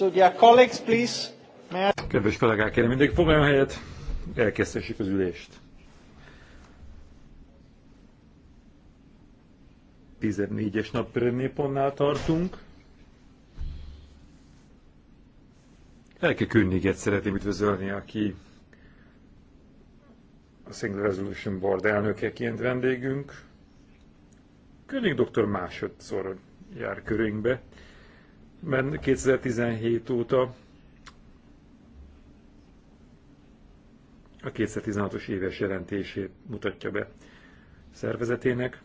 So dear colleagues, please. May I... Kedves kollégák, kérem mindenki foglaljon helyet, elkezdhessük az ülést. 14-es napörönné pontnál tartunk. Elke Königet szeretném üdvözölni, aki a Single Resolution Board elnökeként vendégünk. König doktor másodszor jár körünkbe mert 2017 óta a 2016-os éves jelentését mutatja be szervezetének.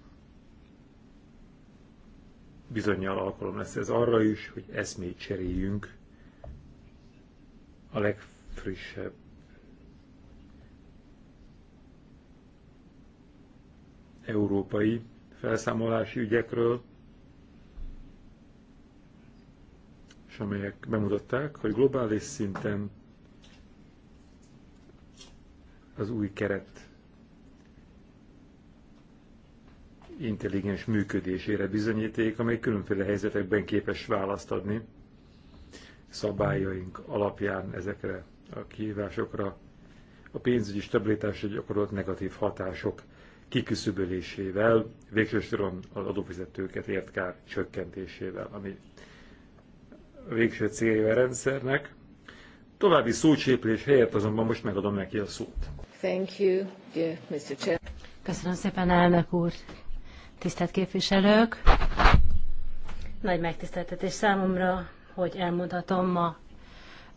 Bizonyal alkalom lesz ez arra is, hogy eszmét cseréljünk a legfrissebb európai felszámolási ügyekről, és amelyek bemutatták, hogy globális szinten az új keret intelligens működésére bizonyíték, amely különféle helyzetekben képes választ adni szabályaink alapján ezekre a kihívásokra. A pénzügyi egy gyakorolt negatív hatások kiküszöbölésével, végső soron az adófizetőket ért kár csökkentésével, ami végső célja a rendszernek. További szócséplés helyett azonban most megadom neki a szót. Thank you, dear Mr. Chair. Köszönöm szépen, elnök úr. Tisztelt képviselők! Nagy megtiszteltetés számomra, hogy elmondhatom ma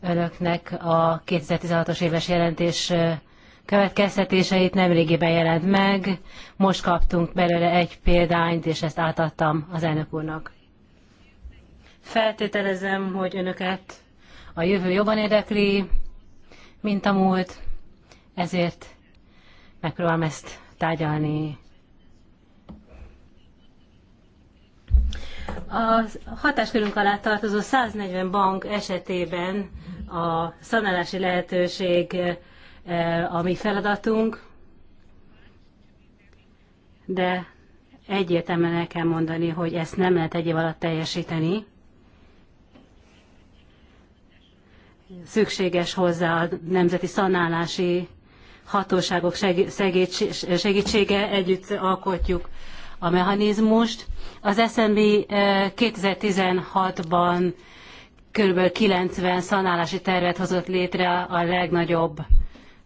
önöknek a 2016-os éves jelentés következtetéseit nemrégiben jelent meg. Most kaptunk belőle egy példányt, és ezt átadtam az elnök úrnak. Feltételezem, hogy önöket a jövő jobban érdekli, mint a múlt, ezért megpróbálom ezt tárgyalni. A hatáskörünk alá tartozó 140 bank esetében a szanálási lehetőség eh, a mi feladatunk, de egyértelműen el kell mondani, hogy ezt nem lehet egy év alatt teljesíteni. szükséges hozzá a nemzeti szanálási hatóságok segítsége, együtt alkotjuk a mechanizmust. Az SNB 2016-ban kb. 90 szanálási tervet hozott létre a legnagyobb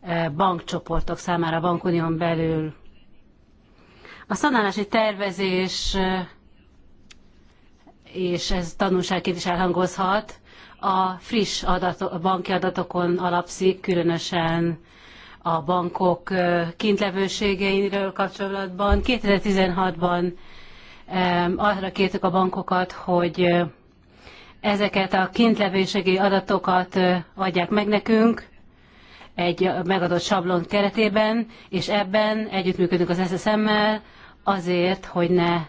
eh, bankcsoportok számára a bankunión belül. A szanálási tervezés, eh, és ez tanulságként is elhangozhat, a friss adatok, banki adatokon alapszik, különösen a bankok kintlevőségeiről kapcsolatban. 2016-ban arra kértük a bankokat, hogy ezeket a kintlevőségi adatokat adják meg nekünk egy megadott sablon keretében, és ebben együttműködünk az SSM-mel azért, hogy ne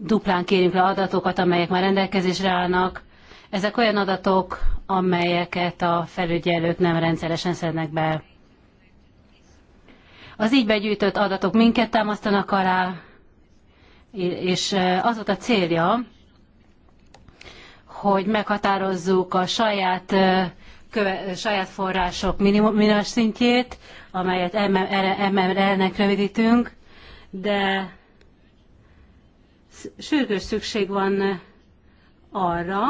duplán kérjük le adatokat, amelyek már rendelkezésre állnak. Ezek olyan adatok, amelyeket a felügyelők nem rendszeresen szednek be. Az így begyűjtött adatok minket támasztanak alá, és e, az volt a célja, hogy meghatározzuk a saját, e, köve, saját források minimum, szintjét, amelyet MMR-nek rövidítünk, de sürgős szükség van arra,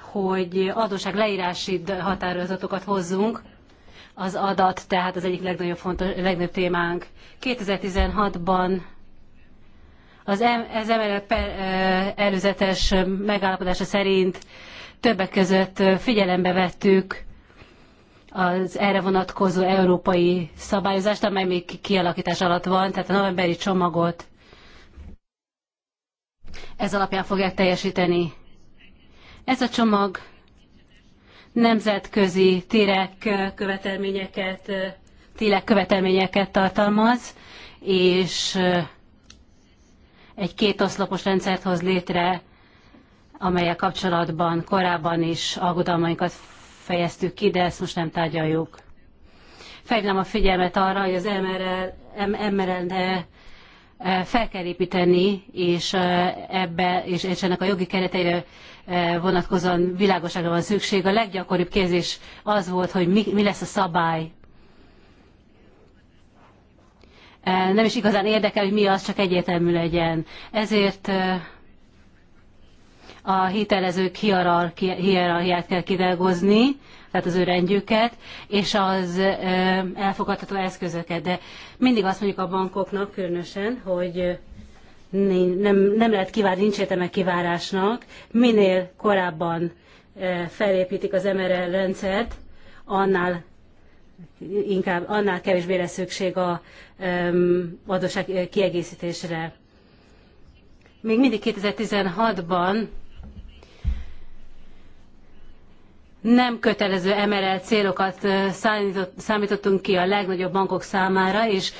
hogy adóság leírási határozatokat hozzunk. Az adat tehát az egyik legnagyobb, fontos, legnagyobb témánk. 2016-ban az emelett előzetes megállapodása szerint többek között figyelembe vettük az erre vonatkozó európai szabályozást, amely még kialakítás alatt van, tehát a novemberi csomagot ez alapján fogják teljesíteni. Ez a csomag nemzetközi térek követelményeket, tényleg követelményeket tartalmaz, és egy kétoszlopos rendszert hoz létre, amelyek kapcsolatban korábban is aggodalmainkat fejeztük ki, de ezt most nem tárgyaljuk. Fejlem a figyelmet arra, hogy az MRL, MRL fel kell építeni, és ebbe, és, és ennek a jogi kereteire vonatkozóan világosságra van szükség. A leggyakoribb kérdés az volt, hogy mi, mi lesz a szabály. Nem is igazán érdekel, hogy mi az, csak egyértelmű legyen. Ezért a hitelezők hierarchiát kell kidolgozni, tehát az ő rendjüket, és az elfogadható eszközöket. De mindig azt mondjuk a bankoknak különösen, hogy nem, nem lehet kivárni nincs értelme kivárásnak, minél korábban felépítik az MRL rendszert, annál inkább annál kevésbé lesz szükség a adóság kiegészítésre. Még mindig 2016-ban nem kötelező emelelt célokat számítottunk ki a legnagyobb bankok számára, és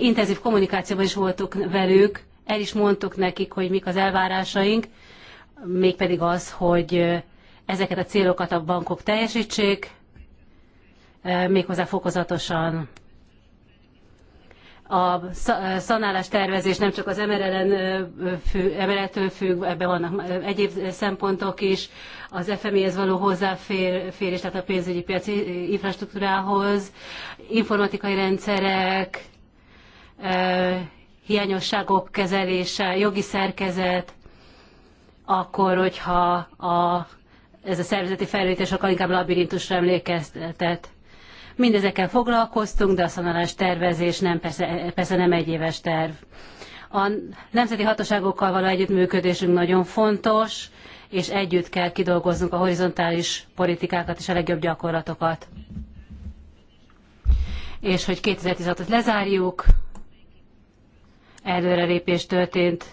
intenzív kommunikációban is voltunk velük, el is mondtuk nekik, hogy mik az elvárásaink, mégpedig az, hogy ezeket a célokat a bankok teljesítsék, méghozzá fokozatosan a szanálás tervezés nem csak az emeletől függ, ebben vannak egyéb szempontok is, az FMI-hez való hozzáférés, tehát a pénzügyi piaci infrastruktúrához, informatikai rendszerek, hiányosságok kezelése, jogi szerkezet, akkor, hogyha a, ez a szervezeti fejlődés, sokkal inkább labirintusra emlékeztet Mindezekkel foglalkoztunk, de a szanalás tervezés nem, persze, persze nem egyéves terv. A nemzeti hatóságokkal való együttműködésünk nagyon fontos, és együtt kell kidolgoznunk a horizontális politikákat és a legjobb gyakorlatokat. És hogy 2016-ot lezárjuk, előrelépés történt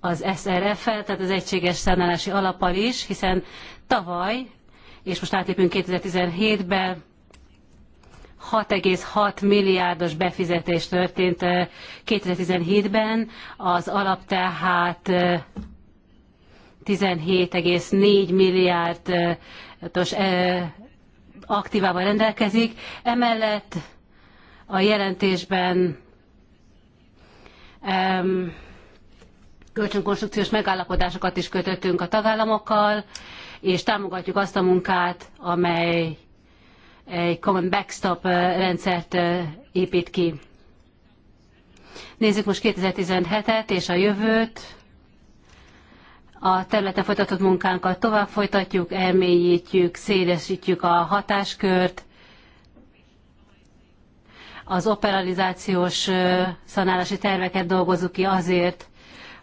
az srf el tehát az Egységes Szánálási Alappal is, hiszen tavaly, és most átlépünk 2017-be, 6,6 milliárdos befizetés történt 2017-ben, az alap tehát 17,4 milliárdos aktívával rendelkezik. Emellett a jelentésben um, kölcsönkonstrukciós megállapodásokat is kötöttünk a tagállamokkal, és támogatjuk azt a munkát, amely egy common backstop rendszert épít ki. Nézzük most 2017-et és a jövőt. A területen folytatott munkánkat tovább folytatjuk, elmélyítjük, szélesítjük a hatáskört, az operalizációs szanálási terveket dolgozunk ki azért,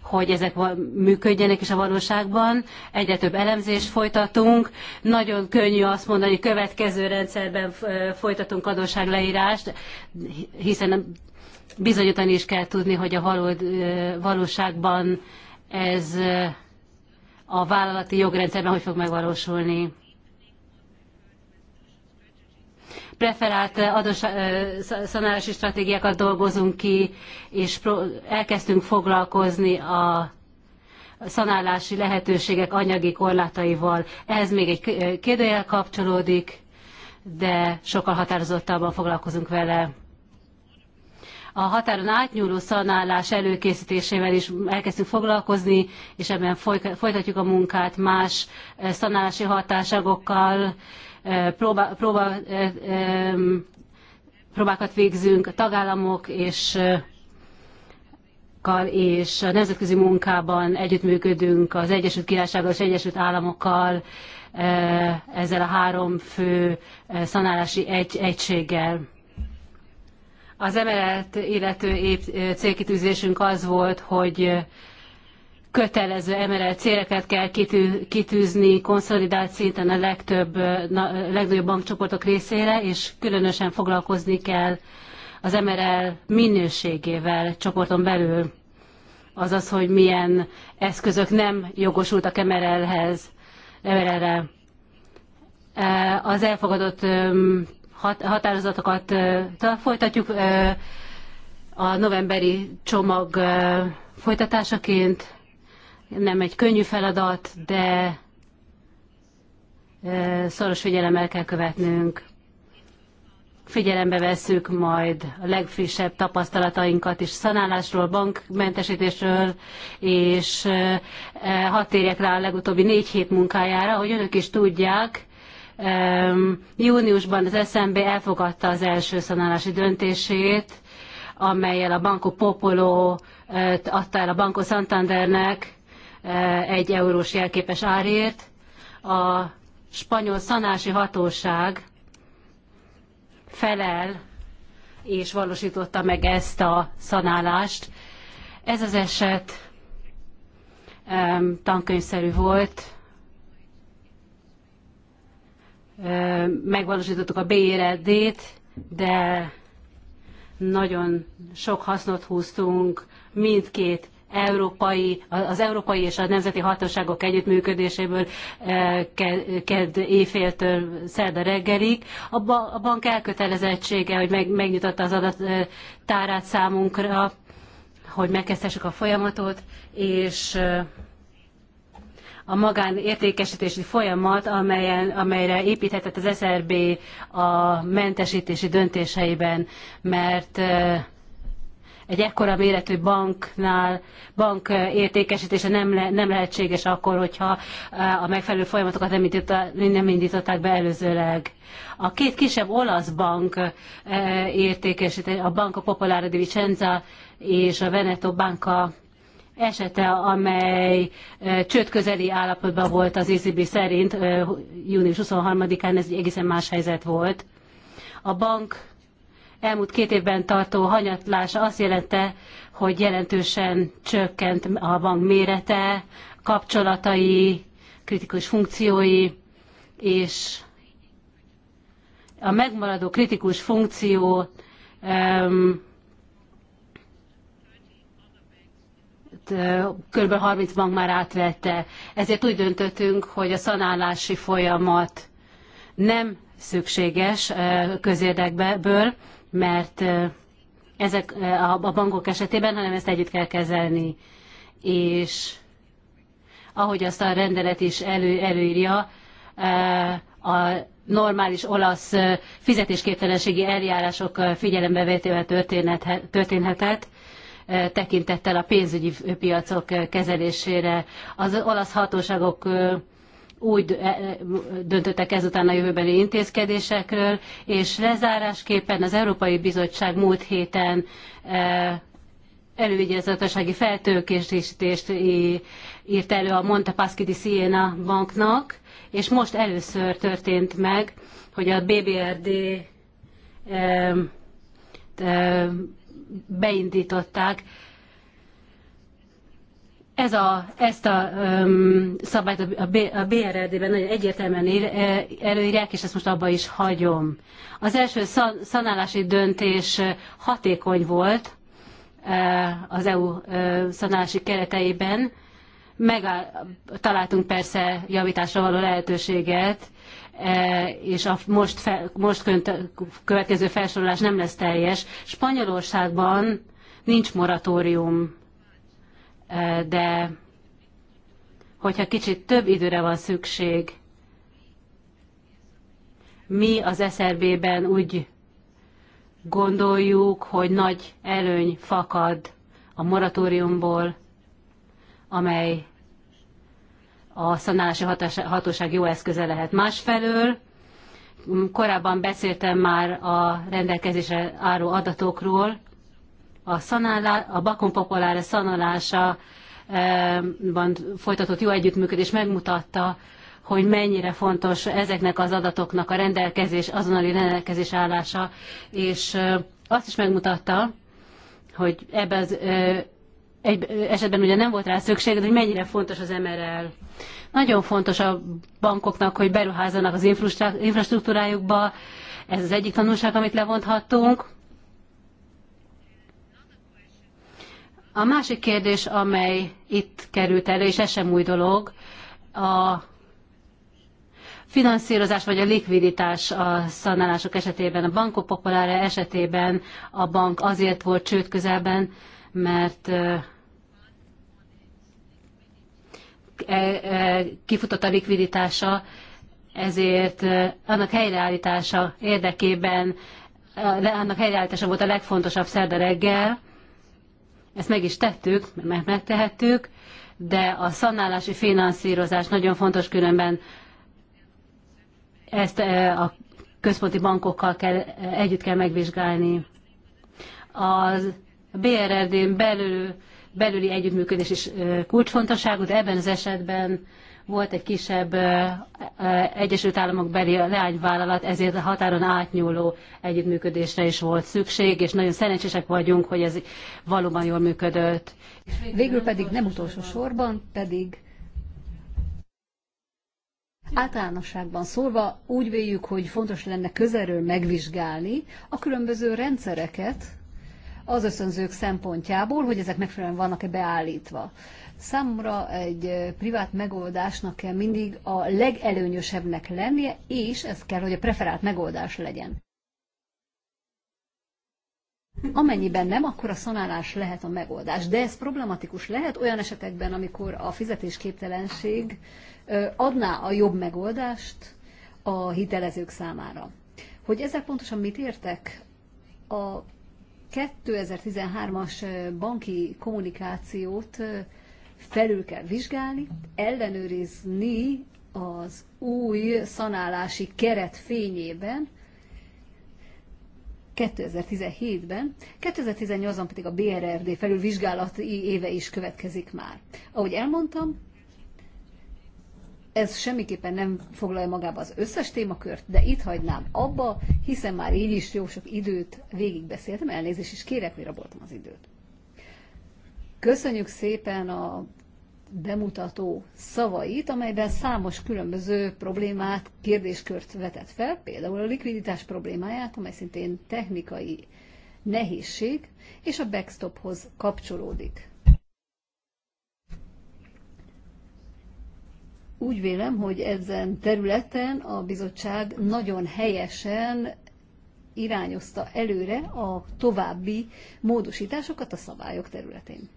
hogy ezek működjenek is a valóságban. Egyre több elemzést folytatunk. Nagyon könnyű azt mondani, hogy következő rendszerben folytatunk adósságleírást, hiszen bizonyítani is kell tudni, hogy a valód, valóságban ez a vállalati jogrendszerben hogy fog megvalósulni. preferált eh, adószanálási eh, stratégiákat dolgozunk ki, és elkezdtünk foglalkozni a szanálási lehetőségek anyagi korlátaival. Ehhez még egy eh, kérdőjel kapcsolódik, de sokkal határozottabban foglalkozunk vele. A határon átnyúló szanálás előkészítésével is elkezdtünk foglalkozni, és ebben folytatjuk a munkát más szanálási hatáságokkal, próbá, eh, próbá, eh, próbákat végzünk a tagállamok és eh, és a nemzetközi munkában együttműködünk az Egyesült Királysággal és Egyesült Államokkal, ezzel a három fő szanálási egy, egységgel. Az emellett illető célkitűzésünk az volt, hogy kötelező MRL céleket kell kitűzni konszolidált szinten a legtöbb, na, legnagyobb bankcsoportok részére, és különösen foglalkozni kell az MRL minőségével csoporton belül, azaz, hogy milyen eszközök nem jogosultak MRL-hez, MRL-re. E, az elfogadott határozatokat folytatjuk a novemberi csomag folytatásaként, nem egy könnyű feladat, de szoros figyelemmel kell követnünk. Figyelembe vesszük majd a legfrissebb tapasztalatainkat is szanálásról, bankmentesítésről, és hat térjek rá a legutóbbi négy hét munkájára, hogy önök is tudják, júniusban az SMB elfogadta az első szanálási döntését, amelyel a Banco Popolo adta el a Banco Santandernek, Eh, egy eurós jelképes árért. A spanyol szanási hatóság felel és valósította meg ezt a szanálást. Ez az eset tankönyvszerű volt, megvalósítottuk a béredét, de nagyon sok hasznot húztunk mindkét európai, az európai és a nemzeti hatóságok együttműködéséből eh, ked éjféltől szerda reggelig. A bank elkötelezettsége, hogy megnyitotta az eh, tárát számunkra, hogy megkezdhessük a folyamatot, és eh, a magánértékesítési folyamat, amelyen, amelyre építhetett az SRB a mentesítési döntéseiben, mert egy ekkora méretű banknál bank eh, értékesítése nem, le, nem lehetséges akkor, hogyha eh, a megfelelő folyamatokat nem, indították, nem indították be előzőleg. A két kisebb olasz bank eh, értékesítése, a Banka Popolare di Vicenza és a Veneto Banka esete, amely csőd közeli állapotban volt az ECB szerint, június 23-án ez egy egészen más helyzet volt. A bank elmúlt két évben tartó hanyatlás azt jelente, hogy jelentősen csökkent a bank mérete, kapcsolatai, kritikus funkciói, és a megmaradó kritikus funkció um, kb. 30 bank már átvette. Ezért úgy döntöttünk, hogy a szanálási folyamat nem szükséges eh, közérdekből, mert ezek a bankok esetében, hanem ezt együtt kell kezelni. És ahogy azt a rendelet is elő, előírja, a normális olasz fizetésképtelenségi eljárások figyelembevételével történhetett, tekintettel a pénzügyi piacok kezelésére. Az olasz hatóságok úgy e- e- döntöttek ezután a jövőbeli intézkedésekről, és lezárásképpen az Európai Bizottság múlt héten e, elővigyázatossági feltőkésítést írt elő a Paschi di Siena banknak, és most először történt meg, hogy a BBRD beindították ez a, ezt a um, szabályt a, a BRRD-ben nagyon egyértelműen előírják, és ezt most abba is hagyom. Az első szanálási döntés hatékony volt az EU szanálási kereteiben. Megáll, találtunk persze javításra való lehetőséget, és a most, fel, most következő felsorolás nem lesz teljes. Spanyolországban nincs moratórium de hogyha kicsit több időre van szükség, mi az SRB-ben úgy gondoljuk, hogy nagy előny fakad a moratóriumból, amely a szanálási hatóság jó eszköze lehet. Másfelől korábban beszéltem már a rendelkezésre álló adatokról, a, szanálá, a Bakon Populára szanalásában eh, folytatott jó együttműködés megmutatta, hogy mennyire fontos ezeknek az adatoknak a rendelkezés, azonnali rendelkezés állása, és eh, azt is megmutatta, hogy ebben az eh, egy esetben ugye nem volt rá szükség, de hogy mennyire fontos az MRL. Nagyon fontos a bankoknak, hogy beruházzanak az infrastruktúrájukba, ez az egyik tanulság, amit levonthattunk. A másik kérdés, amely itt került elő, és ez sem új dolog, a finanszírozás vagy a likviditás a szanálások esetében. A bankok populára esetében a bank azért volt csőd közelben, mert e, e, kifutott a likviditása, ezért annak helyreállítása érdekében, annak helyreállítása volt a legfontosabb szerda reggel, ezt meg is tettük, mert megtehettük, de a szanálási finanszírozás nagyon fontos, különben ezt e, a központi bankokkal kell, együtt kell megvizsgálni. A BRRD-n belül, belüli együttműködés is e, kulcsfontosságú, de ebben az esetben volt egy kisebb Egyesült Államok beli leányvállalat, ezért a határon átnyúló együttműködésre is volt szükség, és nagyon szerencsések vagyunk, hogy ez valóban jól működött. Végül pedig nem utolsó sorban, pedig Általánosságban szólva úgy véljük, hogy fontos lenne közelről megvizsgálni a különböző rendszereket az összönzők szempontjából, hogy ezek megfelelően vannak-e beállítva. Számomra egy privát megoldásnak kell mindig a legelőnyösebbnek lennie, és ez kell, hogy a preferált megoldás legyen. Amennyiben nem, akkor a szanálás lehet a megoldás. De ez problematikus lehet olyan esetekben, amikor a fizetésképtelenség adná a jobb megoldást a hitelezők számára. Hogy ezzel pontosan mit értek? A 2013-as banki kommunikációt felül kell vizsgálni, ellenőrizni az új szanálási keret fényében, 2017-ben, 2018-ban pedig a BRRD felülvizsgálati éve is következik már. Ahogy elmondtam, ez semmiképpen nem foglalja magába az összes témakört, de itt hagynám abba, hiszen már így is jó sok időt végigbeszéltem, elnézést is kérek, hogy raboltam az időt. Köszönjük szépen a bemutató szavait, amelyben számos különböző problémát, kérdéskört vetett fel, például a likviditás problémáját, amely szintén technikai nehézség, és a backstophoz kapcsolódik. Úgy vélem, hogy ezen területen a bizottság nagyon helyesen irányozta előre a további módosításokat a szabályok területén.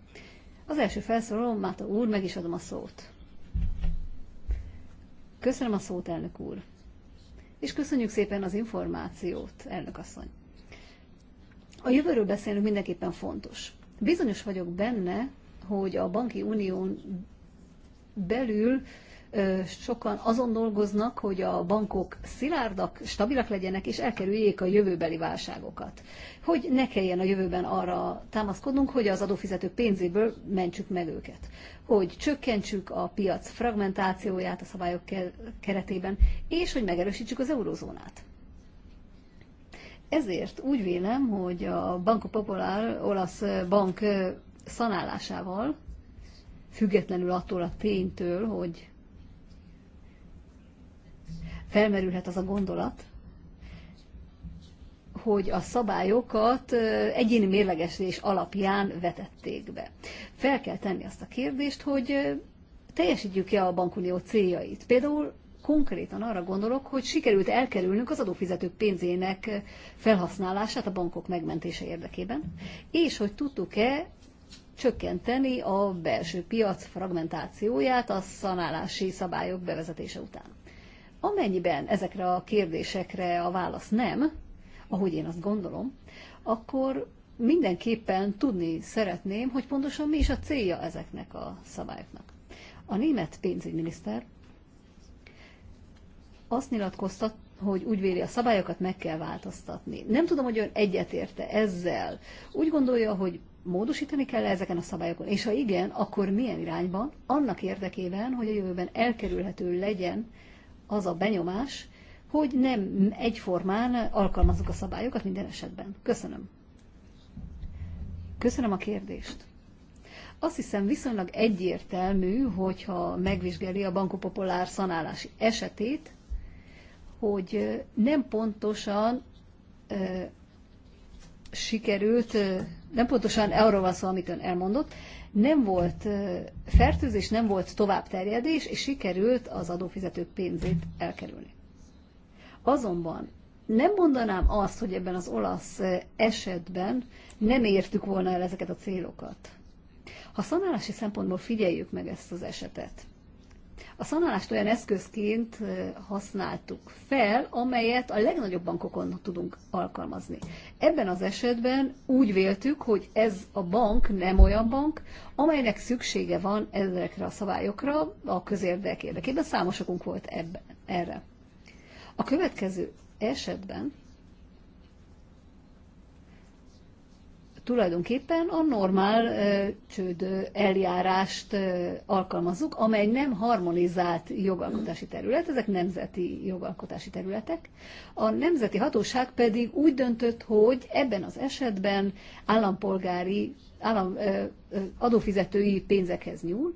Az első felszólalom, Máta úr, meg is adom a szót. Köszönöm a szót, elnök úr. És köszönjük szépen az információt, elnök asszony. A jövőről beszélünk mindenképpen fontos. Bizonyos vagyok benne, hogy a banki unión belül sokan azon dolgoznak, hogy a bankok szilárdak, stabilak legyenek, és elkerüljék a jövőbeli válságokat. Hogy ne kelljen a jövőben arra támaszkodnunk, hogy az adófizető pénzéből mentsük meg őket. Hogy csökkentsük a piac fragmentációját a szabályok keretében, és hogy megerősítsük az eurozónát. Ezért úgy vélem, hogy a Banco Popular olasz bank szanálásával, függetlenül attól a ténytől, hogy felmerülhet az a gondolat, hogy a szabályokat egyéni mérlegesés alapján vetették be. Fel kell tenni azt a kérdést, hogy teljesítjük-e a bankunió céljait. Például konkrétan arra gondolok, hogy sikerült elkerülnünk az adófizetők pénzének felhasználását a bankok megmentése érdekében, és hogy tudtuk-e csökkenteni a belső piac fragmentációját a szanálási szabályok bevezetése után. Amennyiben ezekre a kérdésekre a válasz nem, ahogy én azt gondolom, akkor mindenképpen tudni szeretném, hogy pontosan mi is a célja ezeknek a szabályoknak. A német pénzügyminiszter azt nyilatkozta, hogy úgy véli, a szabályokat meg kell változtatni. Nem tudom, hogy ön egyetérte ezzel. Úgy gondolja, hogy módosítani kell -e ezeken a szabályokon, és ha igen, akkor milyen irányban, annak érdekében, hogy a jövőben elkerülhető legyen az a benyomás, hogy nem egyformán alkalmazzuk a szabályokat minden esetben. Köszönöm. Köszönöm a kérdést. Azt hiszem viszonylag egyértelmű, hogyha megvizsgeli a Banco Popular szanálási esetét, hogy nem pontosan sikerült, nem pontosan arról van szó, amit ön elmondott, nem volt fertőzés, nem volt továbbterjedés, és sikerült az adófizetők pénzét elkerülni. Azonban nem mondanám azt, hogy ebben az olasz esetben nem értük volna el ezeket a célokat. Ha szanálási szempontból figyeljük meg ezt az esetet, a szanálást olyan eszközként használtuk fel, amelyet a legnagyobb bankokon tudunk alkalmazni. Ebben az esetben úgy véltük, hogy ez a bank nem olyan bank, amelynek szüksége van ezekre a szabályokra a közérdek érdekében. Számosakunk volt ebben, erre. A következő esetben tulajdonképpen a normál csőd eljárást alkalmazzuk, amely nem harmonizált jogalkotási terület, ezek nemzeti jogalkotási területek. A nemzeti hatóság pedig úgy döntött, hogy ebben az esetben állampolgári, állam, adófizetői pénzekhez nyúl,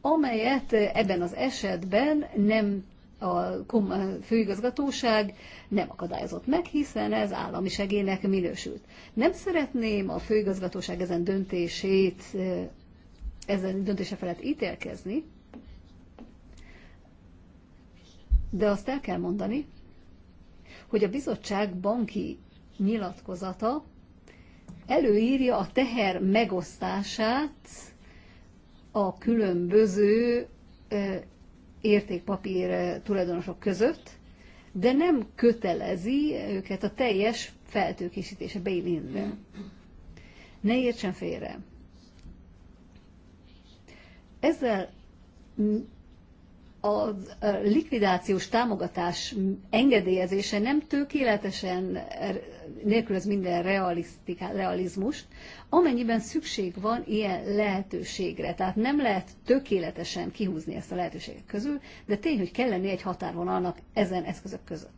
amelyet ebben az esetben nem a főigazgatóság nem akadályozott meg, hiszen ez állami segélynek minősült. Nem szeretném a főigazgatóság ezen döntését, ezen döntése felett ítélkezni, de azt el kell mondani, hogy a bizottság banki nyilatkozata előírja a teher megosztását a különböző értékpapír eh, tulajdonosok között, de nem kötelezi őket a teljes feltőkésítése, beillintve. Ne értsen félre. Ezzel a likvidációs támogatás engedélyezése nem tökéletesen er, nélkülöz minden realizmust, amennyiben szükség van ilyen lehetőségre. Tehát nem lehet tökéletesen kihúzni ezt a lehetőségek közül, de tény, hogy kell lenni egy határvonalnak ezen eszközök között.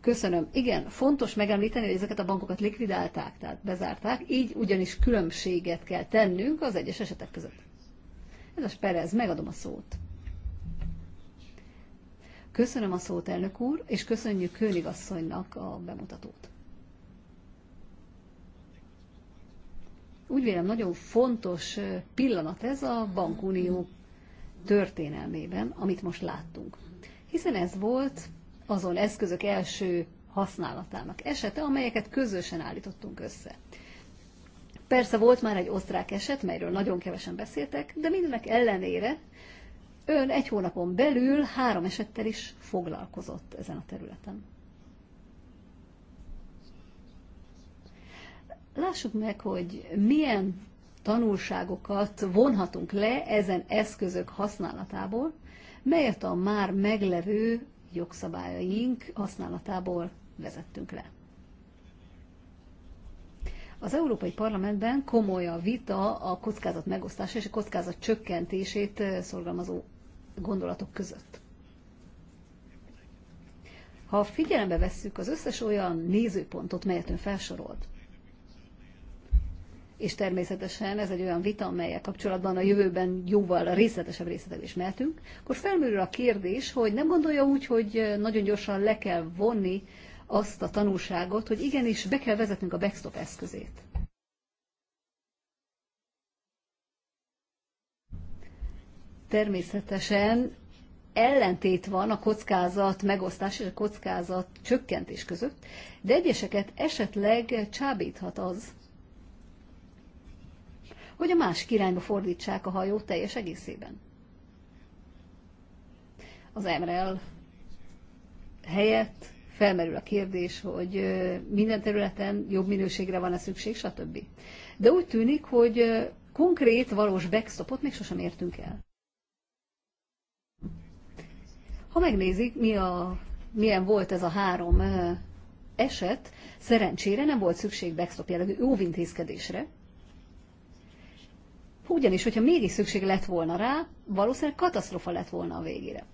Köszönöm. Igen, fontos megemlíteni, hogy ezeket a bankokat likvidálták, tehát bezárták, így ugyanis különbséget kell tennünk az egyes esetek között. Ez a Perez, megadom a szót. Köszönöm a szót, elnök úr, és köszönjük Königasszonynak a bemutatót. Úgy vélem, nagyon fontos pillanat ez a bankunió történelmében, amit most láttunk. Hiszen ez volt azon eszközök első használatának esete, amelyeket közösen állítottunk össze. Persze volt már egy osztrák eset, melyről nagyon kevesen beszéltek, de mindenek ellenére Ön egy hónapon belül három esettel is foglalkozott ezen a területen. Lássuk meg, hogy milyen tanulságokat vonhatunk le ezen eszközök használatából, melyet a már meglevő jogszabályaink használatából vezettünk le. Az Európai Parlamentben komoly a vita a kockázat megosztása és a kockázat csökkentését szorgalmazó gondolatok között. Ha figyelembe vesszük az összes olyan nézőpontot, melyet ön felsorolt, és természetesen ez egy olyan vita, amelyel kapcsolatban a jövőben jóval a részletesebb is mehetünk, akkor felmerül a kérdés, hogy nem gondolja úgy, hogy nagyon gyorsan le kell vonni azt a tanulságot, hogy igenis be kell vezetnünk a backstop eszközét. Természetesen ellentét van a kockázat megosztás és a kockázat csökkentés között, de egyeseket esetleg csábíthat az, hogy a más irányba fordítsák a hajót teljes egészében. Az MREL helyett felmerül a kérdés, hogy minden területen jobb minőségre van a szükség, stb. De úgy tűnik, hogy konkrét, valós backstopot még sosem értünk el. Ha megnézik, mi a, milyen volt ez a három eset, szerencsére nem volt szükség backstop jellegű óvintézkedésre, ugyanis, hogyha mégis szükség lett volna rá, valószínűleg katasztrofa lett volna a végére.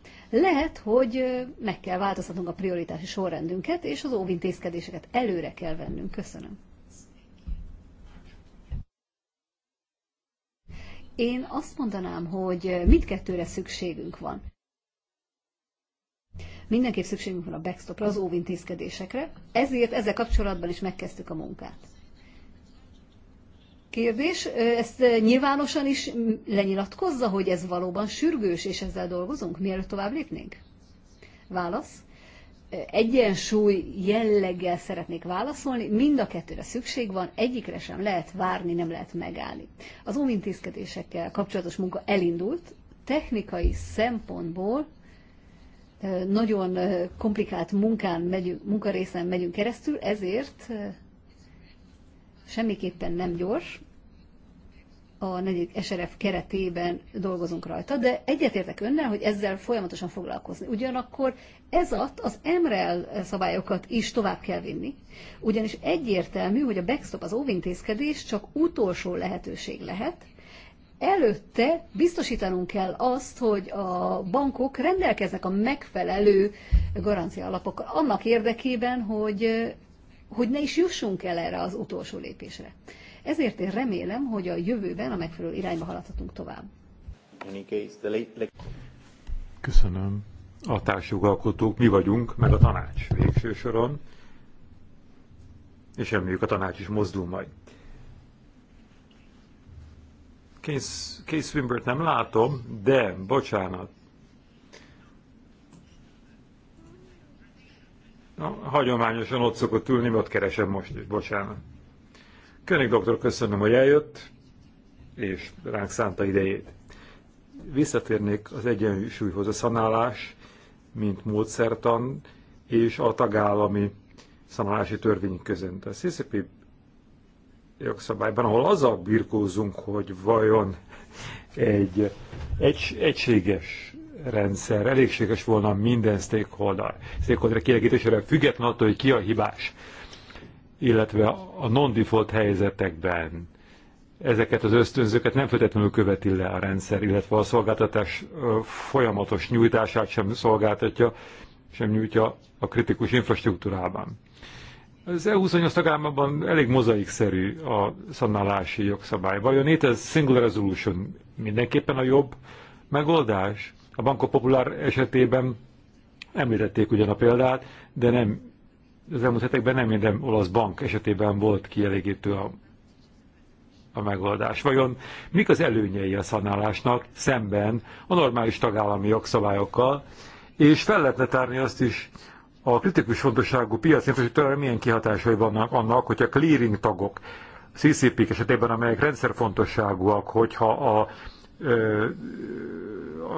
Lehet, hogy meg kell változtatnunk a prioritási sorrendünket, és az óvintézkedéseket előre kell vennünk. Köszönöm. Én azt mondanám, hogy mindkettőre szükségünk van. Mindenképp szükségünk van a backstopra, az óvintézkedésekre, ezért ezzel kapcsolatban is megkezdtük a munkát kérdés, ezt nyilvánosan is lenyilatkozza, hogy ez valóban sürgős, és ezzel dolgozunk, mielőtt tovább lépnénk? Válasz. Egyensúly jelleggel szeretnék válaszolni, mind a kettőre szükség van, egyikre sem lehet várni, nem lehet megállni. Az óvintézkedésekkel kapcsolatos munka elindult, technikai szempontból nagyon komplikált munkán megyünk, munkarészen megyünk keresztül, ezért semmiképpen nem gyors, a negyedik SRF keretében dolgozunk rajta, de egyetértek önnel, hogy ezzel folyamatosan foglalkozni. Ugyanakkor ez att az MREL szabályokat is tovább kell vinni, ugyanis egyértelmű, hogy a backstop, az óvintézkedés csak utolsó lehetőség lehet, Előtte biztosítanunk kell azt, hogy a bankok rendelkeznek a megfelelő garancia alapokkal annak érdekében, hogy, hogy ne is jussunk el erre az utolsó lépésre. Ezért én remélem, hogy a jövőben a megfelelő irányba haladhatunk tovább. Köszönöm. A társjogalkotók mi vagyunk, meg a tanács végső soron. És emlőjük a tanács is mozdul majd. Case, Case nem látom, de bocsánat. Na, hagyományosan ott szokott ülni, ott keresem most is, bocsánat. König doktor, köszönöm, hogy eljött, és ránk szánta idejét. Visszatérnék az egyensúlyhoz a szanálás, mint módszertan, és a tagállami szanálási törvény között. A CCP jogszabályban, ahol azzal birkózunk, hogy vajon egy, egy egységes rendszer, elégséges volna minden stakeholder, stakeholder kiegítésére, független attól, hogy ki a hibás illetve a non-default helyzetekben ezeket az ösztönzőket nem feltétlenül követi le a rendszer, illetve a szolgáltatás folyamatos nyújtását sem szolgáltatja, sem nyújtja a kritikus infrastruktúrában. Az EU28 tagállamban elég mozaikszerű a szanálási jogszabály. Vajon itt ez single resolution mindenképpen a jobb megoldás? A Banco Popular esetében említették ugyan a példát, de nem az elmúlt hetekben nem minden olasz bank esetében volt kielégítő a, a megoldás. Vajon mik az előnyei a szanálásnak szemben a normális tagállami jogszabályokkal, és fel lehetne tárni azt is, a kritikus fontosságú piaci infrastruktúrára milyen kihatásai vannak annak, hogy a clearing tagok, CCP-k esetében, amelyek rendszerfontosságúak, hogyha a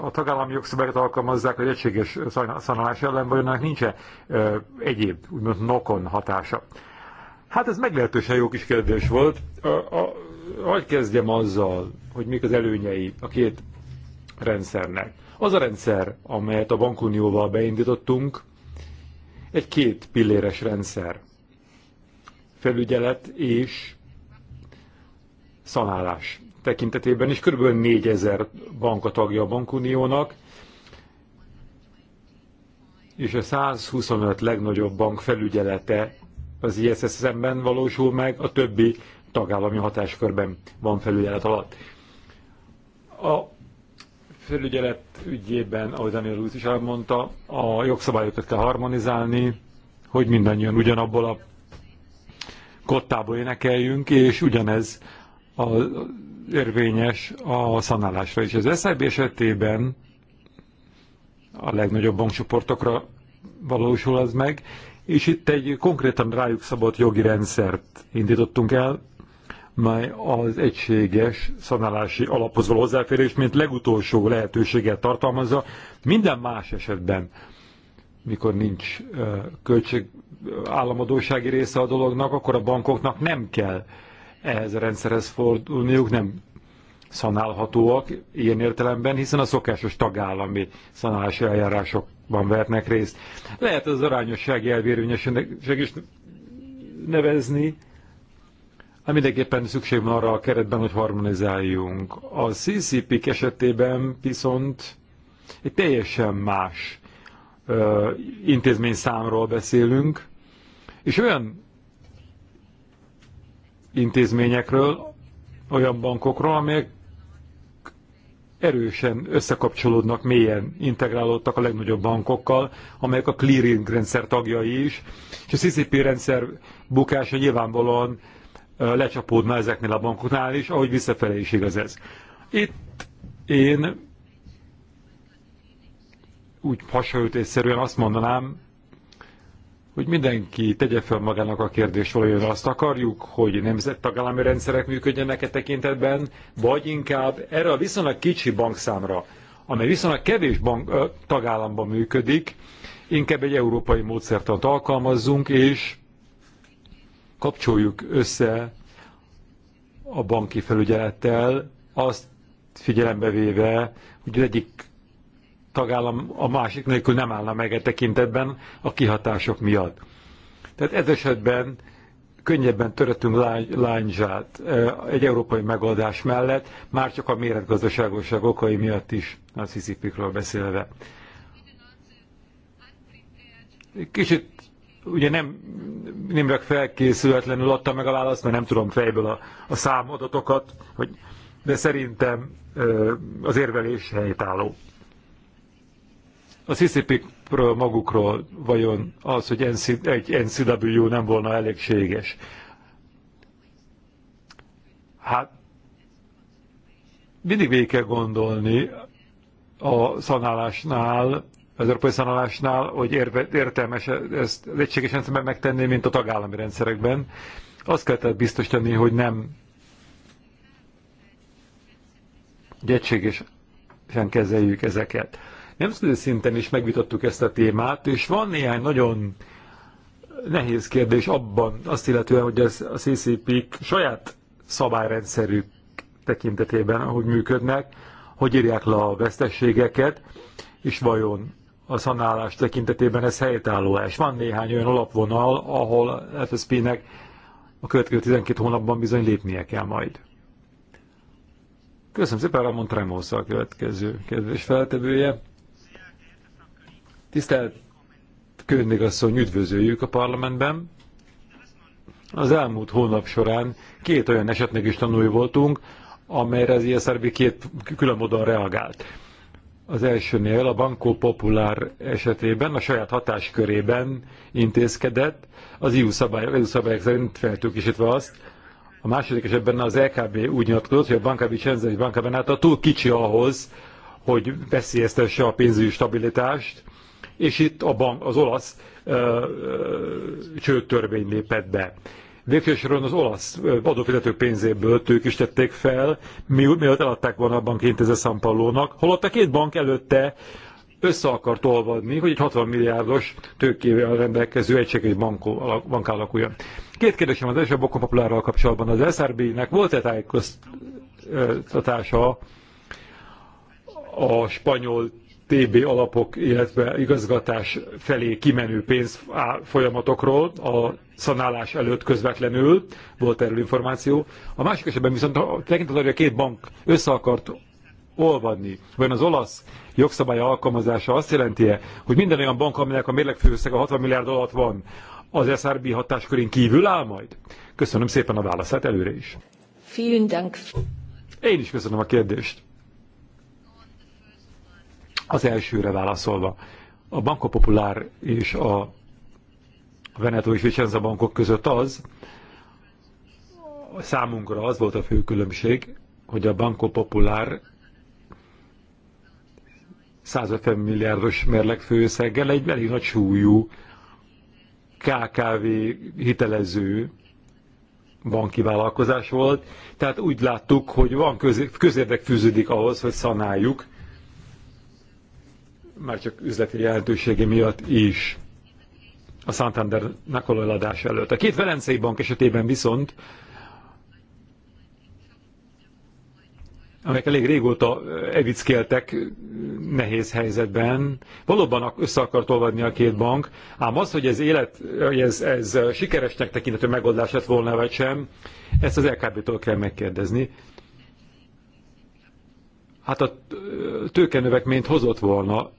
a tagállami jogszabályokat alkalmazzák hogy egységes szanálás ellen, vagy annak nincsen egyéb úgymond nokon hatása. Hát ez meglehetősen jó kis kérdés volt. hogy kezdjem azzal, hogy mik az előnyei a két rendszernek. Az a rendszer, amelyet a bankunióval beindítottunk, egy két pilléres rendszer. Felügyelet és szanálás tekintetében is kb. 4000 bank a tagja a bankuniónak, és a 125 legnagyobb bank felügyelete az ISS-ben valósul meg, a többi tagállami hatáskörben van felügyelet alatt. A felügyelet ügyében, ahogy Daniel Luz is elmondta, a jogszabályokat kell harmonizálni, hogy mindannyian ugyanabból a kottából énekeljünk, és ugyanez a érvényes a szanálásra is. Az SZIB esetében a legnagyobb bankcsoportokra valósul az meg, és itt egy konkrétan rájuk szabott jogi rendszert indítottunk el, mely az egységes szanálási alaphoz való hozzáférés, mint legutolsó lehetőséget tartalmazza minden más esetben, mikor nincs költség államadósági része a dolognak, akkor a bankoknak nem kell ehhez a rendszerhez fordulniuk nem szanálhatóak ilyen értelemben, hiszen a szokásos tagállami szanálási eljárásokban vehetnek részt. Lehet az arányosság elvérvényesnek is nevezni, Hát mindenképpen szükség van arra a keretben, hogy harmonizáljunk. A ccp esetében viszont egy teljesen más ö, intézmény számról beszélünk, és olyan intézményekről, olyan bankokról, amelyek erősen összekapcsolódnak, mélyen integrálódtak a legnagyobb bankokkal, amelyek a clearing rendszer tagjai is, és a CCP rendszer bukása nyilvánvalóan lecsapódna ezeknél a bankoknál is, ahogy visszafelé is igaz ez. Itt én úgy hasonlítésszerűen azt mondanám, hogy mindenki tegye fel magának a kérdést, valójában azt akarjuk, hogy nemzettagállami rendszerek működjenek e tekintetben, vagy inkább erre a viszonylag kicsi bankszámra, amely viszonylag kevés bank, ö, tagállamban működik, inkább egy európai módszertant alkalmazzunk, és kapcsoljuk össze a banki felügyelettel, azt figyelembe véve, hogy az egyik tagállam a másik nélkül nem állna meg e tekintetben a kihatások miatt. Tehát ez esetben könnyebben töretünk lányzsát e, egy európai megoldás mellett, már csak a méretgazdaságosság okai miatt is a ccp beszélve. Kicsit ugye nem, nem felkészületlenül adtam meg a választ, mert nem tudom fejből a, a számadatokat, hogy, de szerintem e, az érvelés helytálló a ccp magukról vajon az, hogy NC, egy NCW nem volna elégséges. Hát mindig végig kell gondolni a szanálásnál, az európai szanálásnál, hogy érve, értelmes e-, ezt az megtenni, mint a tagállami rendszerekben. Azt kell tehát biztosítani, hogy nem egységesen kezeljük ezeket. Nemzetközi szinten is megvitattuk ezt a témát, és van néhány nagyon nehéz kérdés abban, azt illetően, hogy az, a CCP-k saját szabályrendszerük tekintetében, ahogy működnek, hogy írják le a vesztességeket, és vajon a szanálás tekintetében ez helytálló és Van néhány olyan alapvonal, ahol FSP-nek a következő 12 hónapban bizony lépnie kell majd. Köszönöm szépen, Ramon Tremósz a következő kedves feltevője. Tisztelt Königasszony, üdvözöljük a parlamentben. Az elmúlt hónap során két olyan esetnek is tanulj voltunk, amelyre az ISRB két külön módon reagált. Az elsőnél a Banco Popular esetében a saját hatáskörében intézkedett, az EU, szabály, EU szabályok szerint feltőkésítve azt, a második esetben az LKB e úgy nyilatkozott, hogy a Banca Vicenza és Banca Benata túl kicsi ahhoz, hogy veszélyeztesse a pénzügyi stabilitást, és itt a bank, az olasz csőtörvény lépett be. Végső az olasz adófizetők pénzéből tők is tették fel, mielőtt eladták volna a bankintéze Szampallónak, holott a két bank előtte össze akart olvadni, hogy egy 60 milliárdos tőkével rendelkező egységes bank alakuljon. Két kérdésem az első a Bokon Populárral kapcsolatban. Az SRB-nek volt-e tájékoztatása a spanyol TB alapok, illetve igazgatás felé kimenő pénz folyamatokról a szanálás előtt közvetlenül, volt erről információ. A másik esetben viszont tekintet arra, hogy a két bank össze akart olvadni, vagy az olasz jogszabály alkalmazása azt jelenti -e, hogy minden olyan bank, aminek a mérlegfőösszeg a 60 milliárd alatt van, az SRB hatáskörén kívül áll majd? Köszönöm szépen a válaszát előre is. Vielen Dank. Én is köszönöm a kérdést. Az elsőre válaszolva, a Banco Popular és a Veneto és Vicenza bankok között az, számunkra az volt a fő különbség, hogy a Banco Popular 150 milliárdos mérleg főszeggel egy elég nagy súlyú KKV hitelező banki vállalkozás volt. Tehát úgy láttuk, hogy van közé, közérdek fűződik ahhoz, hogy szanáljuk már csak üzleti jelentősége miatt is a Santander nakolajladás előtt. A két velencei bank esetében viszont, amelyek elég régóta evickeltek nehéz helyzetben, valóban össze akart olvadni a két bank, ám az, hogy ez élet, ez, ez sikeresnek tekinthető megoldás lett volna vagy sem, ezt az LKB-tól kell megkérdezni. Hát a tőkenövekményt hozott volna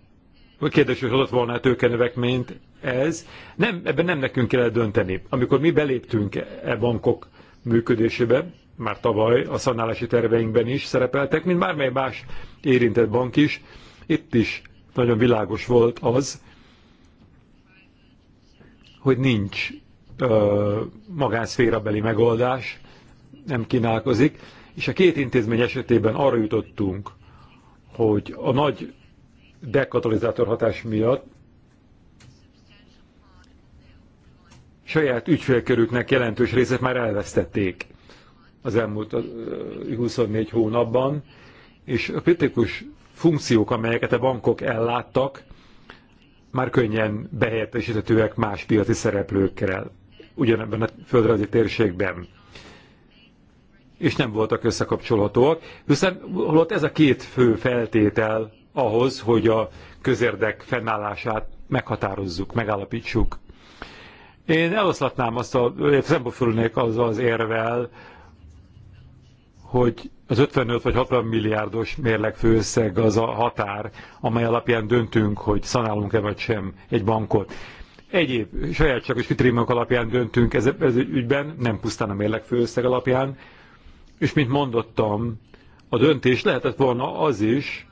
kérdés, hogy hozott volna a tőkenövekményt ez. Nem, ebben nem nekünk kellett dönteni. Amikor mi beléptünk e bankok működésébe, már tavaly a szanálási terveinkben is szerepeltek, mint bármely más érintett bank is, itt is nagyon világos volt az, hogy nincs ö, magánszférabeli megoldás, nem kínálkozik, és a két intézmény esetében arra jutottunk, hogy a nagy dekatalizátor hatás miatt saját ügyfélkörüknek jelentős részét már elvesztették az elmúlt 24 hónapban, és a kritikus funkciók, amelyeket a bankok elláttak, már könnyen behelyettesíthetőek más piaci szereplőkkel ugyanebben a földrajzi térségben. És nem voltak összekapcsolhatóak, hiszen holott ez a két fő feltétel ahhoz, hogy a közérdek fennállását meghatározzuk, megállapítsuk. Én eloszlatnám azt a, szembefülnék az az érvel, hogy az 55 vagy 60 milliárdos mérleg főösszeg az a határ, amely alapján döntünk, hogy szanálunk-e vagy sem egy bankot. Egyéb sajátságos kritériumok alapján döntünk ez, ez ügyben, nem pusztán a mérleg főösszeg alapján, és mint mondottam, a döntés lehetett volna az is,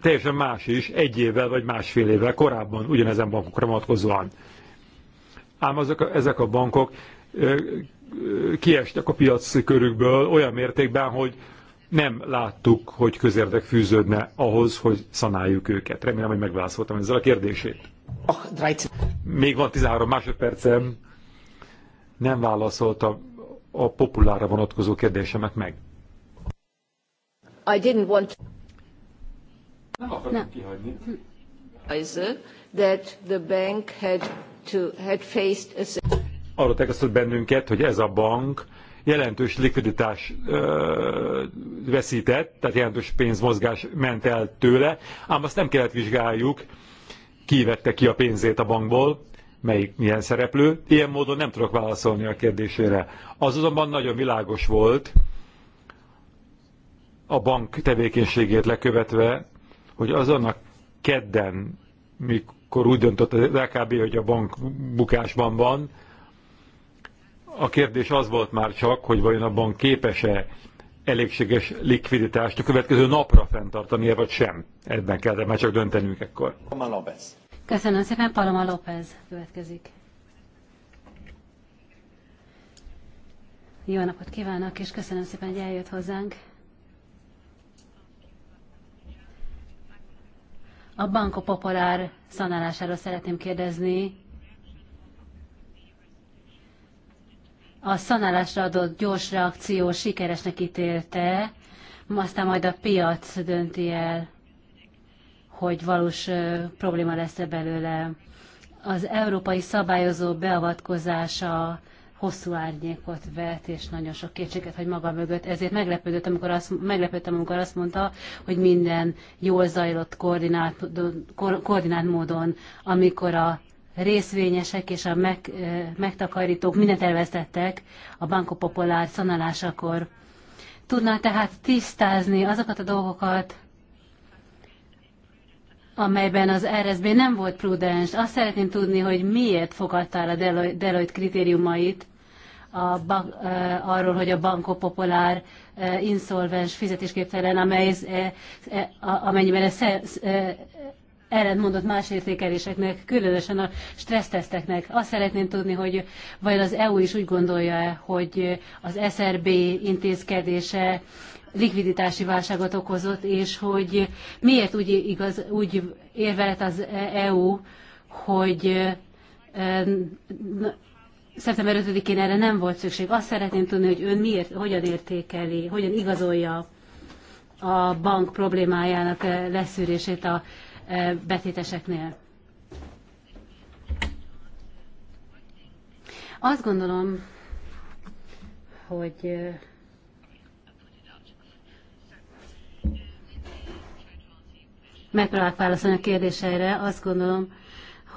teljesen más is egy évvel vagy másfél évvel korábban ugyanezen bankokra vonatkozóan. Ám azok, ezek a bankok ö, ö, kiestek a piac körükből olyan mértékben, hogy nem láttuk, hogy közérdek fűződne ahhoz, hogy szanáljuk őket. Remélem, hogy megválaszoltam ezzel a kérdését. Még van 13 másodpercem. Nem válaszolta a populára vonatkozó kérdésemet meg. I didn't want... Nem akarjuk kihagyni. Hm. a... Arra tegasztott bennünket, hogy ez a bank jelentős likviditás veszített, tehát jelentős pénzmozgás ment el tőle, ám azt nem kellett vizsgáljuk, ki vette ki a pénzét a bankból, melyik milyen szereplő. Ilyen módon nem tudok válaszolni a kérdésére. Az azonban nagyon világos volt, a bank tevékenységét lekövetve, hogy azon a kedden, mikor úgy döntött az LKB, hogy a bank bukásban van, a kérdés az volt már csak, hogy vajon a bank képes-e elégséges likviditást a következő napra fenntartani, vagy sem. Ebben kell már csak döntenünk ekkor. Paloma López. Köszönöm szépen, Paloma López következik. Jó napot kívánok, és köszönöm szépen, hogy eljött hozzánk. A Banco Popolár szanálásáról szeretném kérdezni. A szanálásra adott gyors reakció sikeresnek ítélte, aztán majd a piac dönti el, hogy valós probléma lesz-e belőle. Az európai szabályozó beavatkozása hosszú árnyékot vet, és nagyon sok kétséget hagy maga mögött. Ezért meglepődött, amikor azt, meglepődtem, amikor azt mondta, hogy minden jól zajlott koordinált, koordinált módon, amikor a részvényesek és a meg, megtakarítók mindent elvesztettek a Banco Popular szanalásakor. Tudná tehát tisztázni azokat a dolgokat, amelyben az RSB nem volt prudens. Azt szeretném tudni, hogy miért fogadtál a Deloitte kritériumait, a bank, eh, arról, hogy a Banco Popular eh, insolvens, fizetésképtelen, amely, eh, amennyiben ez ellentmondott más értékeléseknek, különösen a stresszteszteknek. Azt szeretném tudni, hogy vajon az EU is úgy gondolja-e, hogy az SRB intézkedése likviditási válságot okozott, és hogy miért úgy, igaz, úgy érvelet az EU, hogy szeptember 5-én erre nem volt szükség. Azt szeretném tudni, hogy ön miért, hogyan értékeli, hogyan igazolja a bank problémájának eh, leszűrését a eh, betéteseknél. Azt gondolom, hogy eh, megpróbálok válaszolni a kérdéseire. Azt gondolom,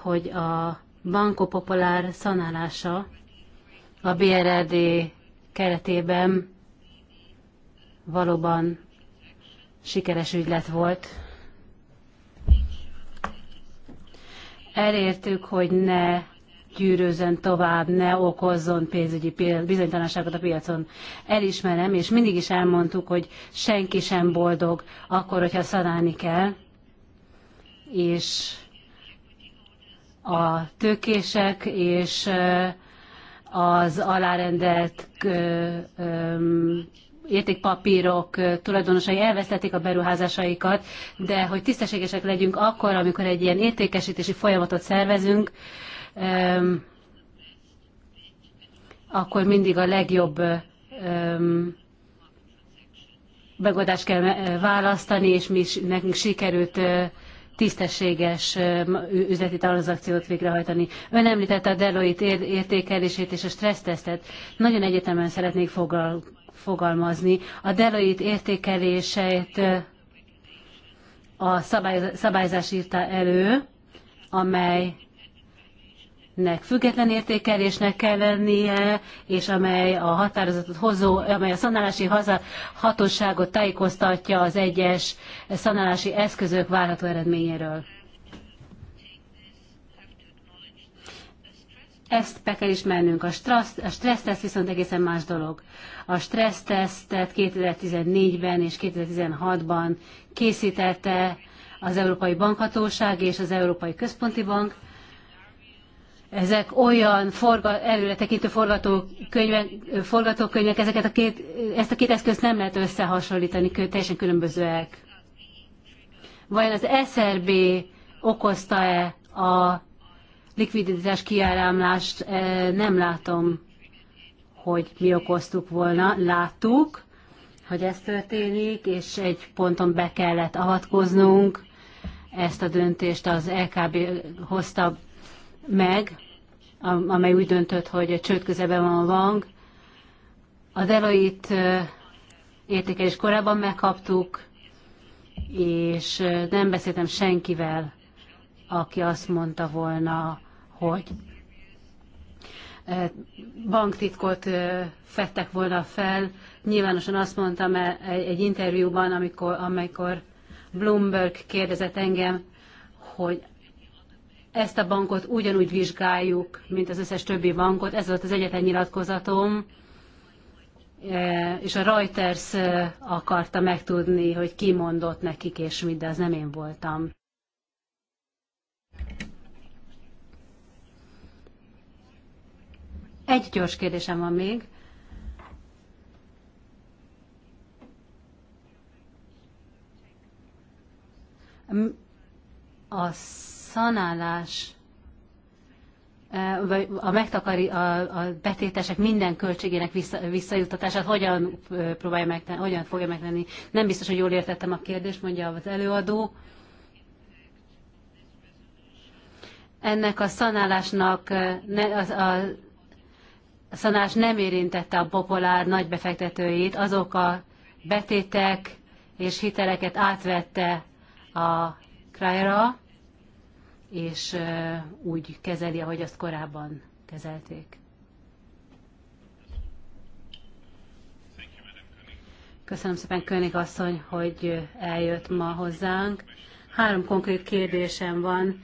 hogy a Banco Popular szanálása a BRD keretében valóban sikeres ügylet volt. Elértük, hogy ne gyűrőzön tovább, ne okozzon pénzügyi bizonytalanságot a piacon. Elismerem, és mindig is elmondtuk, hogy senki sem boldog akkor, hogyha szanálni kell, és a tőkések és az alárendelt értékpapírok tulajdonosai elvesztették a beruházásaikat, de hogy tisztességesek legyünk akkor, amikor egy ilyen értékesítési folyamatot szervezünk, akkor mindig a legjobb megoldást kell választani, és mi is nekünk sikerült tisztességes üzleti tranzakciót végrehajtani. Ön említette a Deloitte értékelését és a stressztesztet. Nagyon egyetemen szeretnék fogal, fogalmazni. A Deloitte értékelését a szabályzás írta elő, amely nek független értékelésnek kell lennie, és amely a határozatot hozó, amely a szanálási hatóságot tájékoztatja az egyes szanálási eszközök várható eredményéről. Ezt be kell ismernünk. A stressz stresszteszt viszont egészen más dolog. A tesztet 2014-ben és 2016-ban készítette az Európai Bankhatóság és az Európai Központi Bank, ezek olyan forga, előre tekintő forgatókönyvek, forgatókönyvek ezeket a két, ezt a két eszközt nem lehet összehasonlítani, teljesen különbözőek. Vajon az SRB okozta-e a likviditás kiáramlást? E, nem látom, hogy mi okoztuk volna. Láttuk, hogy ez történik, és egy ponton be kellett avatkoznunk. Ezt a döntést az LKB hozta meg, amely úgy döntött, hogy csőd közeben van a bank. A Deloitte értékelés korábban megkaptuk, és nem beszéltem senkivel, aki azt mondta volna, hogy banktitkot fettek volna fel. Nyilvánosan azt mondtam e, e, egy interjúban, amikor, amikor Bloomberg kérdezett engem, hogy ezt a bankot ugyanúgy vizsgáljuk, mint az összes többi bankot. Ez volt az egyetlen nyilatkozatom, e, és a Reuters e, akarta megtudni, hogy ki mondott nekik és mit, de az nem én voltam. Egy gyors kérdésem van még. A szanálás, e, vagy a, megtakari, a, a betétesek minden költségének vissza, visszajuttatását hogyan, e, próbálja megtenni, hogyan fogja megtenni. Nem biztos, hogy jól értettem a kérdést, mondja az előadó. Ennek a szanálásnak e, ne, az, a, a szanás nem érintette a populár nagy befektetőit, azok a betétek és hiteleket átvette a Krajra, és úgy kezeli, ahogy azt korábban kezelték. Köszönöm szépen König asszony, hogy eljött ma hozzánk. Három konkrét kérdésem van.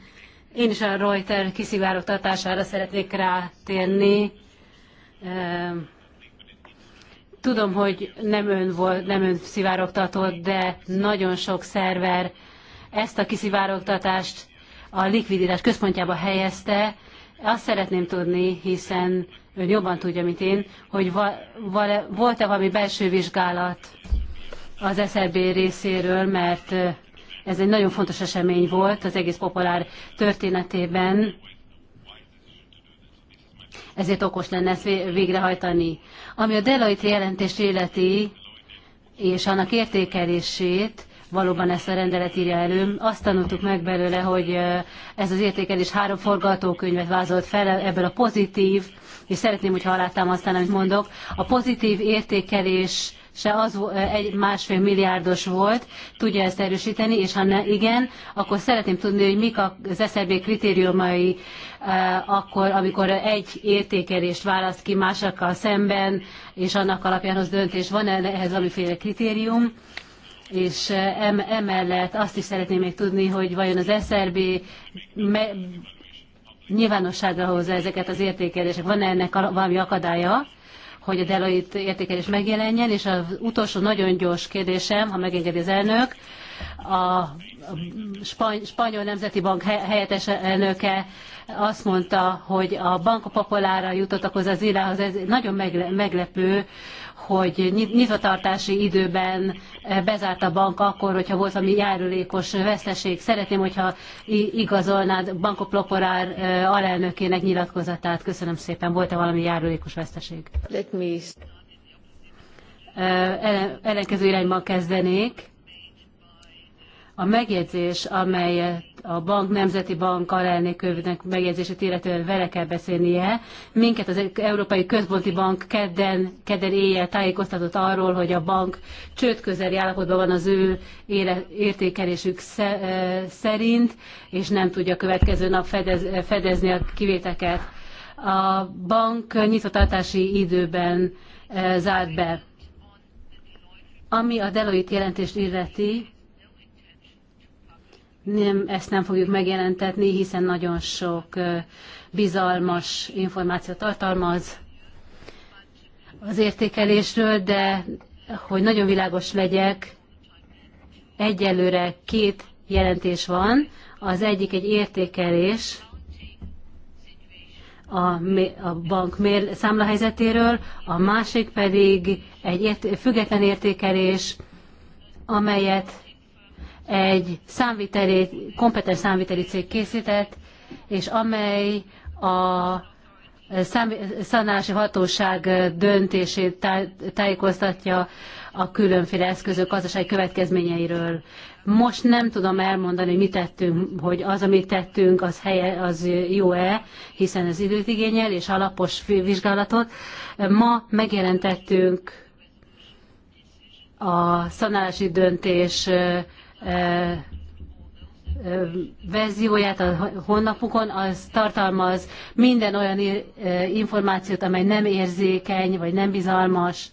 Én is a Reuter kiszivárogtatására szeretnék rátérni. Tudom, hogy nem ön volt, nem ön szivárogtatott, de nagyon sok szerver ezt a kiszivárogtatást a likviditás központjába helyezte. Azt szeretném tudni, hiszen ön jobban tudja, mint én, hogy volt-e valami belső vizsgálat az SRB részéről, mert eh, ez egy nagyon fontos esemény volt az egész populár történetében, ezért okos lenne ezt végrehajtani. Ami a Deloitte jelentést életi és annak értékelését, valóban ezt a rendelet írja elő. Azt tanultuk meg belőle, hogy ez az értékelés három forgatókönyvet vázolt fel, ebből a pozitív, és szeretném, hogyha alátámasztanám, amit mondok, a pozitív értékelés se az egy másfél milliárdos volt, tudja ezt erősíteni, és ha ne, igen, akkor szeretném tudni, hogy mik az SZRB kritériumai akkor, amikor egy értékelést választ ki másokkal szemben, és annak alapján az döntés, van -e ehhez valamiféle kritérium, és eh, emellett azt is szeretném még tudni, hogy vajon az SRB me- nyilvánosságra hozza ezeket az értékelések. Van-e ennek valami akadálya, hogy a Deloitte értékelés megjelenjen? És az utolsó nagyon gyors kérdésem, ha megengedi az elnök, a Spany spanyol nemzeti bank helyettes elnöke azt mondta, hogy a Banco Populára jutottak hozzá az illához, ez nagyon megle meglepő, hogy nyitvatartási időben eh, bezárt a bank akkor, hogyha volt valami járulékos veszteség. Szeretném, hogyha igazolnád Banco Popular eh, alelnökének nyilatkozatát. Köszönöm szépen, volt-e valami járulékos veszteség? Let me... Eh, Ellen, ellenkező irányban kezdenék. A megjegyzés, amelyet a bank, Nemzeti Bank alelnökövnek megjegyzését illetően vele kell beszélnie. Minket az Európai Központi Bank kedden, kedden éjjel tájékoztatott arról, hogy a bank csőd közeli állapotban van az ő éle, értékelésük e, szerint, és nem tudja következő nap fedez, e, fedezni a kivéteket. A bank nyitottatási időben e, zárt be. Ami a Deloitte jelentést illeti, nem, ezt nem fogjuk megjelentetni, hiszen nagyon sok bizalmas információ tartalmaz az értékelésről, de hogy nagyon világos legyek, egyelőre két jelentés van. Az egyik egy értékelés a, a bank mér, számlahelyzetéről, a másik pedig egy ért, független értékelés, amelyet egy számviteli, kompetens számviteli cég készített, és amely a szanási hatóság döntését tájékoztatja a különféle eszközök gazdasági következményeiről. Most nem tudom elmondani, mit tettünk, hogy az, amit tettünk, az, helye, az jó-e, hiszen ez időt igényel, és alapos vizsgálatot. Ma megjelentettünk a szanási döntés verzióját a honlapukon, az tartalmaz minden olyan információt, amely nem érzékeny vagy nem bizalmas,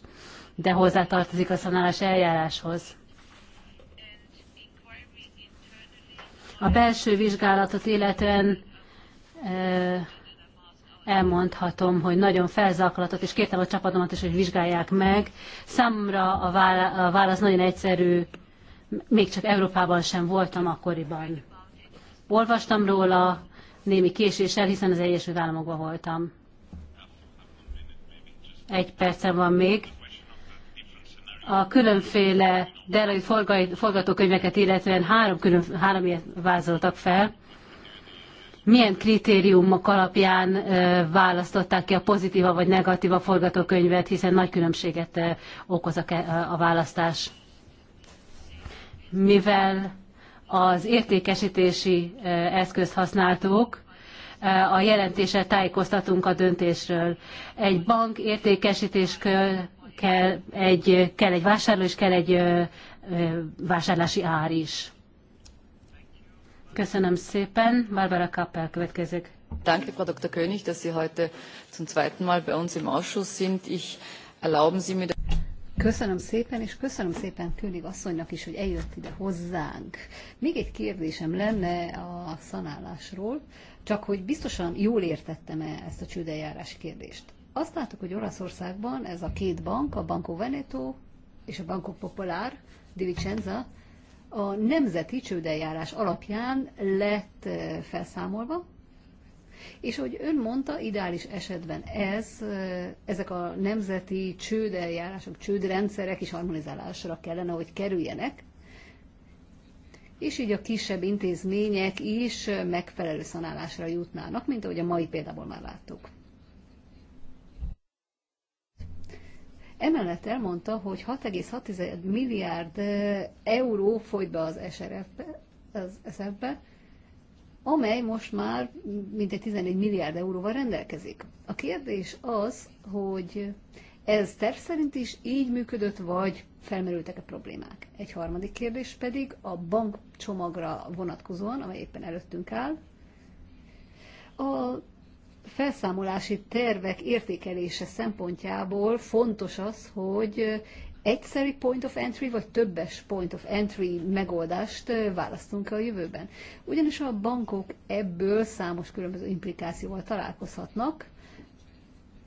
de hozzátartozik a szanálás eljáráshoz. A belső vizsgálatot illetően elmondhatom, hogy nagyon felzaklatott, és kértem a csapatomat is, hogy vizsgálják meg. Számomra a válasz nagyon egyszerű, még csak Európában sem voltam akkoriban. Olvastam róla némi késéssel, hiszen az Egyesült Államokban voltam. Egy percem van még. A különféle delai forgatókönyveket illetően három, külön, három ilyet vázoltak fel. Milyen kritériumok alapján választották ki a pozitíva vagy negatíva forgatókönyvet, hiszen nagy különbséget okoz a, a választás mivel az értékesítési eszközt használtuk, a jelentéssel tájékoztatunk a döntésről. Egy bank értékesítés kell egy, kell egy vásárló, és kell egy vásárlási ár is. Köszönöm szépen. Barbara Kappel következik. Danke, Frau Dr. König, dass Sie heute zum zweiten Mal bei uns im Ausschuss sind. Ich erlauben Sie mir... Köszönöm szépen, és köszönöm szépen Tűnik asszonynak is, hogy eljött ide hozzánk. Még egy kérdésem lenne a szanálásról, csak hogy biztosan jól értettem-e ezt a csődeljárás kérdést. Azt láttuk, hogy Olaszországban ez a két bank, a Banco Veneto és a Banco Popolár di Vicenza a nemzeti csődeljárás alapján lett eh, felszámolva, és hogy ön mondta, ideális esetben ez, ezek a nemzeti csődeljárások, csődrendszerek is harmonizálásra kellene, hogy kerüljenek, és így a kisebb intézmények is megfelelő szanálásra jutnának, mint ahogy a mai példából már láttuk. Emellett elmondta, hogy 6,6 milliárd euró folyt be az SRF-be, az SRF-be amely most már mintegy 14 milliárd euróval rendelkezik. A kérdés az, hogy ez terv szerint is így működött, vagy felmerültek-e problémák? Egy harmadik kérdés pedig a bankcsomagra vonatkozóan, amely éppen előttünk áll. A felszámolási tervek értékelése szempontjából fontos az, hogy egyszerű point of entry, vagy többes point of entry megoldást választunk a jövőben. Ugyanis a bankok ebből számos különböző implikációval találkozhatnak,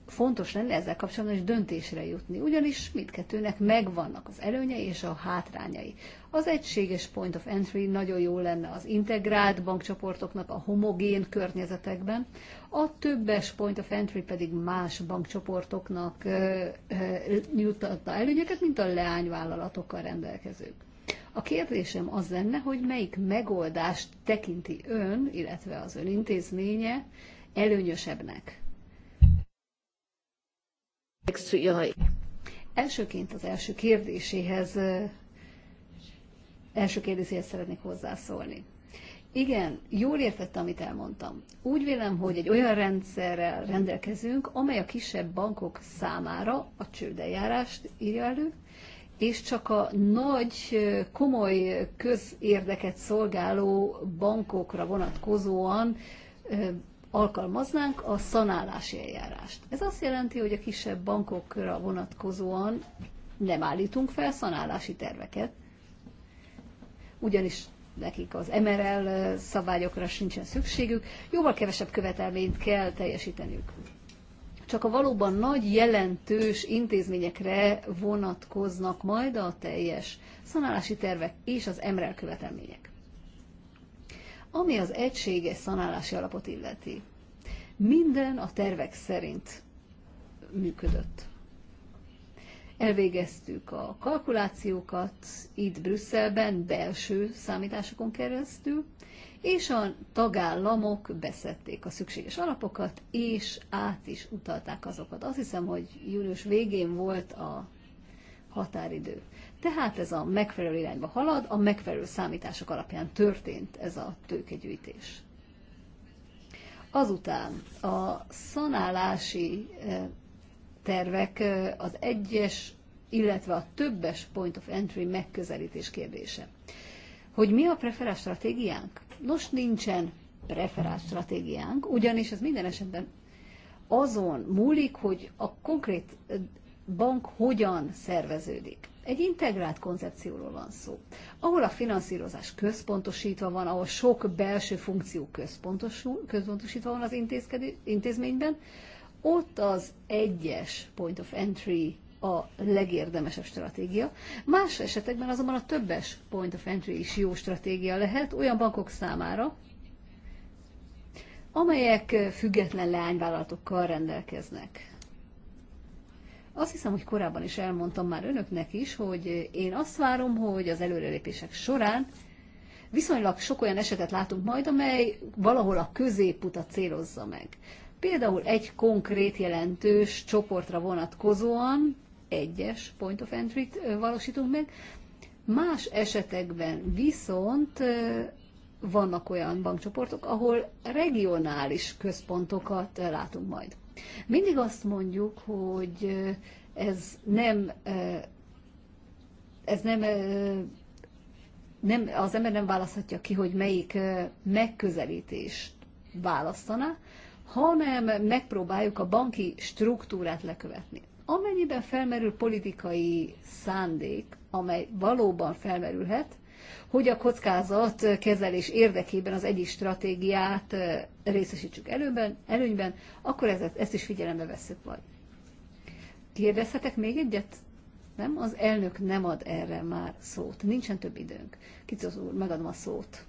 fontos lenne ezzel kapcsolatban is döntésre jutni, ugyanis mindkettőnek megvannak az előnyei és a hátrányai. Az egységes point of entry nagyon jó lenne az integrált bankcsoportoknak a homogén környezetekben, a többes point of entry pedig más bankcsoportoknak nyújtotta előnyeket, mint a leányvállalatokkal rendelkezők. A kérdésem az lenne, hogy melyik megoldást tekinti ön, illetve az ön intézménye előnyösebbnek Elsőként az első kérdéséhez, első kérdéséhez szeretnék hozzászólni. Igen, jól értette, amit elmondtam. Úgy vélem, hogy egy olyan rendszerrel rendelkezünk, amely a kisebb bankok számára a csődeljárást írja elő, és csak a nagy, komoly közérdeket szolgáló bankokra vonatkozóan alkalmaznánk a szanálási eljárást. Ez azt jelenti, hogy a kisebb bankokra vonatkozóan nem állítunk fel szanálási terveket, ugyanis nekik az MRL szabályokra sincsen szükségük, jóval kevesebb követelményt kell teljesíteniük. Csak a valóban nagy, jelentős intézményekre vonatkoznak majd a teljes szanálási tervek és az MRL követelmények. Ami az egységes szanálási alapot illeti, minden a tervek szerint működött. Elvégeztük a kalkulációkat itt Brüsszelben, belső számításokon keresztül, és a tagállamok beszették a szükséges alapokat, és át is utalták azokat. Azt hiszem, hogy június végén volt a határidő. Tehát ez a megfelelő irányba halad, a megfelelő számítások alapján történt ez a tőkegyűjtés. Azután a szanálási eh, tervek eh, az egyes, illetve a többes point of entry megközelítés kérdése. Hogy mi a preferált stratégiánk? Nos, nincsen preferált stratégiánk, ugyanis ez minden esetben azon múlik, hogy a konkrét eh, bank hogyan szerveződik. Egy integrált koncepcióról van szó, ahol a finanszírozás központosítva van, ahol sok belső funkció központosítva van az intézményben, ott az egyes point of entry a legérdemesebb stratégia. Más esetekben azonban a többes point of entry is jó stratégia lehet olyan bankok számára, amelyek független leányvállalatokkal rendelkeznek. Azt hiszem, hogy korábban is elmondtam már önöknek is, hogy én azt várom, hogy az előrelépések során viszonylag sok olyan esetet látunk majd, amely valahol a középutat célozza meg. Például egy konkrét jelentős csoportra vonatkozóan egyes point of entry-t valósítunk meg, más esetekben viszont vannak olyan bankcsoportok, ahol regionális központokat látunk majd. Mindig azt mondjuk, hogy ez nem, ez nem, nem az ember nem választhatja ki, hogy melyik megközelítést választana, hanem megpróbáljuk a banki struktúrát lekövetni. Amennyiben felmerül politikai szándék, amely valóban felmerülhet, hogy a kockázat kezelés érdekében az egyik stratégiát részesítsük előben, előnyben, akkor ezt, ezt is figyelembe veszük majd. Kérdezhetek még egyet? Nem? Az elnök nem ad erre már szót. Nincsen több időnk. Kicsosz úr, megadom a szót.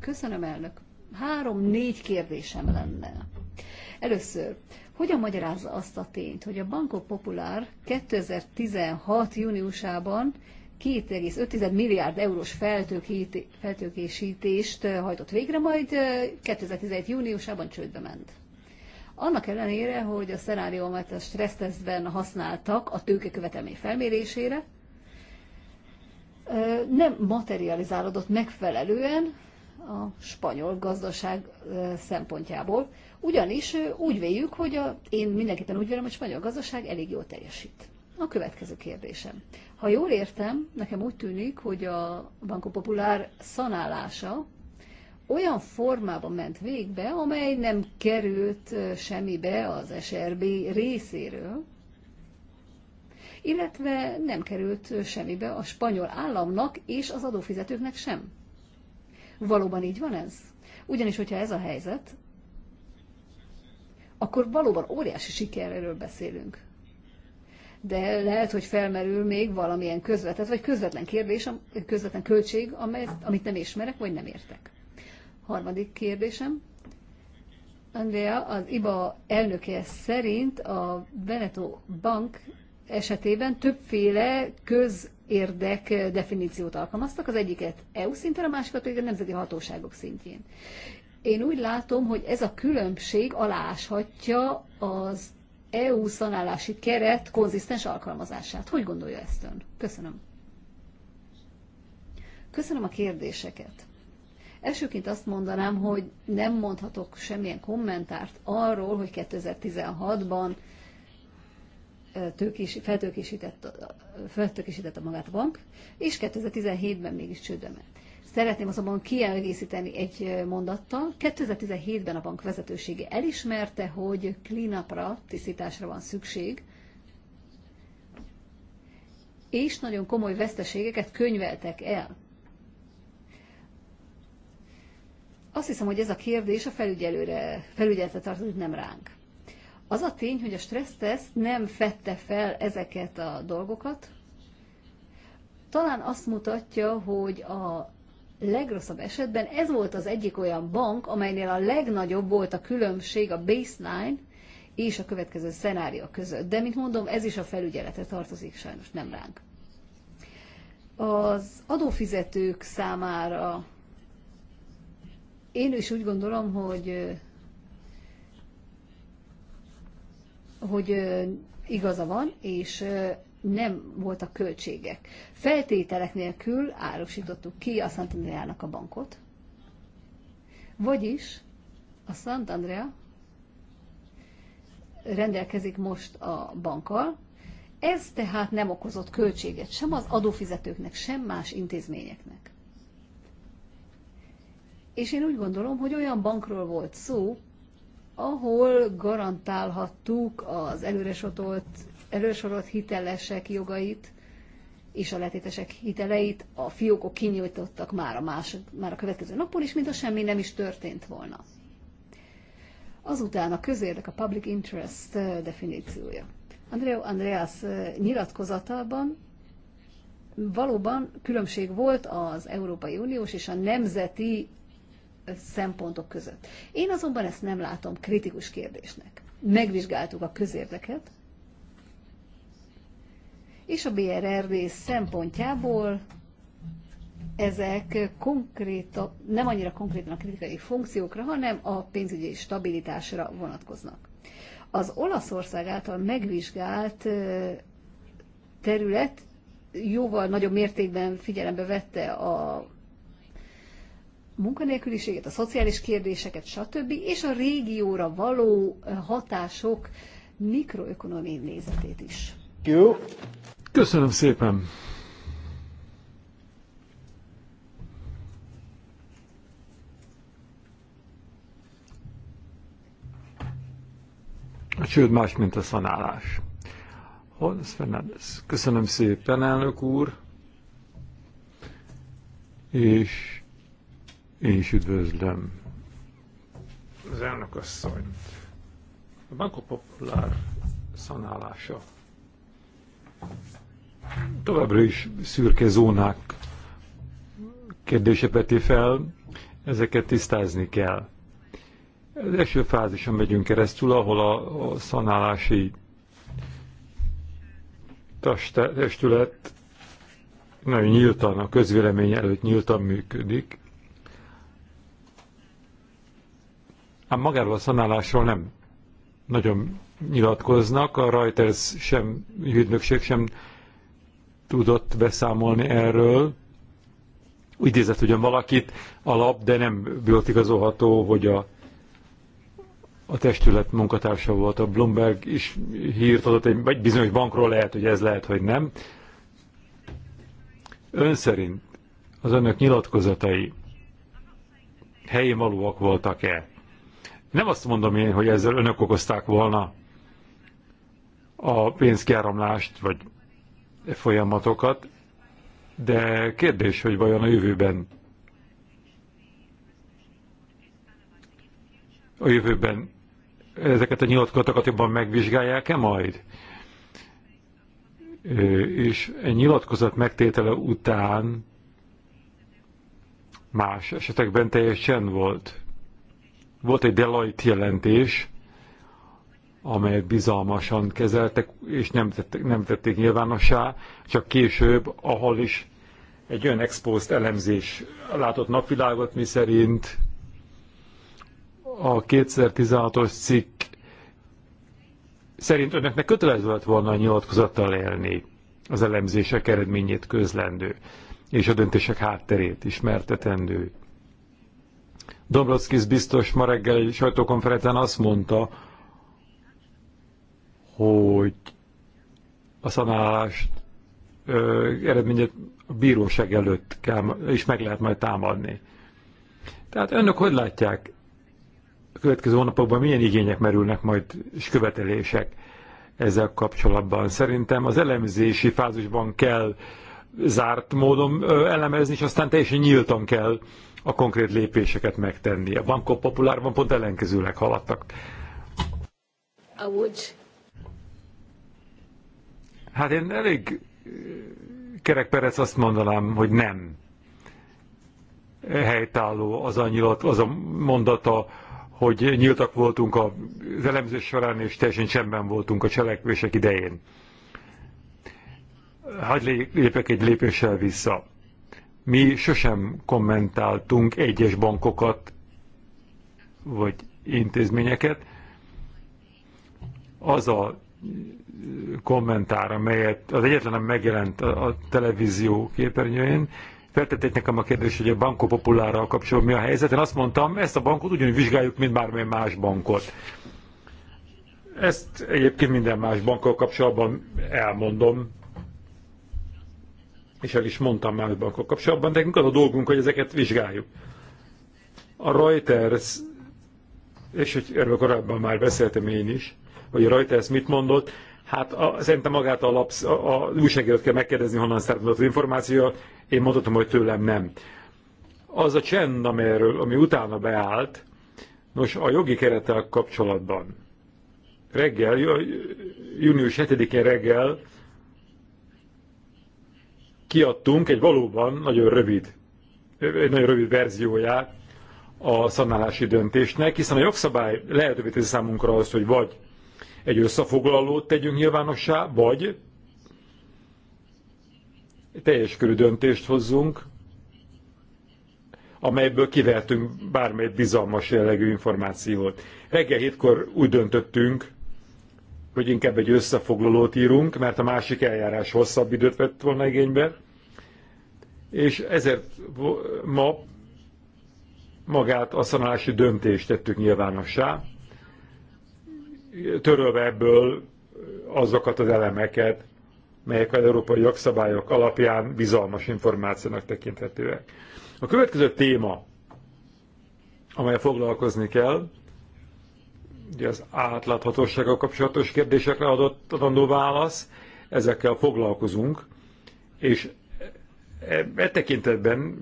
Köszönöm, elnök. Három-négy kérdésem lenne. Először, hogyan magyarázza azt a tényt, hogy a Banco Popular 2016. júniusában 2,5 milliárd eurós feltőkésítést eh, hajtott végre, majd 2017. Eh, júniusában csődbe ment. Annak ellenére, hogy a szenárió, amit a stressztesztben használtak a tőkekövetelmény felmérésére, eh, nem materializálódott megfelelően a spanyol gazdaság szempontjából, ugyanis úgy véljük, hogy a, én mindenképpen úgy vélem, hogy a spanyol gazdaság elég jól teljesít. A következő kérdésem. Ha jól értem, nekem úgy tűnik, hogy a Banco Popular szanálása olyan formában ment végbe, amely nem került semmibe az SRB részéről, illetve nem került semmibe a spanyol államnak és az adófizetőknek sem. Valóban így van ez? Ugyanis, hogyha ez a helyzet, akkor valóban óriási sikerről beszélünk. De lehet, hogy felmerül még valamilyen közvetett vagy közvetlen kérdés, közvetlen költség, amelyet, amit nem ismerek vagy nem értek. Harmadik kérdésem. Andrea, az IBA elnöke szerint a Veneto Bank esetében többféle közérdek definíciót alkalmaztak, az egyiket EU szinten, a másikat pedig a nemzeti hatóságok szintjén. Én úgy látom, hogy ez a különbség aláshatja az EU szanálási keret konzisztens alkalmazását. Hogy gondolja ezt ön? Köszönöm. Köszönöm a kérdéseket. Elsőként azt mondanám, hogy nem mondhatok semmilyen kommentárt arról, hogy 2016-ban tőkés, feltőkésített, feltőkésítette magát a bank, és 2017-ben mégis csődbe ment. Szeretném azonban kiegészíteni egy mondattal. 2017-ben a bank vezetősége elismerte, hogy cleanupra, tisztításra van szükség, és nagyon komoly veszteségeket könyveltek el. Azt hiszem, hogy ez a kérdés a felügyelőre, felügyeletre tartozik, nem ránk. Az a tény, hogy a stressztesz nem fette fel ezeket a dolgokat, talán azt mutatja, hogy a legrosszabb esetben ez volt az egyik olyan bank, amelynél a legnagyobb volt a különbség a baseline és a következő szenárió között. De, mint mondom, ez is a felügyeletre tartozik, sajnos nem ránk. Az adófizetők számára én is úgy gondolom, hogy hogy igaza van, és nem voltak költségek. Feltételek nélkül árusítottuk ki a Szentandreának a bankot, vagyis a Andrea, rendelkezik most a bankkal, ez tehát nem okozott költséget sem az adófizetőknek, sem más intézményeknek. És én úgy gondolom, hogy olyan bankról volt szó, ahol garantálhattuk az előresotolt elősorolt hitelesek jogait és a letétesek hiteleit a fiókok kinyújtottak már a, másod, már a következő napon is, mintha semmi nem is történt volna. Azután a közérdek, a public interest definíciója. Andreo Andreas nyilatkozatában valóban különbség volt az Európai Uniós és a nemzeti szempontok között. Én azonban ezt nem látom kritikus kérdésnek. Megvizsgáltuk a közérdeket, és a BRRD szempontjából ezek konkrét, nem annyira konkrétan a kritikai funkciókra, hanem a pénzügyi stabilitásra vonatkoznak. Az Olaszország által megvizsgált terület jóval nagyobb mértékben figyelembe vette a munkanélküliséget, a szociális kérdéseket, stb., és a régióra való hatások mikroökonomiai nézetét is. Jó. Köszönöm szépen! A csőd más, mint a szanálás. Holmes Fernández. Köszönöm szépen, elnök úr, és én is üdvözlöm az elnök asszonyt. A Banco Popular szanálása továbbra is szürke zónák kérdése peti fel, ezeket tisztázni kell. Az első fázison megyünk keresztül, ahol a, a szanálási testület nagyon nyíltan, a közvélemény előtt nyíltan működik, ám magáról a szanálásról nem nagyon nyilatkoznak, a Reuters sem, ügynökség sem tudott beszámolni erről. Úgy nézett ugyan valakit a lap, de nem volt igazolható, hogy a, a testület munkatársa volt. A Bloomberg is hírt adott egy, egy bizonyos bankról, lehet, hogy ez lehet, hogy nem. Ön szerint az önök nyilatkozatai helyén valóak voltak-e? Nem azt mondom én, hogy ezzel önök okozták volna a pénzkiáramlást, vagy folyamatokat, de kérdés, hogy vajon a jövőben a jövőben ezeket a nyilatkozatokat jobban megvizsgálják-e majd? És egy nyilatkozat megtétele után más esetekben teljes csend volt. Volt egy Deloitte jelentés, amelyet bizalmasan kezeltek, és nem, tették nem tették nyilvánossá, csak később, ahol is egy olyan exposzt elemzés látott napvilágot, mi szerint a 2016-os cikk szerint önöknek kötelező lett volna a nyilatkozattal élni az elemzések eredményét közlendő, és a döntések hátterét ismertetendő. Dombrovskis biztos ma reggel egy sajtókonferencián azt mondta, hogy a szanálást ö, eredményét a bíróság előtt kell, is meg lehet majd támadni. Tehát önök hogy látják a következő hónapokban milyen igények merülnek majd és követelések ezzel kapcsolatban? Szerintem az elemzési fázisban kell zárt módon elemezni, és aztán teljesen nyíltan kell a konkrét lépéseket megtenni. A Banco Populárban pont ellenkezőleg haladtak. I would Hát én elég eh, kerekperec azt mondanám, hogy nem helytálló az a, nyilat, az a mondata, hogy nyíltak voltunk az elemzés során, és teljesen csendben voltunk a cselekvések idején. Hagy lépek egy lépéssel vissza. Mi sosem kommentáltunk egyes bankokat, vagy intézményeket. Az a kommentár, amelyet az egyetlenem megjelent a, a televízió képernyőjén, feltették nekem a kérdést, hogy a Banco Populárral kapcsolatban mi a helyzet. Én azt mondtam, ezt a bankot ugyanúgy vizsgáljuk, mint bármilyen más bankot. Ezt egyébként minden más bankkal kapcsolatban elmondom, és el is mondtam más bankkal kapcsolatban, de nekünk az a dolgunk, hogy ezeket vizsgáljuk. A Reuters, és hogy erről korábban már beszéltem én is, hogy a Reuters mit mondott, Hát a, szerintem magát a, a, a újságírót kell megkérdezni, honnan származott az információ. Én mondhatom, hogy tőlem nem. Az a csend, amelyről, ami utána beállt, nos, a jogi kerettel kapcsolatban reggel, június 7-én reggel kiadtunk egy valóban nagyon rövid, egy nagyon rövid verzióját a szanálási döntésnek, hiszen a jogszabály lehetővé teszi számunkra azt, hogy vagy egy összefoglalót tegyünk nyilvánossá, vagy teljes körű döntést hozzunk, amelyből kivehetünk bármely bizalmas jellegű információt. Reggel hétkor úgy döntöttünk, hogy inkább egy összefoglalót írunk, mert a másik eljárás hosszabb időt vett volna igénybe, és ezért ma magát a szanálási döntést tettük nyilvánossá, törölve ebből azokat az elemeket, melyek az európai jogszabályok alapján bizalmas információnak tekinthetőek. A következő téma, amely foglalkozni kell, ugye az átláthatósággal kapcsolatos kérdésekre adott adandó válasz, ezekkel foglalkozunk, és e, e tekintetben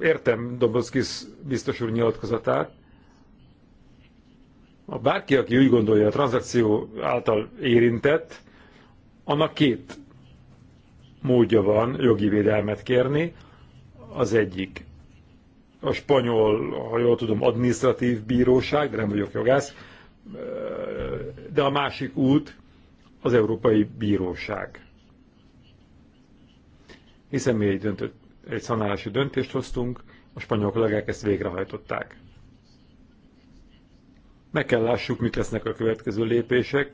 e, értem Dobozkis biztos úr nyilatkozatát, a bárki, aki úgy gondolja, a tranzakció által érintett, annak két módja van jogi védelmet kérni. Az egyik a spanyol, ha jól tudom, administratív bíróság, de nem vagyok jogász, de a másik út az Európai Bíróság. Hiszen mi egy, döntött, egy szanálási döntést hoztunk, a spanyol kollégák ezt végrehajtották. Meg kell lássuk, mit lesznek a következő lépések.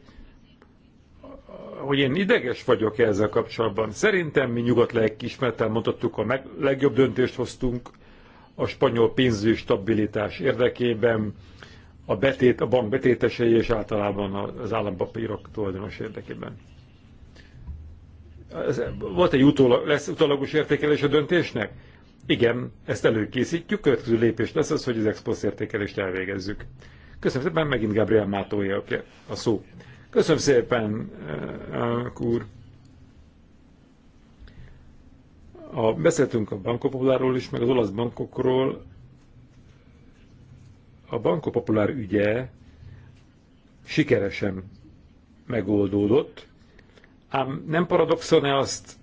Hogy én ideges vagyok -e ezzel kapcsolatban. Szerintem mi nyugat lelkismertel mondhattuk, a meg, legjobb döntést hoztunk a spanyol pénzügyi stabilitás érdekében, a, betét, a bank betétesei és általában az állampapírok tulajdonos érdekében. Ez, volt egy utólag, lesz utalagos értékelés a döntésnek? Igen, ezt előkészítjük, következő lépés lesz az, hogy az expos értékelést elvégezzük. Köszönöm szépen, megint Gabriel Mátója a szó. Köszönöm szépen, eh, úr. A, beszéltünk a bankopopuláról is, meg az olasz bankokról. A bankopopulár ügye sikeresen megoldódott, ám nem paradoxon-e azt,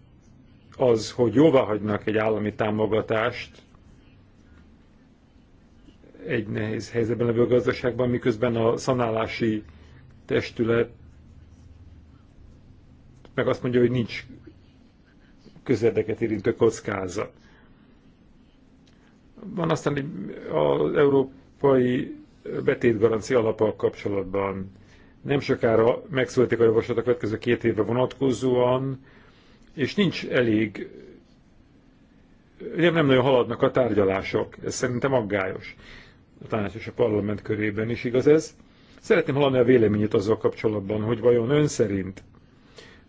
az, hogy jóvá hagynak egy állami támogatást, egy nehéz helyzetben levő gazdaságban, miközben a szanálási testület meg azt mondja, hogy nincs közérdeket érintő kockázat. Van aztán az európai betétgarancia alapal kapcsolatban. Nem sokára megszületik a javaslat a következő két évre vonatkozóan, és nincs elég, nem, nem nagyon haladnak a tárgyalások. Ez szerintem aggályos a tanács és a parlament körében is igaz ez. Szeretném hallani a véleményét azzal kapcsolatban, hogy vajon ön szerint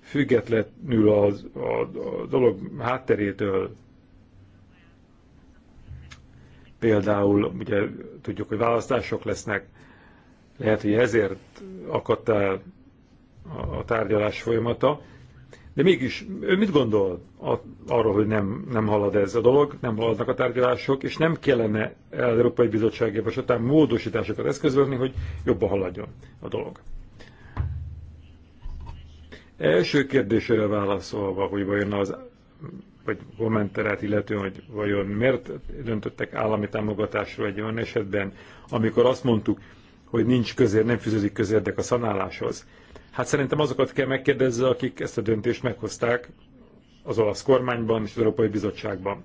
függetlenül a, a, a dolog hátterétől, például ugye tudjuk, hogy választások lesznek, lehet, hogy ezért akadt el a tárgyalás folyamata, de mégis, ő mit gondol a, arról, hogy nem, nem halad ez a dolog, nem haladnak a tárgyalások, és nem kellene az Európai Bizottság javaslatán módosításokat eszközölni, hogy jobban haladjon a dolog? Első kérdésére válaszolva, hogy vajon az vagy kommenterát illetően, hogy vajon miért döntöttek állami támogatásról egy olyan esetben, amikor azt mondtuk, hogy nincs közér, nem fűződik közérdek a szanáláshoz. Hát szerintem azokat kell megkérdezze, akik ezt a döntést meghozták az olasz kormányban és az Európai Bizottságban.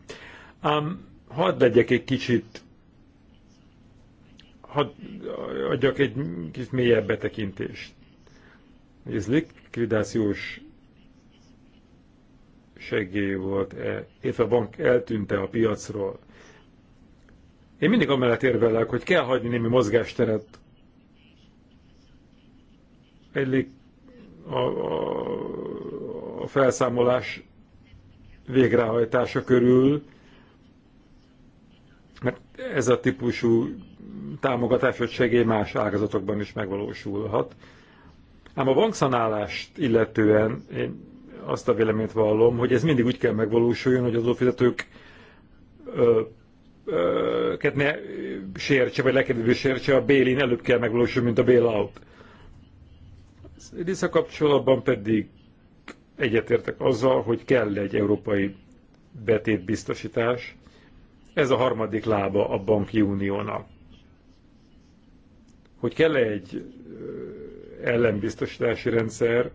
Ám hadd legyek egy kicsit, hadd adjak egy kicsit mélyebb betekintést. Ez likvidációs segély volt, -e, illetve a bank eltűnte a piacról. Én mindig amellett érvelek, hogy kell hagyni némi mozgásteret egy a, a, a felszámolás végrehajtása körül, mert ez a típusú támogatás vagy segély más ágazatokban is megvalósulhat. Ám a bankszanálást illetően én azt a véleményt vallom, hogy ez mindig úgy kell megvalósuljon, hogy az adófizetők ne sértse, vagy legkevésbé sértse, a bail előbb kell megvalósulni, mint a bailout. out az kapcsolatban pedig egyetértek azzal, hogy kell egy európai betétbiztosítás. Ez a harmadik lába a banki uniónak. Hogy kell -e egy ellenbiztosítási rendszer,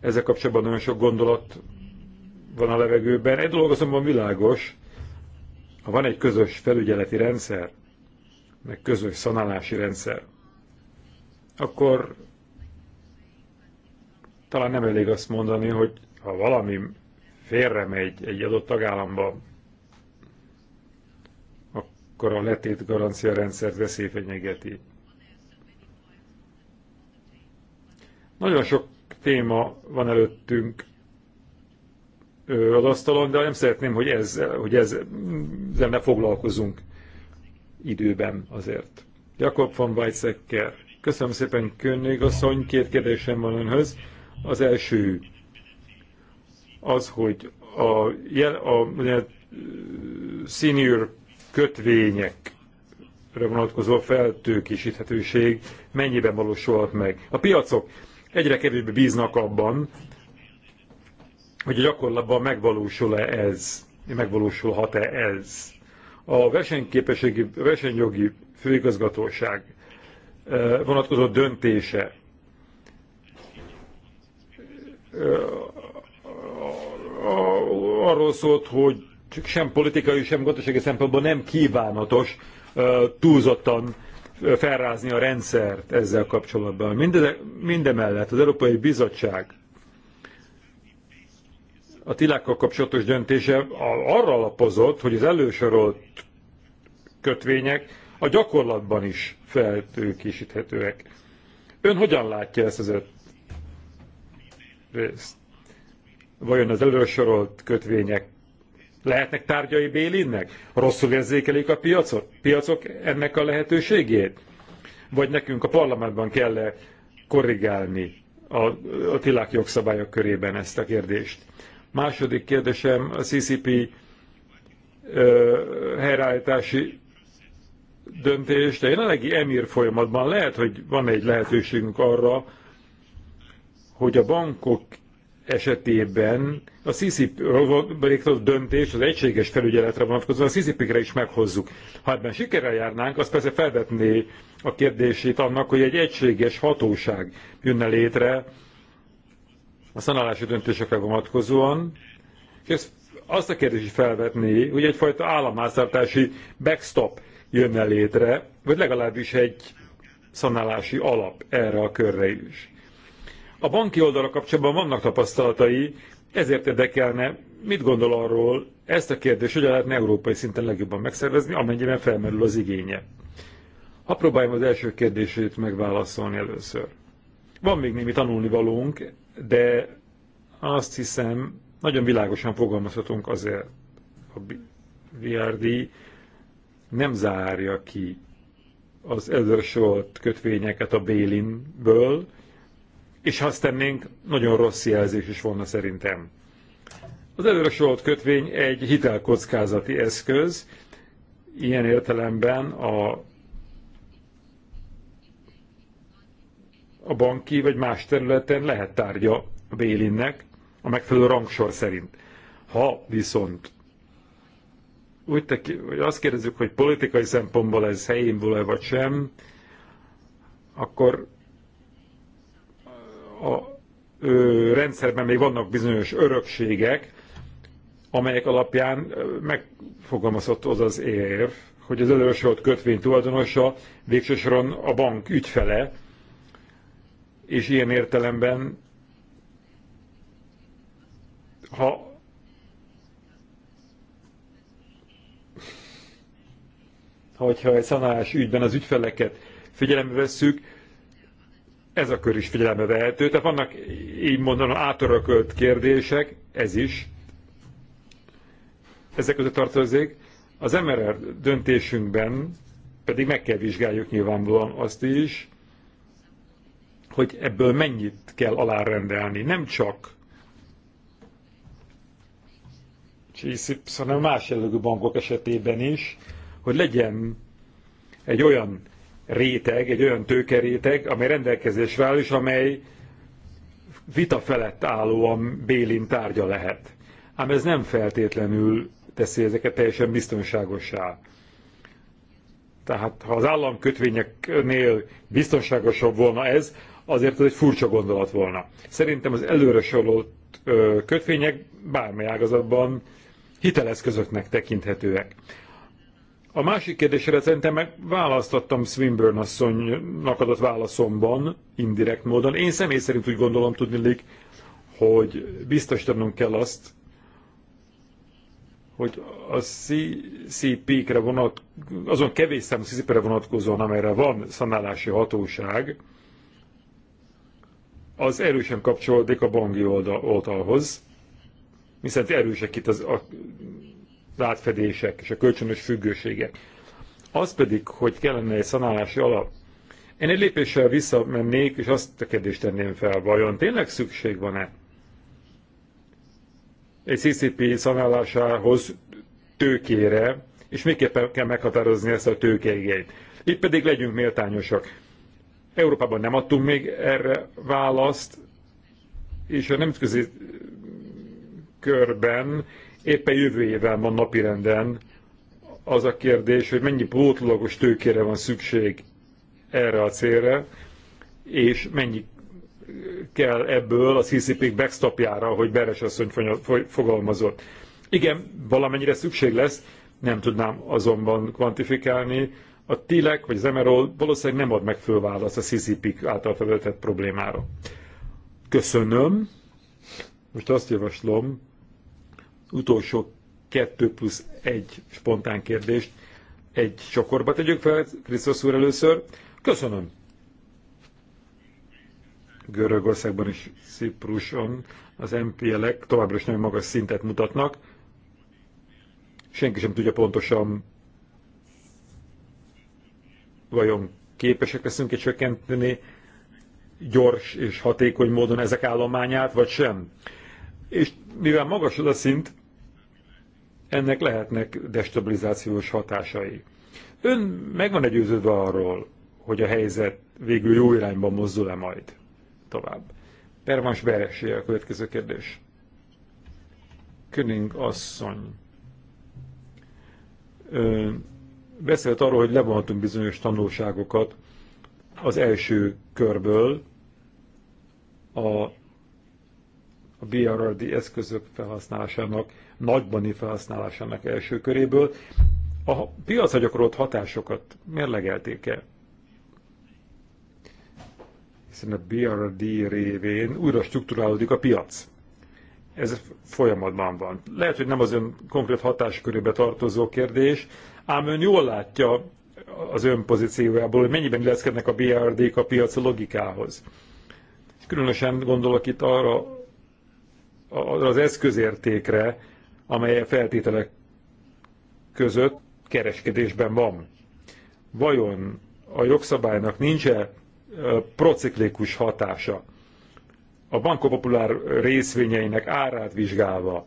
ezzel kapcsolatban nagyon sok gondolat van a levegőben. Egy dolog azonban világos, ha van egy közös felügyeleti rendszer, meg közös szanálási rendszer, akkor talán nem elég azt mondani, hogy ha valami félre megy egy adott tagállamba, akkor a letét garancia rendszert veszélyfenyegeti. Nagyon sok téma van előttünk az asztalon, de nem szeretném, hogy ez, hogy ez, mm, ne foglalkozunk időben azért. Jakob von Weizsäcker. Köszönöm szépen, Könnyű asszony, két kérdésem van önhöz. Az első az, hogy a, jel, a, a senior kötvényekre vonatkozó feltőkésíthetőség mennyiben valósulhat meg. A piacok egyre kevésbé bíznak abban, hogy a gyakorlatban megvalósul-e ez, megvalósulhat-e ez. A versenyképességi, versenyjogi főigazgatóság eh, vonatkozó döntése arról szólt, hogy sem politikai, sem gazdasági szempontból nem kívánatos túlzottan felrázni a rendszert ezzel kapcsolatban. mindemellett az Európai Bizottság a tilákkal kapcsolatos döntése arra alapozott, hogy az elősorolt kötvények a gyakorlatban is feltőkésíthetőek. Ön hogyan látja ezt az öt részt. vajon az elősorolt kötvények lehetnek tárgyai Bélinnek? Rosszul érzékelik a piacot? piacok ennek a lehetőségét? Vagy nekünk a parlamentben kell -e korrigálni a, a tilák jogszabályok körében ezt a kérdést? Második kérdésem a CCP ö, helyreállítási döntés, de jelenlegi emír folyamatban lehet, hogy van egy lehetőségünk arra, hogy a bankok esetében a ccp a döntés az egységes felügyeletre vonatkozóan a CCP-kre is meghozzuk. Ha ebben sikerrel járnánk, az persze felvetné a kérdését annak, hogy egy egységes hatóság jönne létre a szanálási döntésekre vonatkozóan, és ezt azt a kérdést is felvetné, hogy egyfajta államháztartási backstop jönne létre, vagy legalábbis egy szanálási alap erre a körre is. A banki oldalra kapcsolatban vannak tapasztalatai, ezért érdekelne, mit gondol arról ezt a kérdést, hogy lehetne európai szinten legjobban megszervezni, amennyiben felmerül az igénye. Ha próbáljam az első kérdését megválaszolni először. Van még némi tanulnivalónk, de azt hiszem, nagyon világosan fogalmazhatunk azért a VRD nem zárja ki az elősorolt kötvényeket a Bélinből, és ha azt tennénk, nagyon rossz jelzés is volna szerintem. Az előre sorolt kötvény egy hitelkockázati eszköz, ilyen értelemben a a banki vagy más területen lehet tárgya a Bélinnek a megfelelő rangsor szerint. Ha viszont úgy teki, hogy azt kérdezzük, hogy politikai szempontból ez helyén volna vagy sem, akkor a ö, rendszerben még vannak bizonyos örökségek, amelyek alapján megfogalmazott az az érv, hogy az elősorolt kötvény tulajdonosa végső soron a bank ügyfele, és ilyen értelemben, ha hogyha egy szanás ügyben az ügyfeleket figyelembe vesszük, ez a kör is figyelembe vehető, tehát vannak így mondanom átörökölt kérdések, ez is, ezek között tartozik. Az MRR döntésünkben pedig meg kell vizsgáljuk nyilvánvalóan azt is, hogy ebből mennyit kell alárendelni. Nem csak GCP, hanem más jellegű bankok esetében is, hogy legyen egy olyan réteg, egy olyan tőkeréteg, amely rendelkezésre áll, és amely vita felett állóan Bélin tárgya lehet. Ám ez nem feltétlenül teszi ezeket teljesen biztonságossá. Tehát ha az államkötvényeknél biztonságosabb volna ez, azért ez egy furcsa gondolat volna. Szerintem az előre sorolt kötvények bármely ágazatban hiteleszközöknek tekinthetőek. A másik kérdésre szerintem meg választottam Swinburne asszonynak adott válaszomban, indirekt módon. Én személy szerint úgy gondolom tudni, hogy biztosítanunk kell azt, hogy a CCP-kre vonat, azon kevés számú CCP-re vonatkozóan, amelyre van szanálási hatóság, az erősen kapcsolódik a banki oldalhoz, hiszen erősek itt az, a átfedések és a kölcsönös függőségek. Az pedig, hogy kellene egy szanálási alap. Én egy lépéssel visszamennék, és azt a kérdést tenném fel, vajon tényleg szükség van-e egy CCP szanálásához tőkére, és miképpen kell meghatározni ezt a tőkeigényt. Itt pedig legyünk méltányosak. Európában nem adtunk még erre választ, és a nemzetközi körben éppen jövő évvel van napirenden az a kérdés, hogy mennyi pótlagos tőkére van szükség erre a célra, és mennyi kell ebből a CCP backstopjára, hogy Beres asszony fogalmazott. Igen, valamennyire szükség lesz, nem tudnám azonban kvantifikálni. A TILEK vagy az MRO valószínűleg nem ad meg fölválaszt a CCP által felvetett problémára. Köszönöm. Most azt javaslom, utolsó kettő plusz egy spontán kérdést egy csokorba tegyük fel, Krisztus úr először. Köszönöm. Görögországban és Cipruson az MPL-ek továbbra is nagyon magas szintet mutatnak. Senki sem tudja pontosan, vajon képesek leszünk-e csökkenteni gyors és hatékony módon ezek állományát, vagy sem. És mivel magas az a szint, ennek lehetnek destabilizációs hatásai. Ön meg van egyőződve arról, hogy a helyzet végül jó irányba mozdul-e majd tovább. Pervans Beresé a következő kérdés. Köning asszony. Ö, beszélt arról, hogy levonhatunk bizonyos tanulságokat az első körből a, a BRRD eszközök felhasználásának nagybani felhasználásának első köréből. A piacra gyakorolt hatásokat mérlegelték-e? Hiszen a BRD révén újra strukturálódik a piac. Ez folyamatban van. Lehet, hogy nem az ön konkrét hatáskörébe tartozó kérdés, ám ön jól látja az ön pozíciójából, hogy mennyiben illeszkednek a BRD-k a piac logikához. Különösen gondolok itt arra, arra az eszközértékre, amely feltételek között kereskedésben van. Vajon a jogszabálynak nincs-e prociklikus hatása? A Banco részvényeinek árát vizsgálva,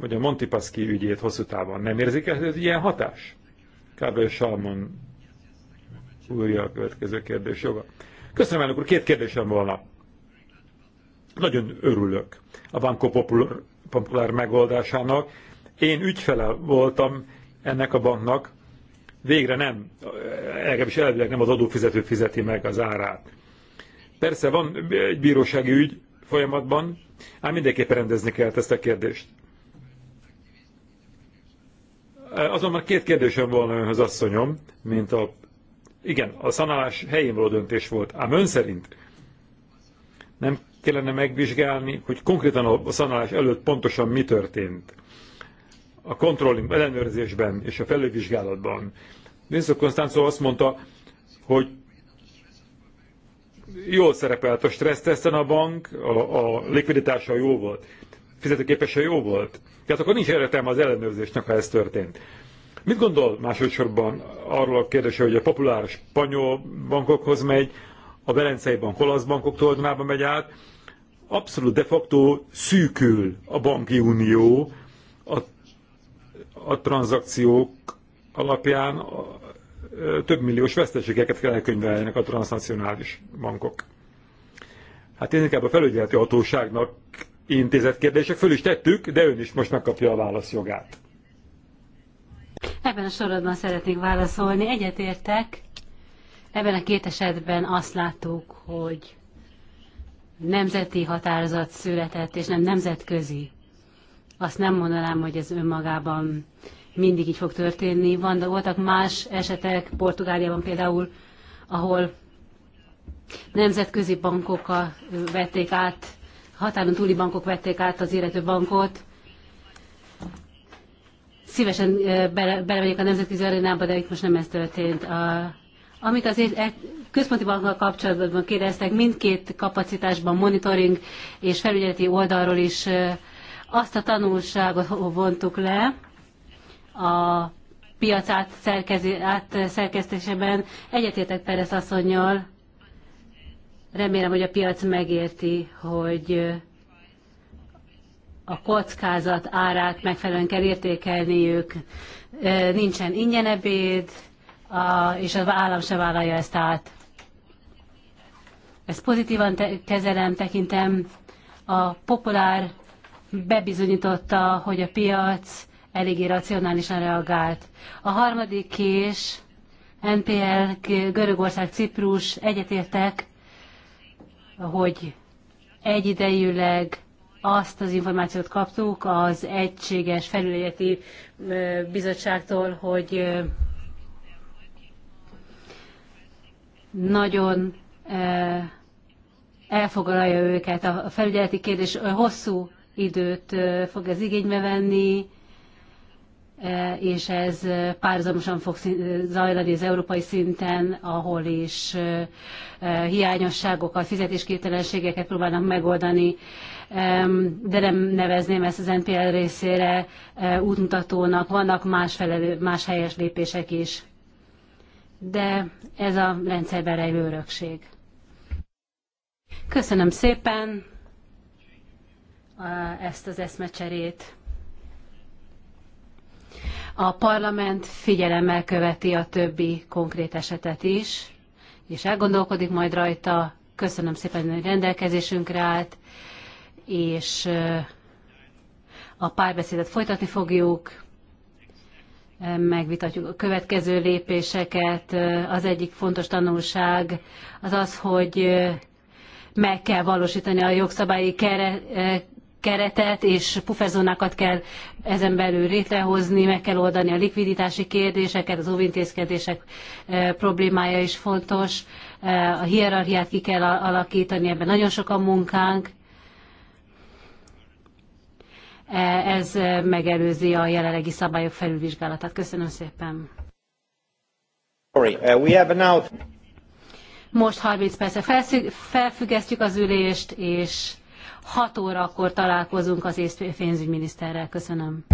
vagy a Montipaszki ügyét hosszú távon nem érzik ez egy ilyen hatás? Kábel Salmon újra a következő kérdés joga. Köszönöm, elnök úr, két kérdésem volna. Nagyon örülök a Banco Popular populár megoldásának. Én ügyfele voltam ennek a banknak, végre nem, legalábbis elvileg nem az adófizető fizeti meg az árát. Persze van egy bírósági ügy folyamatban, ám mindenképpen rendezni kell ezt a kérdést. Azonban két kérdésem volna önhöz, asszonyom, mint a... Igen, a szanálás helyén való döntés volt, ám ön szerint nem kellene megvizsgálni, hogy konkrétan a szanálás előtt pontosan mi történt a kontrolling ellenőrzésben és a felülvizsgálatban. Nézzük, Konstantin azt mondta, hogy jól szerepelt a stressztesten a bank, a, a likviditása jó volt, fizetőképesen jó volt. Tehát akkor nincs értelme az ellenőrzésnek, ha ez történt. Mit gondol másodszorban arról a kérdésre, hogy a populáris spanyol bankokhoz megy, a Belencei bank olasz bankok tulajdonában megy át, abszolút de facto szűkül a banki unió a, a tranzakciók alapján a, több milliós veszteségeket kell elkönyveljenek a transnacionális bankok. Hát én inkább a felügyeleti hatóságnak intézett kérdések föl is tettük, de ön is most megkapja a válasz jogát. Ebben a sorozatban szeretnék válaszolni. Egyetértek. Ebben a két esetben azt láttuk, hogy nemzeti határozat született, és nem nemzetközi. Azt nem mondanám, hogy ez önmagában mindig így fog történni. Van, de voltak más esetek, Portugáliában például, ahol nemzetközi bankok vették át, határon túli bankok vették át az élető bankot. Szívesen eh, bele, a nemzetközi arénába, de itt most nem ez történt. A amit az e- központi bankkal kapcsolatban kérdeztek, mindkét kapacitásban monitoring és felügyeleti oldalról is azt a tanulságot vontuk le a piac átszerkesztésében. Egyetértek Perez asszonynal, remélem, hogy a piac megérti, hogy a kockázat árát megfelelően kell értékelniük. Nincsen ingyenebéd, és az állam se vállalja ezt át. Ezt pozitívan te- kezelem, tekintem. A populár bebizonyította, hogy a piac eléggé racionálisan reagált. A harmadik kés, NPL, Görögország, Ciprus egyetértek, hogy egyidejűleg azt az információt kaptuk az egységes felületi bizottságtól, hogy nagyon elfoglalja őket. A felügyeleti kérdés hosszú időt fog ez igénybe venni, és ez párhuzamosan fog zajlani az európai szinten, ahol is hiányosságokat, fizetésképtelenségeket próbálnak megoldani, de nem nevezném ezt az NPL részére útmutatónak, vannak más, felelő, más helyes lépések is de ez a rendszerben rejlő örökség. Köszönöm szépen ezt az eszmecserét. A parlament figyelemmel követi a többi konkrét esetet is, és elgondolkodik majd rajta. Köszönöm szépen, hogy rendelkezésünkre állt, és a párbeszédet folytatni fogjuk megvitatjuk a következő lépéseket. Az egyik fontos tanulság az az, hogy meg kell valósítani a jogszabályi keretet, és pufferzónákat kell ezen belül létrehozni, meg kell oldani a likviditási kérdéseket, az óvintézkedések e, problémája is fontos, e, a hierarchiát ki kell alakítani, ebben nagyon sok a munkánk, E, ez megelőzi a jelenlegi szabályok felülvizsgálatát. Köszönöm szépen. Uh, Most 30 percre felfüggesztjük az ülést, és 6 órakor találkozunk az észpénzügyminiszterrel. Köszönöm.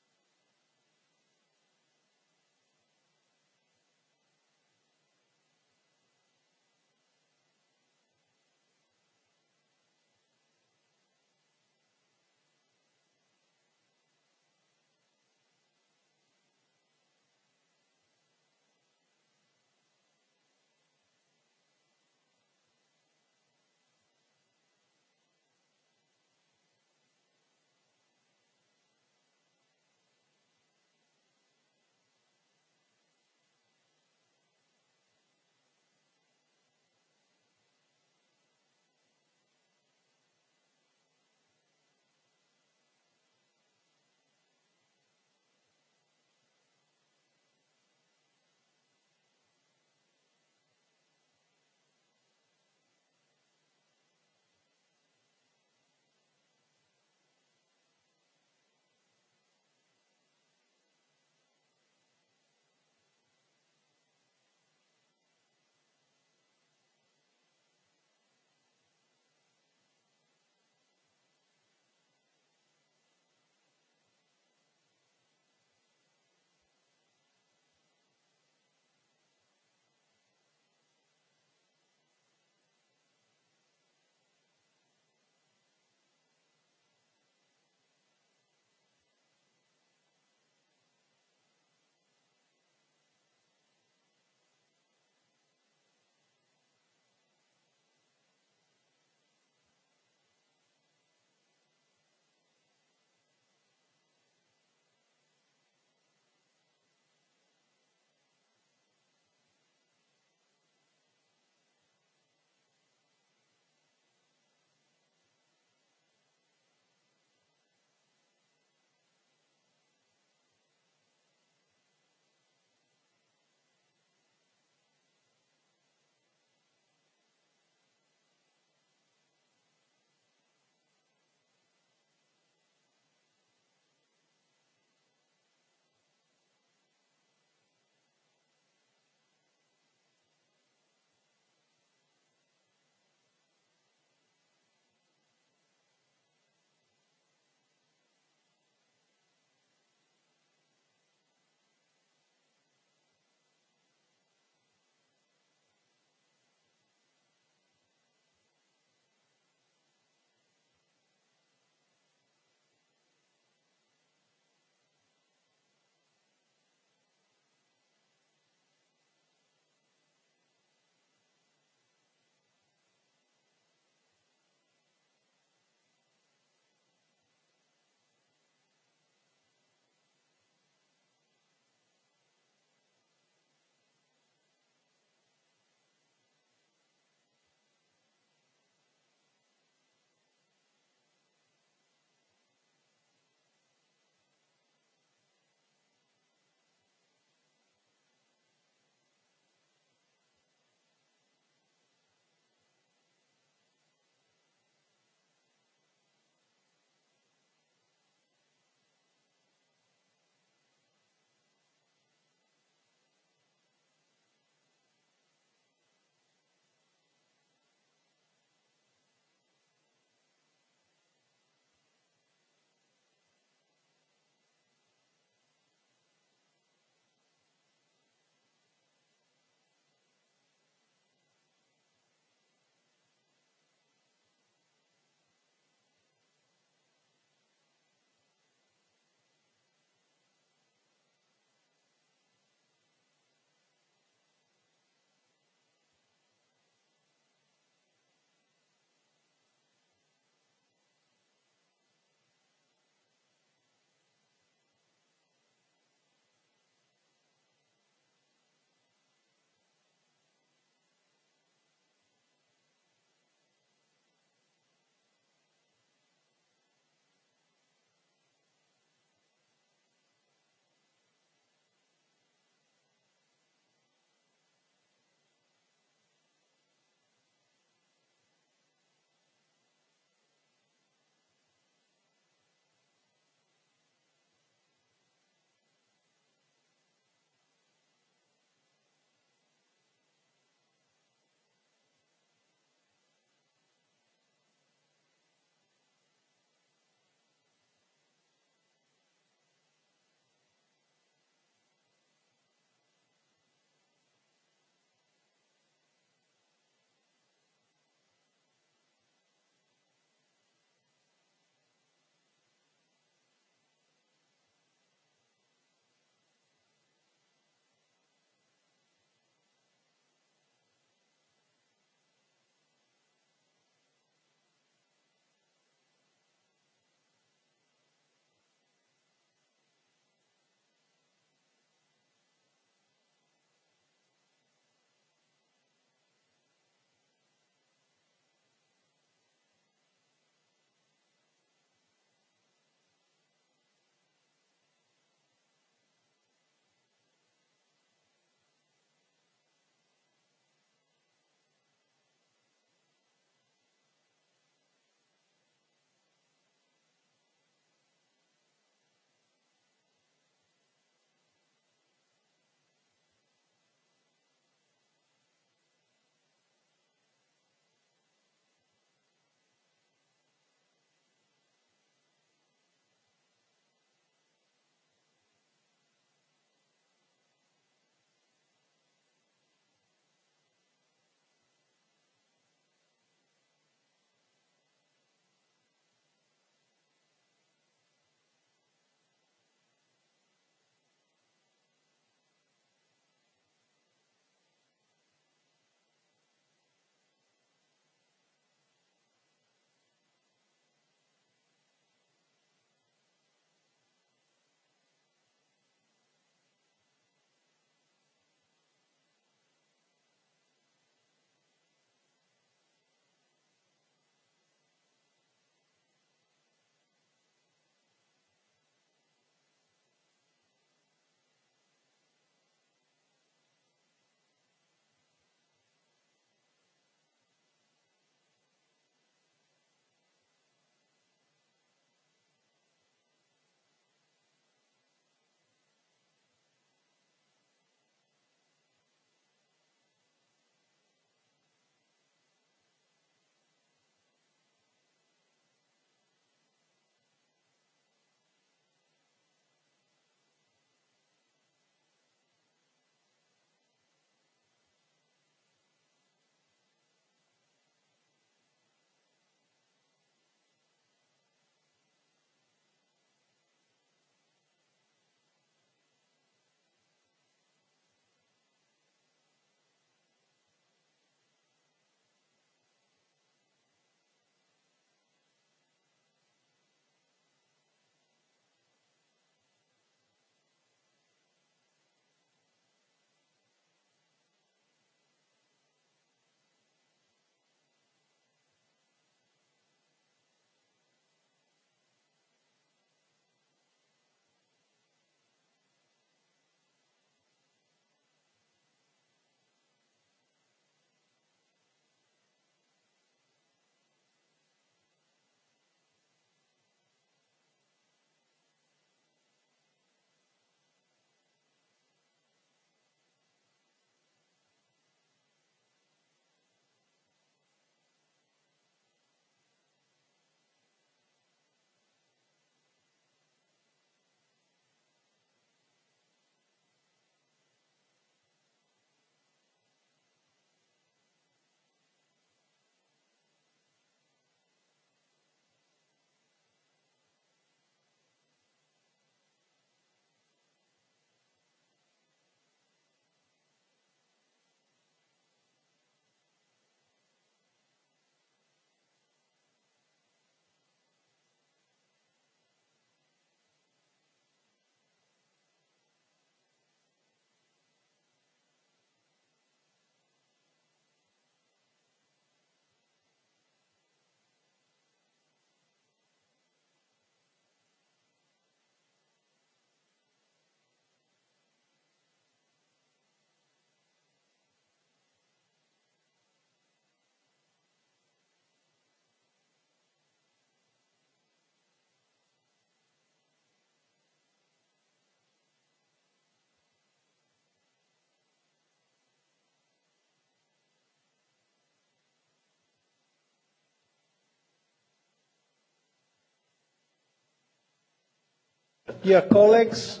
Dear colleagues,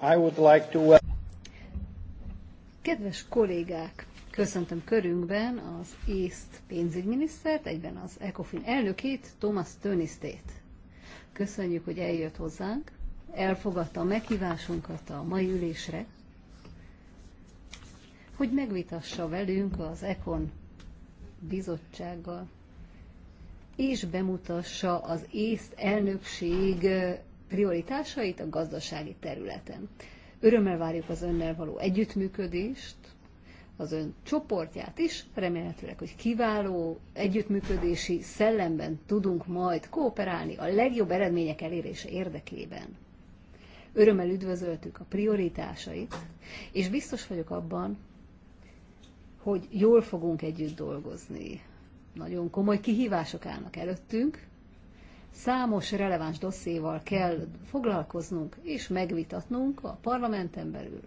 I would like to... Kedves kollégák, köszöntöm körünkben az észt pénzügyminisztert, egyben az ECOFIN elnökét, Thomas Tönisztét. Köszönjük, hogy eljött hozzánk, elfogadta a meghívásunkat a mai ülésre, hogy megvitassa velünk az ECON bizottsággal és bemutassa az észt elnökség prioritásait a gazdasági területen. Örömmel várjuk az önnel való együttműködést, az ön csoportját is, remélhetőleg, hogy kiváló együttműködési szellemben tudunk majd kooperálni a legjobb eredmények elérése érdekében. Örömmel üdvözöltük a prioritásait, és biztos vagyok abban, hogy jól fogunk együtt dolgozni nagyon komoly kihívások állnak előttünk. Számos releváns dosszéval kell foglalkoznunk és megvitatnunk a parlamenten belül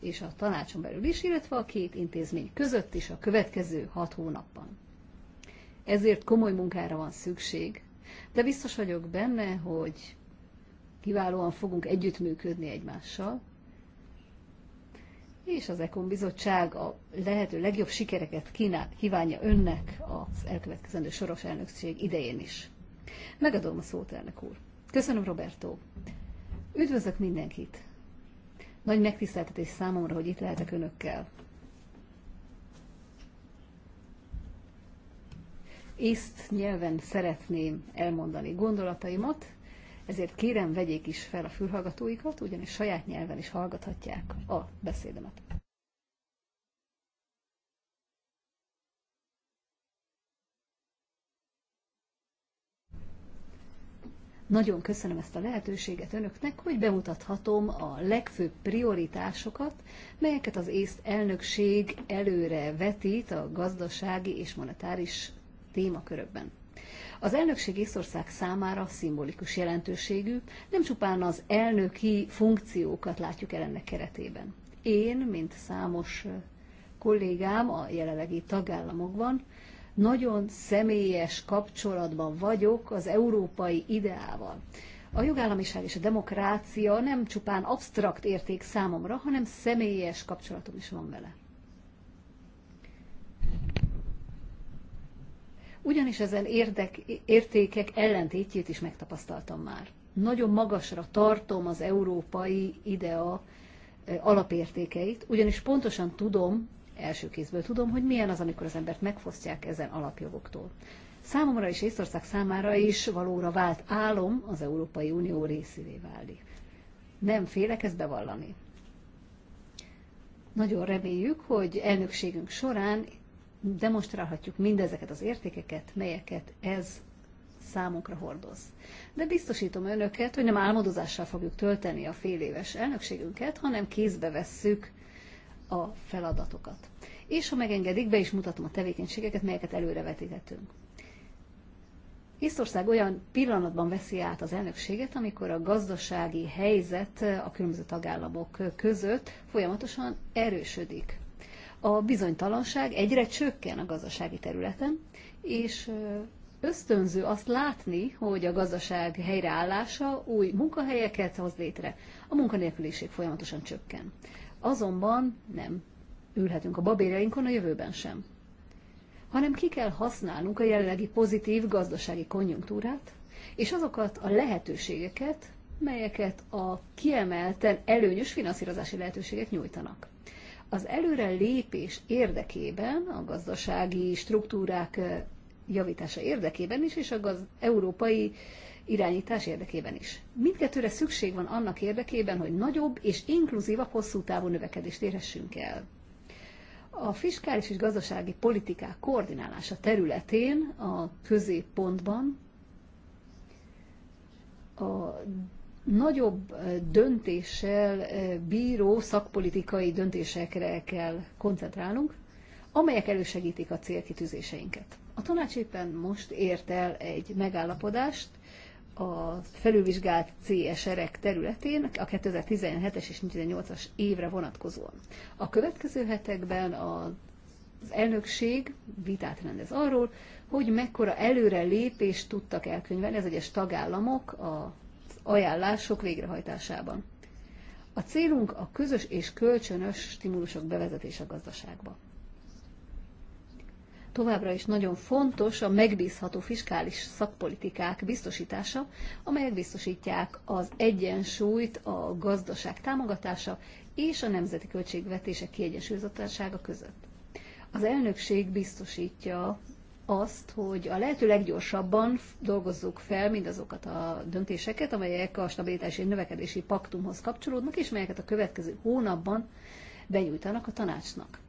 és a tanácson belül is, illetve a két intézmény között is a következő hat hónapban. Ezért komoly munkára van szükség, de biztos vagyok benne, hogy kiválóan fogunk együttműködni egymással, és az EKON bizottság a lehető legjobb sikereket kínál, kívánja önnek az elkövetkezendő soros elnökség idején is. Megadom a szót, elnök úr. Köszönöm, Roberto. Üdvözlök mindenkit. Nagy megtiszteltetés számomra, hogy itt lehetek önökkel. Észt nyelven szeretném elmondani gondolataimat, ezért kérem vegyék is fel a fülhallgatóikat, ugyanis saját nyelven is hallgathatják a beszédemet. Nagyon köszönöm ezt a lehetőséget önöknek, hogy bemutathatom a legfőbb prioritásokat, melyeket az észt elnökség előre vetít a gazdasági és monetáris témakörökben. Az elnökség Észország számára szimbolikus jelentőségű, nem csupán az elnöki funkciókat látjuk el ennek keretében. Én, mint számos kollégám a jelenlegi tagállamokban, nagyon személyes kapcsolatban vagyok az európai ideával. A jogállamiság és a demokrácia nem csupán absztrakt érték számomra, hanem személyes kapcsolatom is van vele. Ugyanis ezen érdek, értékek ellentétjét is megtapasztaltam már. Nagyon magasra tartom az európai idea alapértékeit, ugyanis pontosan tudom, első kézből tudom, hogy milyen az, amikor az embert megfosztják ezen alapjogoktól. Számomra és Észország számára is valóra vált álom az Európai Unió részévé válni. Nem félek ezt bevallani. Nagyon reméljük, hogy elnökségünk során demonstrálhatjuk mindezeket az értékeket, melyeket ez számunkra hordoz. De biztosítom önöket, hogy nem álmodozással fogjuk tölteni a fél éves elnökségünket, hanem kézbe vesszük a feladatokat. És ha megengedik, be is mutatom a tevékenységeket, melyeket előrevetítettünk. Észtország olyan pillanatban veszi át az elnökséget, amikor a gazdasági helyzet a különböző tagállamok között folyamatosan erősödik a bizonytalanság egyre csökken a gazdasági területen, és ösztönző azt látni, hogy a gazdaság helyreállása új munkahelyeket hoz létre. A munkanélküliség folyamatosan csökken. Azonban nem ülhetünk a babérjainkon a jövőben sem, hanem ki kell használnunk a jelenlegi pozitív gazdasági konjunktúrát, és azokat a lehetőségeket, melyeket a kiemelten előnyös finanszírozási lehetőségek nyújtanak az előre lépés érdekében, a gazdasági struktúrák javítása érdekében is, és a gaz- európai irányítás érdekében is. Mindkettőre szükség van annak érdekében, hogy nagyobb és inkluzívabb hosszú távú növekedést érhessünk el. A fiskális és gazdasági politikák koordinálása területén a középpontban a nagyobb döntéssel bíró szakpolitikai döntésekre kell koncentrálnunk, amelyek elősegítik a célkitűzéseinket. A tanács éppen most ért el egy megállapodást a felülvizsgált CSR-ek területén a 2017-es és 2018-as évre vonatkozóan. A következő hetekben a az elnökség vitát rendez arról, hogy mekkora előre lépést tudtak elkönyvelni az egyes tagállamok a ajánlások végrehajtásában. A célunk a közös és kölcsönös stimulusok bevezetése a gazdaságba. Továbbra is nagyon fontos a megbízható fiskális szakpolitikák biztosítása, amelyek biztosítják az egyensúlyt a gazdaság támogatása és a nemzeti költségvetések kiegyensúlyozottsága között. Az elnökség biztosítja azt, hogy a lehető leggyorsabban dolgozzuk fel mindazokat a döntéseket, amelyek a stabilitási és növekedési paktumhoz kapcsolódnak, és melyeket a következő hónapban benyújtanak a tanácsnak.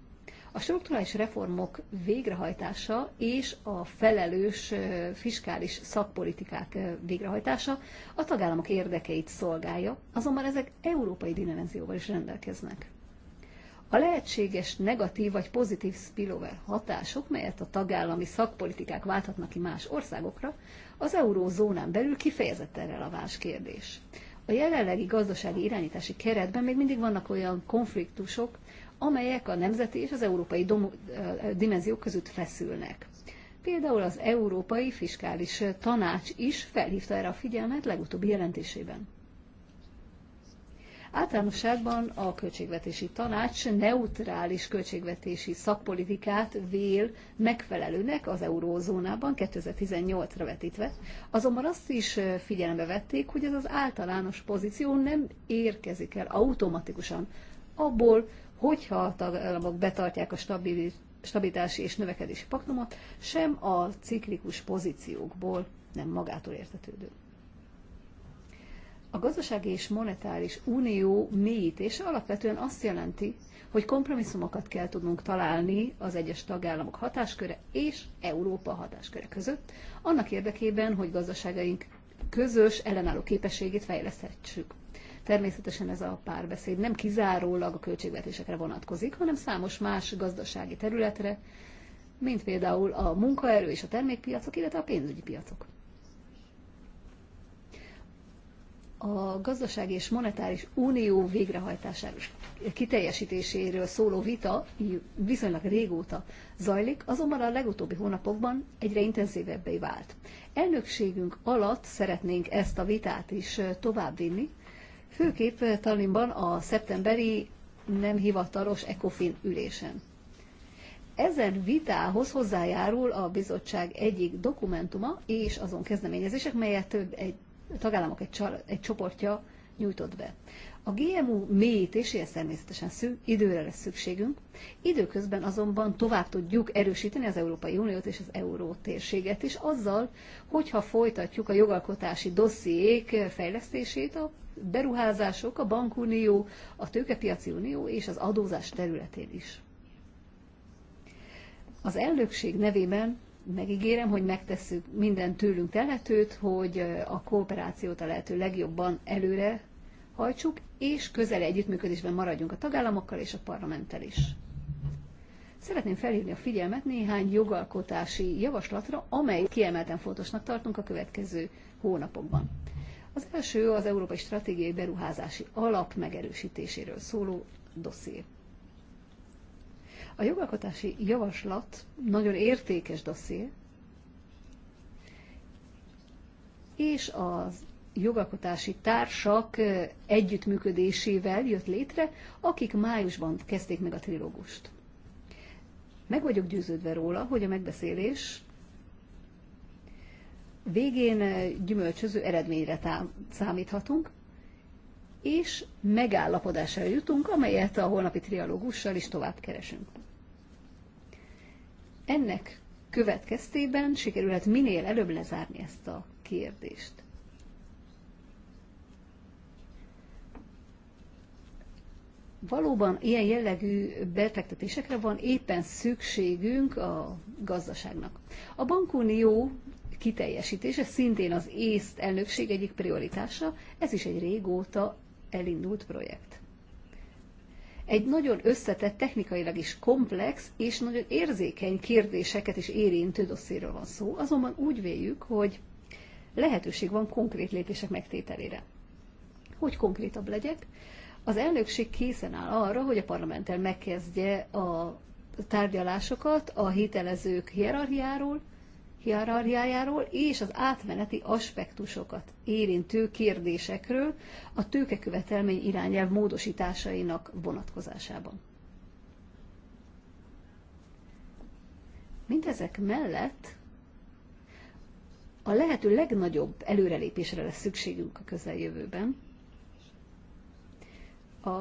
A strukturális reformok végrehajtása és a felelős fiskális szakpolitikák végrehajtása a tagállamok érdekeit szolgálja, azonban ezek európai dimenzióval is rendelkeznek a lehetséges negatív vagy pozitív spillover hatások, melyet a tagállami szakpolitikák válthatnak ki más országokra, az eurózónán belül kifejezetten releváns kérdés. A jelenlegi gazdasági irányítási keretben még mindig vannak olyan konfliktusok, amelyek a nemzeti és az európai dimenziók között feszülnek. Például az Európai Fiskális Tanács is felhívta erre a figyelmet legutóbbi jelentésében. Általánosságban a költségvetési tanács neutrális költségvetési szakpolitikát vél megfelelőnek az eurózónában 2018-ra vetítve, azonban azt is figyelembe vették, hogy ez az általános pozíció nem érkezik el automatikusan abból, hogyha a tagállamok betartják a stabilitási és növekedési paktumot, sem a ciklikus pozíciókból nem magától értetődő. A gazdasági és monetáris unió mélyítése alapvetően azt jelenti, hogy kompromisszumokat kell tudnunk találni az egyes tagállamok hatásköre és Európa hatásköre között, annak érdekében, hogy gazdaságaink közös ellenálló képességét fejleszthessük. Természetesen ez a párbeszéd nem kizárólag a költségvetésekre vonatkozik, hanem számos más gazdasági területre, mint például a munkaerő és a termékpiacok, illetve a pénzügyi piacok. a gazdasági és monetáris unió végrehajtásáról kiteljesítéséről szóló vita viszonylag régóta zajlik, azonban a legutóbbi hónapokban egyre intenzívebbé vált. Elnökségünk alatt szeretnénk ezt a vitát is továbbvinni, főképp Tallinnban a szeptemberi nem hivatalos ECOFIN ülésen. Ezen vitához hozzájárul a bizottság egyik dokumentuma és azon kezdeményezések, melyet több egy tagállamok egy, csal, egy csoportja nyújtott be. A GMO mélyítéséhez természetesen szű, időre lesz szükségünk, időközben azonban tovább tudjuk erősíteni az Európai Uniót és az Euró térséget is, azzal, hogyha folytatjuk a jogalkotási dossziék fejlesztését, a beruházások, a bankunió, a tőkepiaci unió és az adózás területén is. Az elnökség nevében megígérem, hogy megtesszük minden tőlünk telhetőt, hogy a kooperációt a lehető legjobban előre hajtsuk, és közel együttműködésben maradjunk a tagállamokkal és a parlamenttel is. Szeretném felhívni a figyelmet néhány jogalkotási javaslatra, amely kiemelten fontosnak tartunk a következő hónapokban. Az első az Európai Stratégiai Beruházási Alap megerősítéséről szóló dosszié. A jogalkotási javaslat nagyon értékes dosszié, és az jogalkotási társak együttműködésével jött létre, akik májusban kezdték meg a trilógust. Meg vagyok győződve róla, hogy a megbeszélés végén gyümölcsöző eredményre számíthatunk, és megállapodásra jutunk, amelyet a holnapi trialógussal is tovább keresünk. Ennek következtében sikerülhet minél előbb lezárni ezt a kérdést. Valóban ilyen jellegű befektetésekre van éppen szükségünk a gazdaságnak. A bankunió kiteljesítése szintén az észt elnökség egyik prioritása, ez is egy régóta elindult projekt egy nagyon összetett, technikailag is komplex és nagyon érzékeny kérdéseket is érintő dosszéről van szó, azonban úgy véljük, hogy lehetőség van konkrét lépések megtételére. Hogy konkrétabb legyek? Az elnökség készen áll arra, hogy a parlamenttel megkezdje a tárgyalásokat a hitelezők hierarchiáról, hierarchiájáról és az átmeneti aspektusokat érintő kérdésekről a tőkekövetelmény irányelv módosításainak vonatkozásában. Mindezek mellett a lehető legnagyobb előrelépésre lesz szükségünk a közeljövőben. A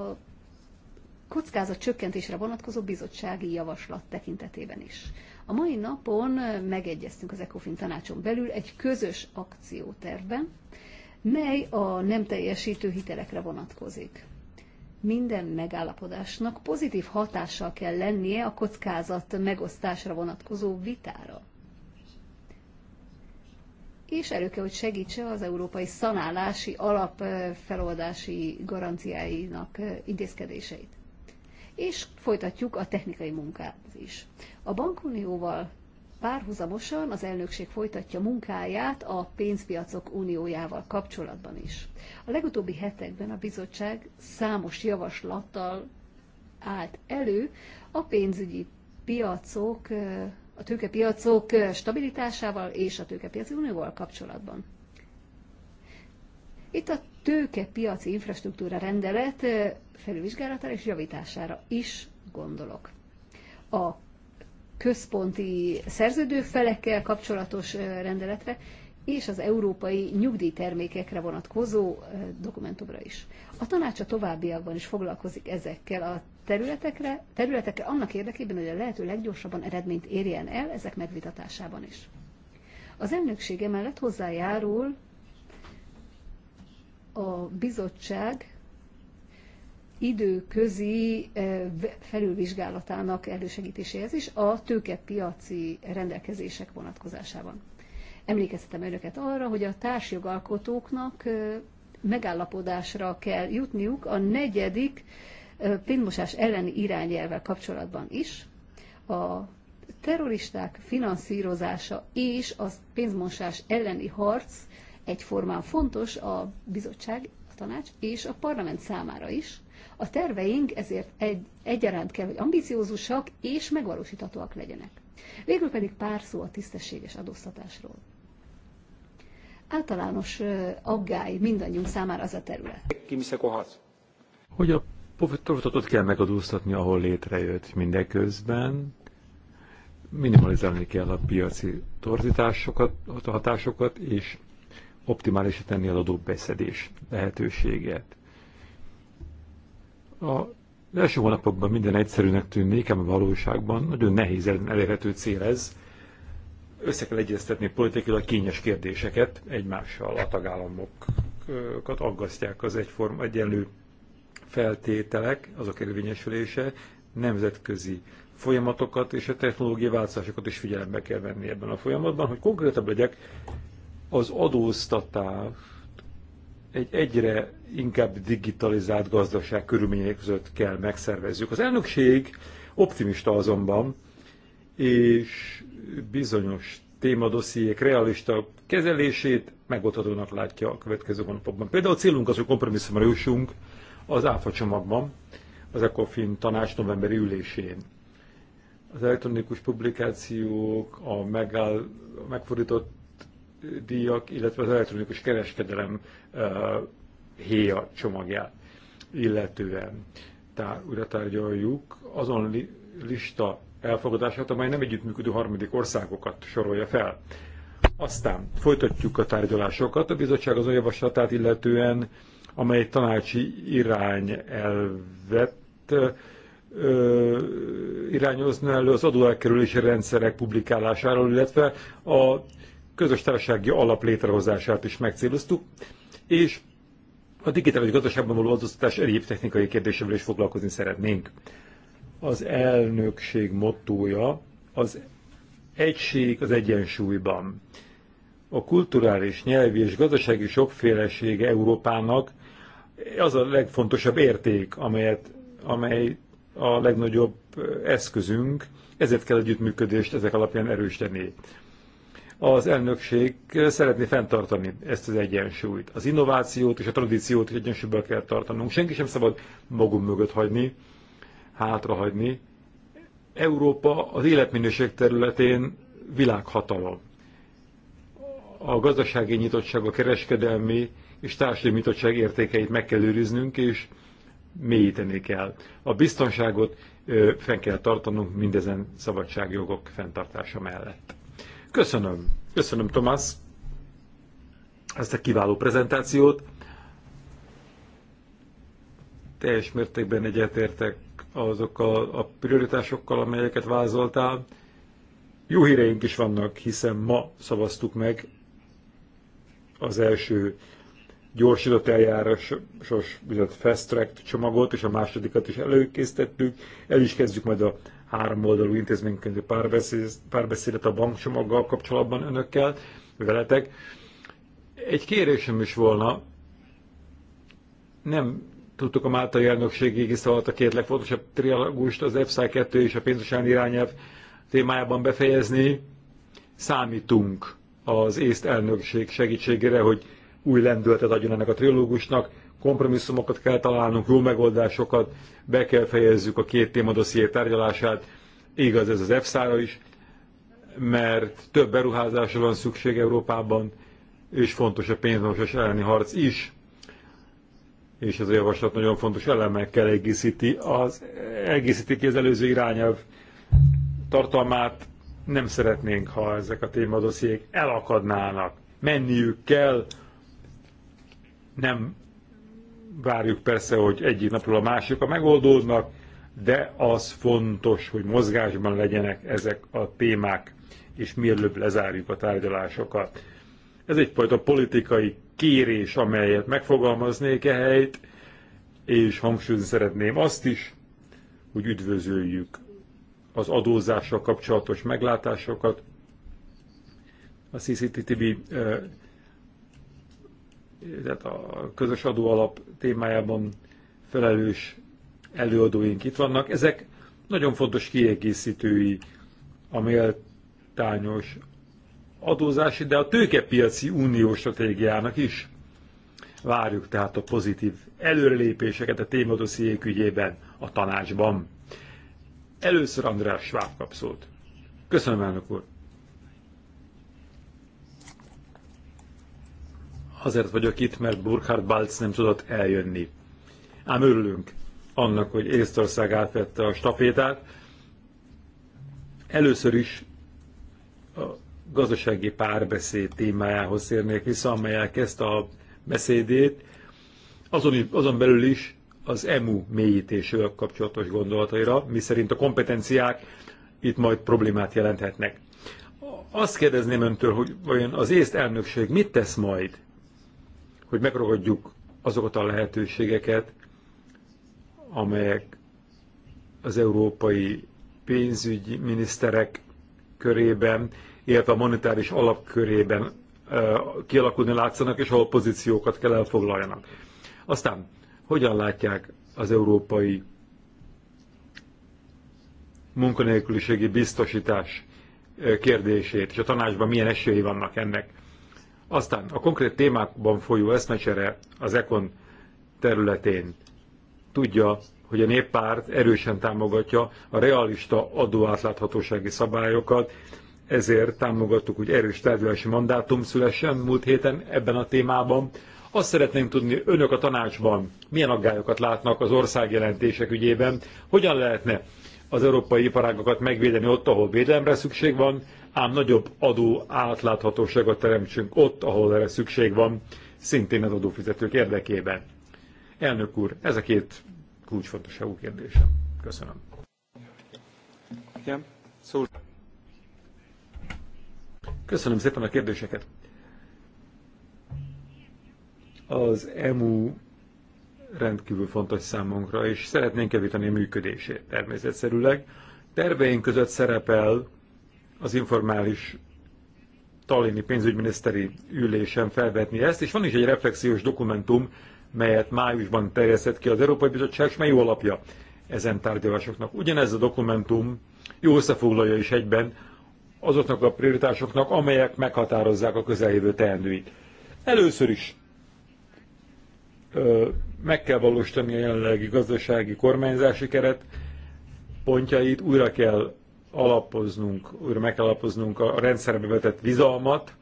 kockázat csökkentésre vonatkozó bizottsági javaslat tekintetében is. A mai napon megegyeztünk az ECOFIN tanácson belül egy közös akciótervben, mely a nem teljesítő hitelekre vonatkozik. Minden megállapodásnak pozitív hatással kell lennie a kockázat megosztásra vonatkozó vitára. És elő kell, hogy segítse az európai szanálási alapfeloldási garanciáinak intézkedéseit és folytatjuk a technikai munkát is. A bankunióval párhuzamosan az elnökség folytatja munkáját a pénzpiacok uniójával kapcsolatban is. A legutóbbi hetekben a bizottság számos javaslattal állt elő a pénzügyi piacok, a tőkepiacok stabilitásával és a tőkepiaci unióval kapcsolatban. Itt a piaci infrastruktúra rendelet felülvizsgálatára és javítására is gondolok. A központi szerződő felekkel kapcsolatos rendeletre és az európai nyugdíjtermékekre vonatkozó dokumentumra is. A tanács a továbbiakban is foglalkozik ezekkel a területekre, területekre annak érdekében, hogy a lehető leggyorsabban eredményt érjen el ezek megvitatásában is. Az elnökség emellett hozzájárul a bizottság időközi eh, felülvizsgálatának elősegítéséhez is a tőkepiaci rendelkezések vonatkozásában. Emlékeztetem önöket arra, hogy a társjogalkotóknak eh, megállapodásra kell jutniuk a negyedik eh, pénzmosás elleni irányelvvel kapcsolatban is. A terroristák finanszírozása és a pénzmosás elleni harc egyformán fontos a bizottság, a tanács és a parlament számára is. A terveink ezért egy, egyaránt kell, hogy ambiciózusak és megvalósíthatóak legyenek. Végül pedig pár szó a tisztességes adóztatásról. Általános aggály mindannyiunk számára az a terület. Hogy a profitot kell megadóztatni, ahol létrejött mindeközben, minimalizálni kell a piaci torzításokat, a hatásokat, és optimálisra tenni az adóbeszedés lehetőséget. A első hónapokban minden egyszerűnek tűnik, ám a valóságban nagyon nehéz elérhető cél ez. Össze kell egyeztetni politikailag kényes kérdéseket egymással. A tagállamokat aggasztják az egyforma egyenlő feltételek, azok érvényesülése, nemzetközi folyamatokat és a technológiai változásokat is figyelembe kell venni ebben a folyamatban, hogy konkrétabb legyek, az adóztatás egy egyre inkább digitalizált gazdaság körülmények között kell megszervezzük. Az elnökség optimista azonban, és bizonyos témadossziék realista kezelését megoldhatónak látja a következő hónapokban. Például a célunk az, hogy kompromisszumra jussunk az áfa csomagban, az ECOFIN tanács novemberi ülésén. Az elektronikus publikációk, a megáll, megfordított díjak, illetve az elektronikus kereskedelem héja csomagját illetően. Tehát újra tárgyaljuk azon li, lista elfogadását, amely nem együttműködő harmadik országokat sorolja fel. Aztán folytatjuk a tárgyalásokat a bizottság azon javaslatát illetően, amely tanácsi irány elvett, irányozna elő az adóelkerülési rendszerek publikálásáról, illetve a közös társasági alap létrehozását is megcéloztuk, és a digitális gazdaságban való adóztatás egyéb technikai kérdésével is foglalkozni szeretnénk. Az elnökség mottója az egység az egyensúlyban. A kulturális, nyelvi és gazdasági sokfélesége Európának az a legfontosabb érték, amelyet, amely a legnagyobb eszközünk, ezért kell együttműködést ezek alapján erősíteni az elnökség szeretné fenntartani ezt az egyensúlyt. Az innovációt és a tradíciót is egyensúlyba kell tartanunk. Senki sem szabad magunk mögött hagyni, hátrahagyni. Európa az életminőség területén világhatalom. A gazdasági nyitottság, a kereskedelmi és társadalmi nyitottság értékeit meg kell őriznünk, és mélyíteni kell. A biztonságot fenn kell tartanunk mindezen szabadságjogok fenntartása mellett. Köszönöm. Köszönöm, Tomás, ezt a kiváló prezentációt. Teljes mértékben egyetértek azokkal a prioritásokkal, amelyeket vázoltál. Jó híreink is vannak, hiszen ma szavaztuk meg az első gyorsított eljárásos, fast track csomagot, és a másodikat is előkészítettük. El is kezdjük majd a három oldalú intézménykönyvű párbeszédet a bankcsomaggal kapcsolatban önökkel, veletek. Egy kérésem is volna, nem tudtuk a Máltai elnökségig is a két legfontosabb trialogust az EFSA 2 és a pénzosán irányelv témájában befejezni. Számítunk az észt elnökség segítségére, hogy új lendületet adjon ennek a trilógusnak, kompromisszumokat kell találnunk, jó megoldásokat, be kell fejezzük a két témadosszié tárgyalását, igaz ez az EFSA-ra is, mert több beruházásra van szükség Európában, és fontos a pénzmosás elleni harc is, és ez a javaslat nagyon fontos elemekkel egészíti, az, egészíti ki az előző irányelv tartalmát, nem szeretnénk, ha ezek a témadossziék elakadnának. Menniük kell, nem várjuk persze, hogy egyik napról a másikra megoldódnak, de az fontos, hogy mozgásban legyenek ezek a témák, és mielőbb lezárjuk a tárgyalásokat. Ez egyfajta politikai kérés, amelyet megfogalmaznék ehelyt, és hangsúlyozni szeretném azt is, hogy üdvözöljük az adózással kapcsolatos meglátásokat, a CCTV eh, tehát a közös adóalap témájában felelős előadóink itt vannak. Ezek nagyon fontos kiegészítői a méltányos adózási, de a tőkepiaci unió stratégiának is. Várjuk tehát a pozitív előrelépéseket a témadossziék ügyében a tanácsban. Először András Schwab kapszót. Köszönöm, elnök úr. Azért vagyok itt, mert Burkhard Balc nem tudott eljönni. Ám örülünk annak, hogy Észtország átvette a stafétát. Először is a gazdasági párbeszéd témájához érnék vissza, amelyel kezdte a beszédét. Azon, azon belül is az EMU mélyítésével kapcsolatos gondolataira, miszerint a kompetenciák itt majd problémát jelenthetnek. Azt kérdezném öntől, hogy vajon az észt elnökség mit tesz majd hogy megragadjuk azokat a lehetőségeket, amelyek az európai pénzügyi miniszterek körében, illetve a monetáris alap körében kialakulni látszanak, és ahol pozíciókat kell elfoglaljanak. Aztán, hogyan látják az európai munkanélküliségi biztosítás kérdését, és a tanácsban milyen esélyi vannak ennek? Aztán a konkrét témákban folyó eszmecsere az ECON területén tudja, hogy a néppárt erősen támogatja a realista adóátláthatósági szabályokat, ezért támogattuk, hogy erős tárgyalási mandátum szülessen múlt héten ebben a témában. Azt szeretném tudni, önök a tanácsban milyen aggályokat látnak az országjelentések ügyében, hogyan lehetne az európai iparágokat megvédeni ott, ahol védelemre szükség van, ám nagyobb adó átláthatóságot teremtsünk ott, ahol erre szükség van, szintén az adófizetők érdekében. Elnök úr, ez a két kulcsfontosságú kérdése. Köszönöm. Köszönöm szépen a kérdéseket. Az EMU rendkívül fontos számunkra, és szeretnénk javítani a működését természetszerűleg. Terveink között szerepel az informális Tallini pénzügyminiszteri ülésen felvetni ezt, és van is egy reflexiós dokumentum, melyet májusban terjesztett ki az Európai Bizottság, és mely jó alapja ezen tárgyalásoknak. Ugyanez a dokumentum jó összefoglalja is egyben azoknak a prioritásoknak, amelyek meghatározzák a közeljövő teendőit. Először is ö, meg kell valósítani a jelenlegi gazdasági kormányzási keret pontjait, újra kell alapoznunk, újra meg kell alapoznunk a rendszerbe vetett bizalmat,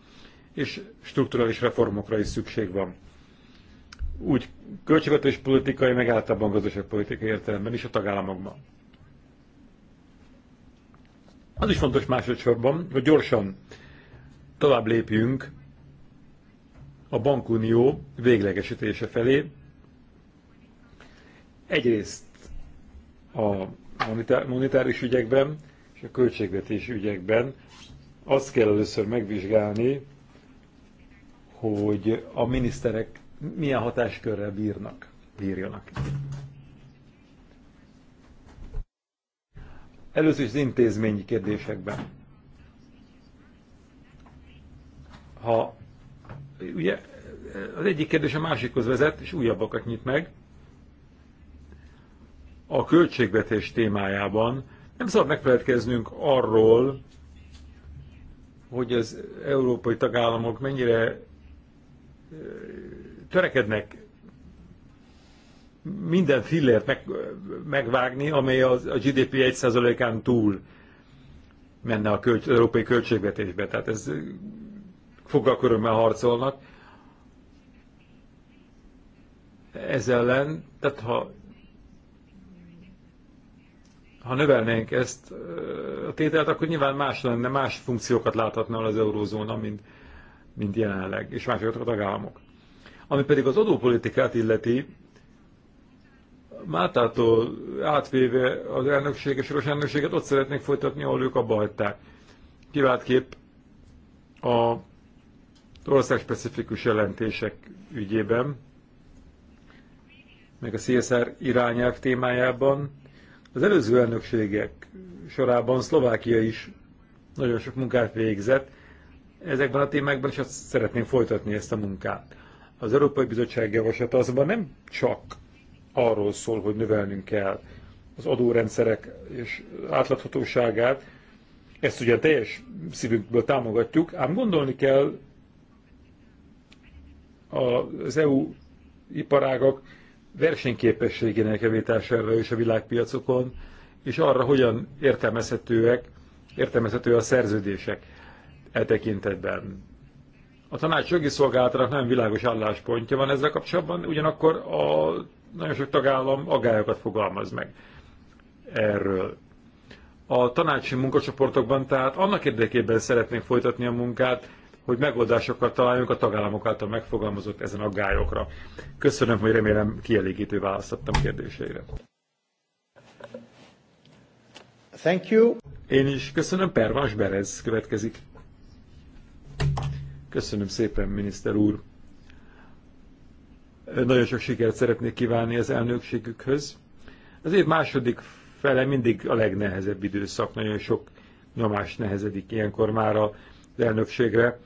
és strukturális reformokra is szükség van. Úgy költségvetés politikai, meg általában gazdaságpolitikai értelemben is a tagállamokban. Az is fontos másodszorban, hogy gyorsan tovább lépjünk a bankunió véglegesítése felé. Egyrészt a monetáris ügyekben, és a költségvetés ügyekben azt kell először megvizsgálni, hogy a miniszterek milyen hatáskörrel bírnak, bírjanak. Először is az intézményi kérdésekben. Ha ugye az egyik kérdés a másikhoz vezet, és újabbakat nyit meg. A költségvetés témájában nem szabad megfeledkeznünk arról, hogy az európai tagállamok mennyire törekednek minden fillért meg, megvágni, amely az, a GDP 1%-án túl menne a költ, európai költségvetésbe. Tehát ez fogalkörömmel harcolnak. Ez ellen, tehát ha ha növelnénk ezt a tételt, akkor nyilván más lenne, más funkciókat láthatna az eurózóna, mint, mint jelenleg, és másokat a tagállamok. Ami pedig az adópolitikát illeti, Mátától átvéve az elnökség és a elnökséget ott szeretnék folytatni, ahol ők abba hagyták. Kiváltképp a országspecifikus jelentések ügyében, meg a CSR irányelv témájában, az előző elnökségek sorában Szlovákia is nagyon sok munkát végzett, ezekben a témákban, is azt szeretném folytatni ezt a munkát. Az Európai Bizottság javaslata azonban nem csak arról szól, hogy növelnünk kell az adórendszerek és átláthatóságát, ezt ugye teljes szívünkből támogatjuk, ám gondolni kell az EU iparágak versenyképességének javítására és a világpiacokon, és arra, hogyan értelmezhetőek, értelmezhető a szerződések e tekintetben. A tanács jogi szolgálatának nagyon világos álláspontja van ezzel kapcsolatban, ugyanakkor a nagyon sok tagállam agályokat fogalmaz meg erről. A tanácsi munkacsoportokban tehát annak érdekében szeretnénk folytatni a munkát, hogy megoldásokat találjunk a tagállamok által megfogalmazott ezen aggályokra. Köszönöm, hogy remélem kielégítő választ adtam kérdéseire. Thank you. Én is köszönöm, Pervans Berez következik. Köszönöm szépen, miniszter úr. Nagyon sok sikert szeretnék kívánni az elnökségükhöz. Az év második fele mindig a legnehezebb időszak, nagyon sok nyomás nehezedik ilyenkor már az elnökségre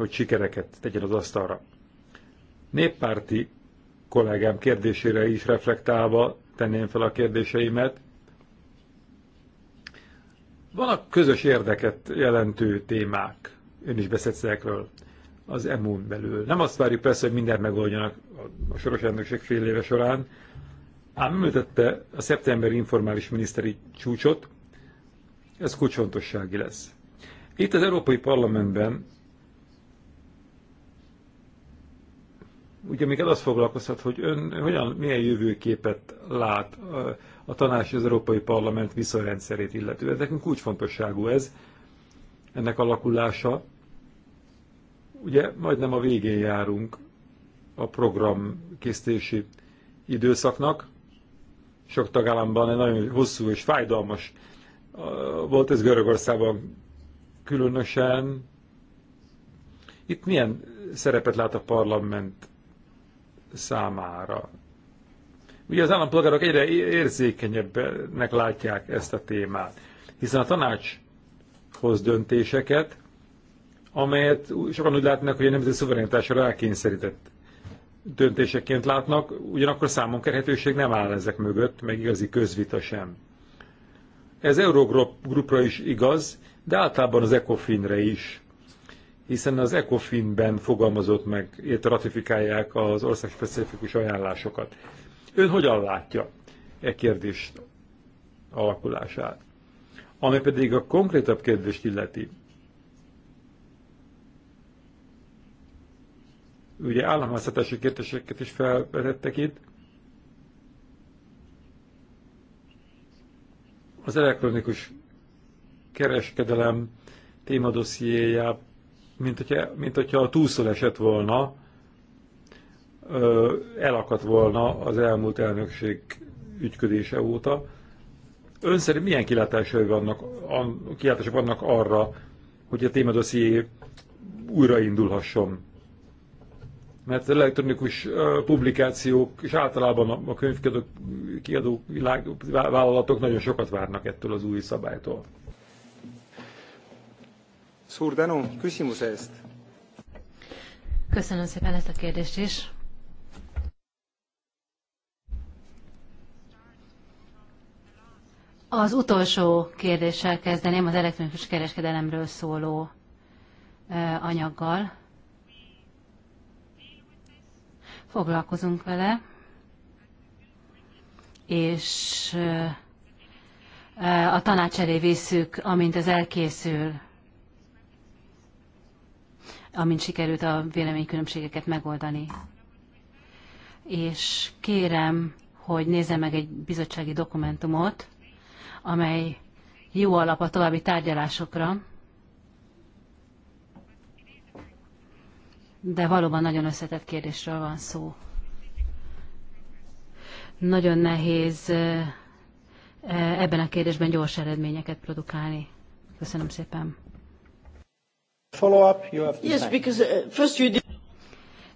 hogy sikereket tegyen az asztalra. Néppárti kollégám kérdésére is reflektálva tenném fel a kérdéseimet. Vannak közös érdeket jelentő témák, ön is beszélt ezekről az EMU-n belül. Nem azt várjuk persze, hogy mindent megoldjanak a soros elnökség fél éve során, ám említette a szeptemberi informális miniszteri csúcsot, ez kulcsontossági lesz. Itt az Európai Parlamentben ugye még azt foglalkozhat, hogy ön hogyan, milyen jövőképet lát a, a tanács az Európai Parlament viszonyrendszerét illetően. Nekünk fontosságú ez, ennek alakulása. Ugye majdnem a végén járunk a program készítési időszaknak. Sok tagállamban egy nagyon hosszú és fájdalmas volt ez Görögországban különösen. Itt milyen szerepet lát a parlament számára. Ugye az állampolgárok egyre érzékenyebbnek látják ezt a témát, hiszen a tanács hoz döntéseket, amelyet sokan úgy látnak, hogy a nemzeti szuverenitásra rákényszerített döntéseként látnak, ugyanakkor számon kerhetőség nem áll ezek mögött, meg igazi közvita sem. Ez Eurogrupra is igaz, de általában az ECOFIN-re is hiszen az ECOFIN-ben fogalmazott meg, illetve ratifikálják az ország specifikus ajánlásokat. Ön hogyan látja e kérdés alakulását? Ami pedig a konkrétabb kérdést illeti, ugye államháztatási kérdéseket is felvetettek itt. Az elektronikus kereskedelem témadossziéjában mint hogyha, mint hogyha túlszor esett volna, elakadt volna az elmúlt elnökség ügyködése óta. Ön szerint milyen kilátásai vannak, an, kilátások vannak arra, hogy a témadosszié újraindulhasson? Mert az elektronikus publikációk és általában a könyvkiadók, kiadók, világ, vállalatok nagyon sokat várnak ettől az új szabálytól. Suur tänu küsimuse eest. Köszönöm szépen ezt a kérdést is. Az utolsó kérdéssel kezdeném, az elektronikus kereskedelemről szóló anyaggal. Foglalkozunk vele, és a tanács elé visszük, amint ez elkészül amint sikerült a véleménykülönbségeket megoldani. És kérem, hogy nézze meg egy bizottsági dokumentumot, amely jó alap a további tárgyalásokra, de valóban nagyon összetett kérdésről van szó. Nagyon nehéz ebben a kérdésben gyors eredményeket produkálni. Köszönöm szépen. Uh,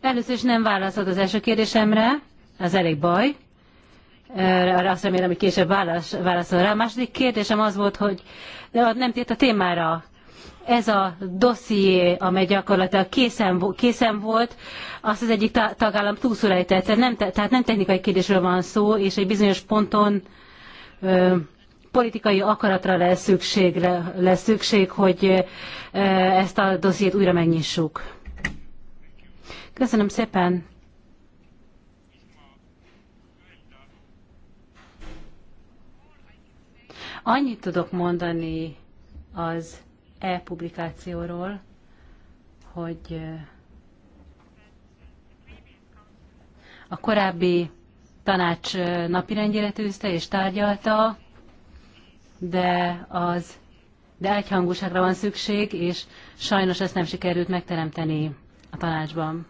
Először is nem válaszolt az első kérdésemre, az elég baj. Arra azt remélem, hogy később válasz, válaszol rá. A második kérdésem az volt, hogy nem tért a témára. Ez a dosszié, amely gyakorlatilag készen, készen volt, azt az egyik tagállam túlszulejtett. Tehát nem, tehát nem technikai kérdésről van szó, és egy bizonyos ponton ö, politikai akaratra lesz szükség, lesz szükség hogy ezt a dossziét újra megnyissuk. Köszönöm szépen! Annyit tudok mondani az e-publikációról, hogy a korábbi tanács napirendjére tűzte és tárgyalta, de az de egyhangúságra van szükség, és sajnos ezt nem sikerült megteremteni a tanácsban.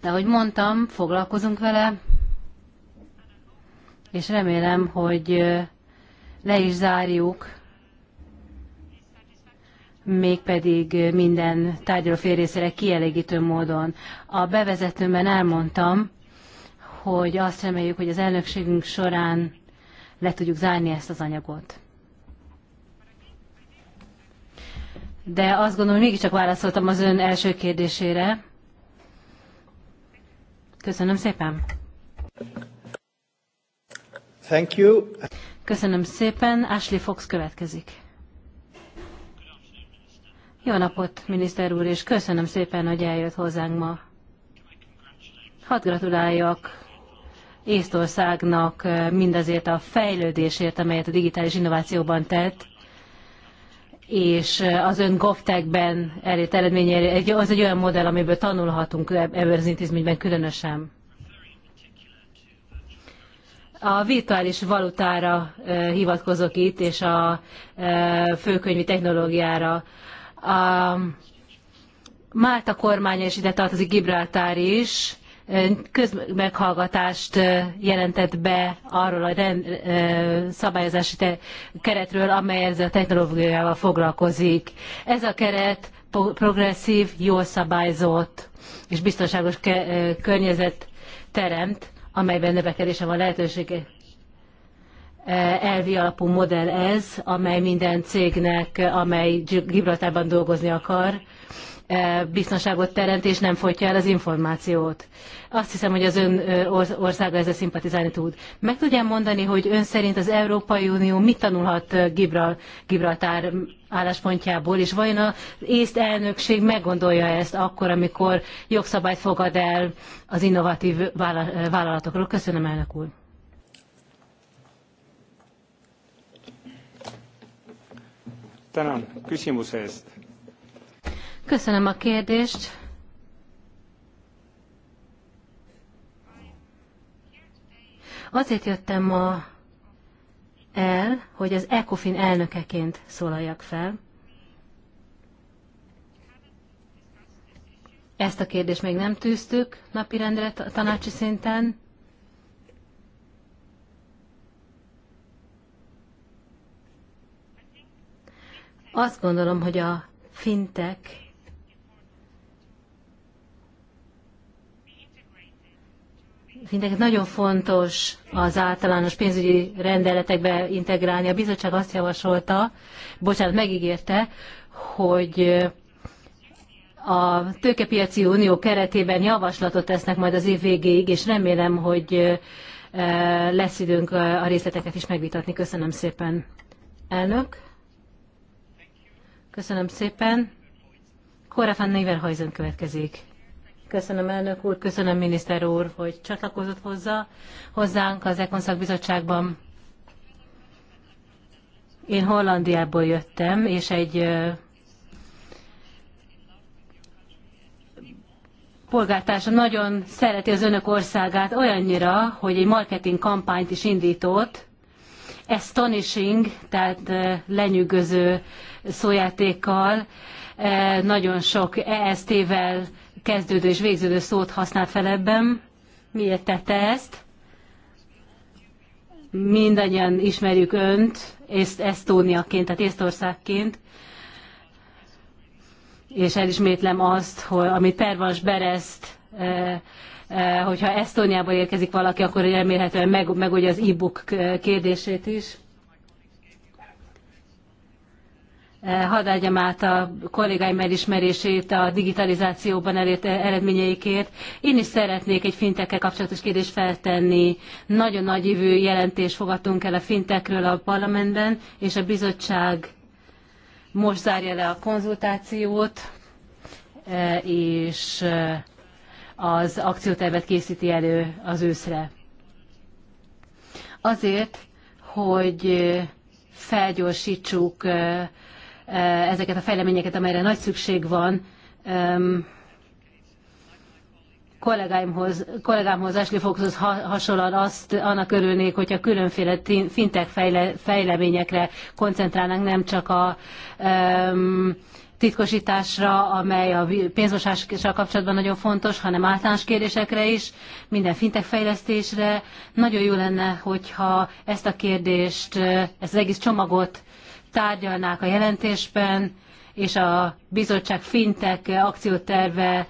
De ahogy mondtam, foglalkozunk vele, és remélem, hogy le is zárjuk, mégpedig minden tárgyaló fél kielégítő módon. A bevezetőmben elmondtam, hogy azt reméljük, hogy az elnökségünk során le tudjuk zárni ezt az anyagot. De azt gondolom, hogy mégiscsak válaszoltam az ön első kérdésére. Köszönöm szépen. Thank you. Köszönöm szépen. Ashley Fox következik. Jó napot, miniszter úr, és köszönöm szépen, hogy eljött hozzánk ma. Hadd gratuláljak Észtországnak mindazért a fejlődésért, amelyet a digitális innovációban tett, és az ön GovTech-ben elért eredménye, az egy olyan modell, amiből tanulhatunk e-, ebben az intézményben különösen. A virtuális valutára hivatkozok itt, és a főkönyvi technológiára. A Málta kormánya is ide tartozik, Gibraltár is közmeghallgatást jelentett be arról a rend, szabályozási keretről, amely ezzel a technológiával foglalkozik. Ez a keret progresszív, jól szabályzott és biztonságos környezet teremt, amelyben növekedése van lehetőség. Elvi alapú modell ez, amely minden cégnek, amely Gibraltárban dolgozni akar, biztonságot teremt, és nem folytja el az információt. Azt hiszem, hogy az ön országa ezzel szimpatizálni tud. Meg tudja mondani, hogy ön szerint az Európai Unió mit tanulhat Gibral, Gibraltár álláspontjából, és vajon az észt elnökség meggondolja ezt akkor, amikor jogszabályt fogad el az innovatív vállalatokról? Köszönöm, elnök úr. Tänan küsimuse eest Köszönöm a kérdést. Azért jöttem ma el, hogy az ECOFIN elnökeként szólaljak fel. Ezt a kérdést még nem tűztük napirendre tanácsi szinten. Azt gondolom, hogy a fintek mindenki nagyon fontos az általános pénzügyi rendeletekbe integrálni. A bizottság azt javasolta, bocsánat, megígérte, hogy a tőkepiaci unió keretében javaslatot tesznek majd az év végéig, és remélem, hogy lesz időnk a részleteket is megvitatni. Köszönöm szépen, elnök. Köszönöm szépen. Kóra Néverhajzen következik. Köszönöm elnök úr, köszönöm miniszter úr, hogy csatlakozott hozzá, hozzánk az Ekonszak Bizottságban. Én Hollandiából jöttem, és egy polgártársam nagyon szereti az önök országát olyannyira, hogy egy marketing kampányt is indított, astonishing, tehát lenyűgöző szójátékkal, nagyon sok EST-vel kezdődő és végződő szót használt fel ebben. Miért tette ezt? Mindannyian ismerjük önt, és Esztóniaként, tehát Észtországként, és elismétlem azt, hogy amit Pervas Bereszt e, eh, eh, hogyha Esztóniából érkezik valaki, akkor remélhetően meg, megoldja az e-book kérdését is. Eh, hadd adjam át a kollégáim elismerését a digitalizációban elért eh, eredményeikért. Én is szeretnék egy fintekkel kapcsolatos kérdést feltenni. Nagyon nagy jövő jelentést fogadtunk el a fintekről a parlamentben, és a bizottság most zárja le a konzultációt, eh, és az akciótervet készíti elő az őszre. Azért, hogy felgyorsítsuk Eh, ezeket a fejleményeket, amelyre nagy szükség van. Kollégáimhoz, kollégámhoz Ashley Foxhoz hasonlóan azt annak örülnék, hogyha különféle fintek fejle, fejleményekre koncentrálnánk, nem csak a um, titkosításra, amely a pénzmosással kapcsolatban nagyon fontos, hanem általános kérdésekre is, minden fintek fejlesztésre. Nagyon jó lenne, hogyha ezt a kérdést, eh, ezt az egész csomagot tárgyalnák a jelentésben, és a bizottság fintek akcióterve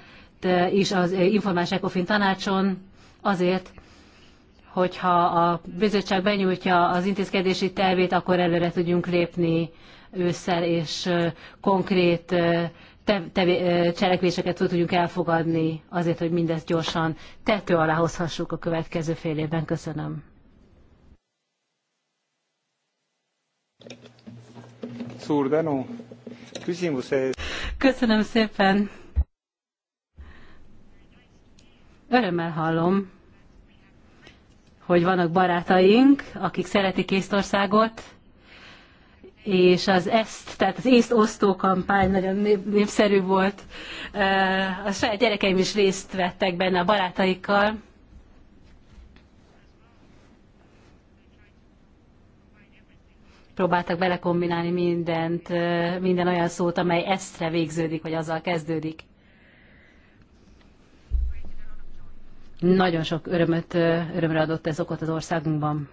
is az informális ECOFIN tanácson azért, hogyha a bizottság benyújtja az intézkedési tervét, akkor előre tudjunk lépni ősszel, és konkrét cselekvéseket tudjunk elfogadni azért, hogy mindezt gyorsan tető alá hozhassuk a következő fél évben. Köszönöm. Köszönöm szépen. Örömmel hallom, hogy vannak barátaink, akik szeretik Észtországot, és az ezt, tehát az észt osztó kampány nagyon népszerű volt. A saját gyerekeim is részt vettek benne a barátaikkal. próbáltak belekombinálni mindent, minden olyan szót, amely esztre végződik, vagy azzal kezdődik. Nagyon sok örömöt, örömre adott ez okot az országunkban.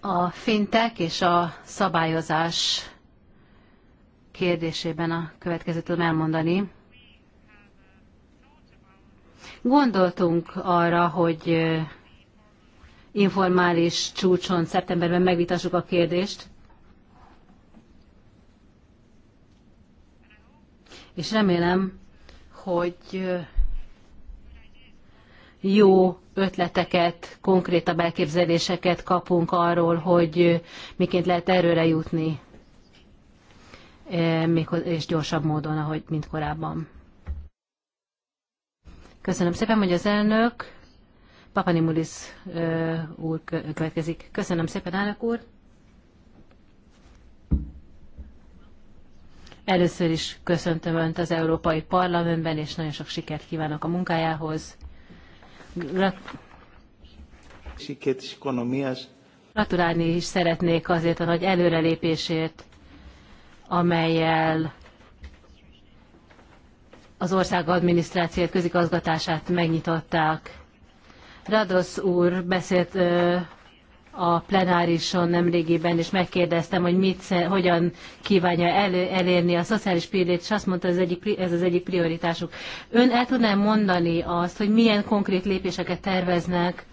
A fintek és a szabályozás kérdésében a következőt tudom elmondani. Gondoltunk arra, hogy informális csúcson szeptemberben megvitassuk a kérdést. És remélem, hogy jó ötleteket, konkrétabb elképzeléseket kapunk arról, hogy miként lehet erőre jutni, eh, és gyorsabb módon, ahogy mint korábban. Köszönöm szépen, hogy az elnök Papanimulis úr következik. Köszönöm szépen, elnök úr! Először is köszöntöm Önt az Európai Parlamentben, és nagyon sok sikert kívánok a munkájához. Gratulálni is szeretnék azért a nagy előrelépésért, amelyel az ország adminisztrációt, közigazgatását megnyitották Radosz úr beszélt a plenárison nemrégiben, és megkérdeztem, hogy mit, hogyan kívánja elérni a szociális pillét, és azt mondta, ez, az egyik, ez az egyik prioritásuk. Ön el tudná mondani azt, hogy milyen konkrét lépéseket terveznek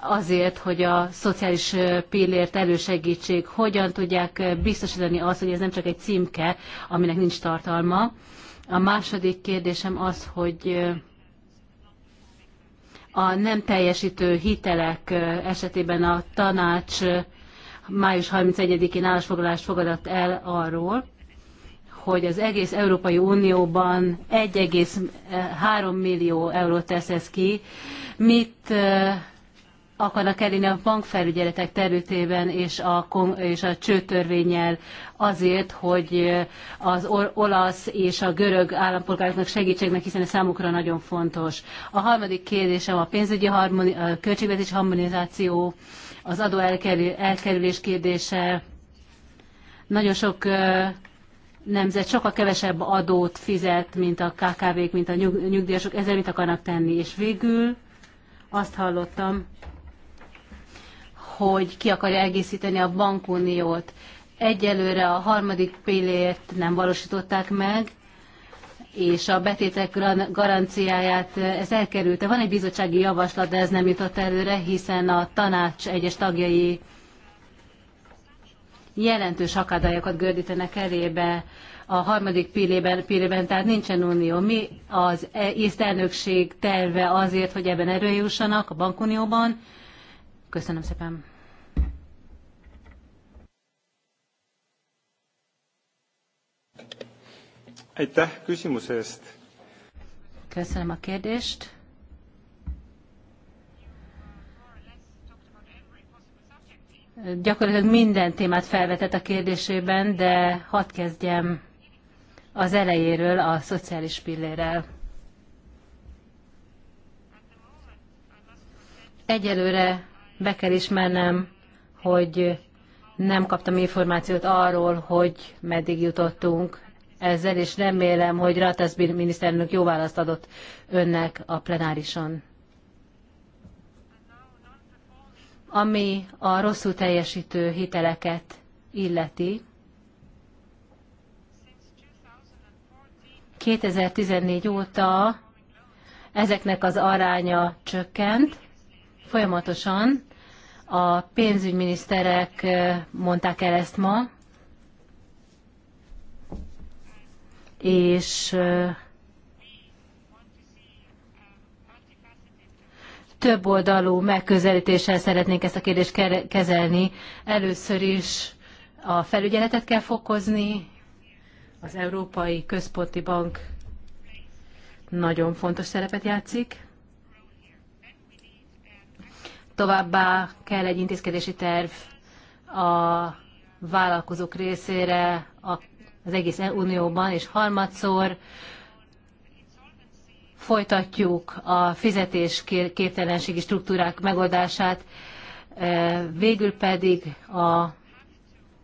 azért, hogy a szociális pillért elősegítsék, hogyan tudják biztosítani azt, hogy ez nem csak egy címke, aminek nincs tartalma. A második kérdésem az, hogy a nem teljesítő hitelek esetében a tanács május 31-én állásfoglalást fogadott el arról, hogy az egész Európai Unióban 1,3 millió eurót tesz ez ki. Mit akarnak kerülni a bankfelügyeletek területében és a, és a csőtörvényel azért, hogy az olasz és a görög állampolgároknak segítségnek, hiszen ez számukra nagyon fontos. A harmadik kérdésem a pénzügyi harmoni, a költségvetés harmonizáció, az adó elkerül, elkerülés kérdése. Nagyon sok nemzet sokkal kevesebb adót fizet, mint a KKV-k, mint a nyugdíjasok, ezzel mit akarnak tenni? És végül azt hallottam, hogy ki akarja egészíteni a bankuniót. Egyelőre a harmadik pillért nem valósították meg, és a betétek garanciáját eh, ez elkerülte. Van egy bizottsági javaslat, de ez nem jutott előre, hiszen a tanács egyes tagjai jelentős akadályokat gördítenek elébe a harmadik pillében, pillében tehát nincsen unió. Mi az észt eh, elnökség terve azért, hogy ebben erőjussanak a bankunióban, Köszönöm szépen. Aitäh küsimuse eest. Köszönöm a kérdést. Gyakorlatilag minden témát felvetett a kérdésében, de hadd kezdjem az elejéről a szociális pillérrel. Egyelőre be kell ismernem, hogy nem kaptam információt arról, hogy meddig jutottunk ezzel, és remélem, hogy Ratasz miniszterelnök jó választ adott önnek a plenárison. Ami a rosszul teljesítő hiteleket illeti, 2014 óta ezeknek az aránya csökkent folyamatosan, a pénzügyminiszterek mondták el ezt ma, és több oldalú megközelítéssel szeretnénk ezt a kérdést kezelni. Először is a felügyeletet kell fokozni, az Európai Központi Bank nagyon fontos szerepet játszik. Továbbá kell egy intézkedési terv a vállalkozók részére az egész Unióban, és harmadszor folytatjuk a fizetés képtelenségi struktúrák megoldását, e, végül pedig a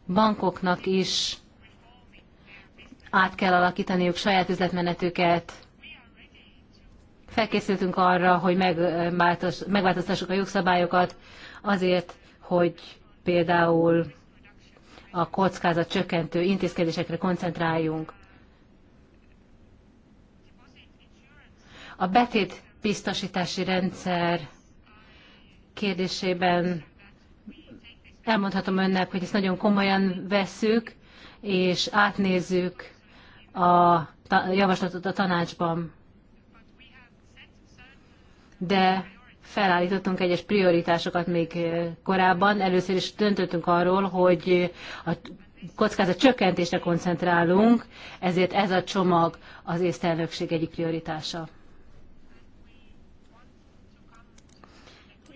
bankoknak is át kell alakítaniuk saját üzletmenetüket, felkészültünk arra, hogy megváltoztassuk a jogszabályokat azért, hogy például a kockázat csökkentő intézkedésekre koncentráljunk. A betét biztosítási rendszer kérdésében elmondhatom önnek, hogy ezt nagyon komolyan vesszük, és átnézzük a javaslatot a tanácsban de felállítottunk egyes prioritásokat még eh, korábban. Először is döntöttünk arról, hogy a kockázat csökkentésre koncentrálunk, ezért ez a csomag az észtelnökség egyik prioritása.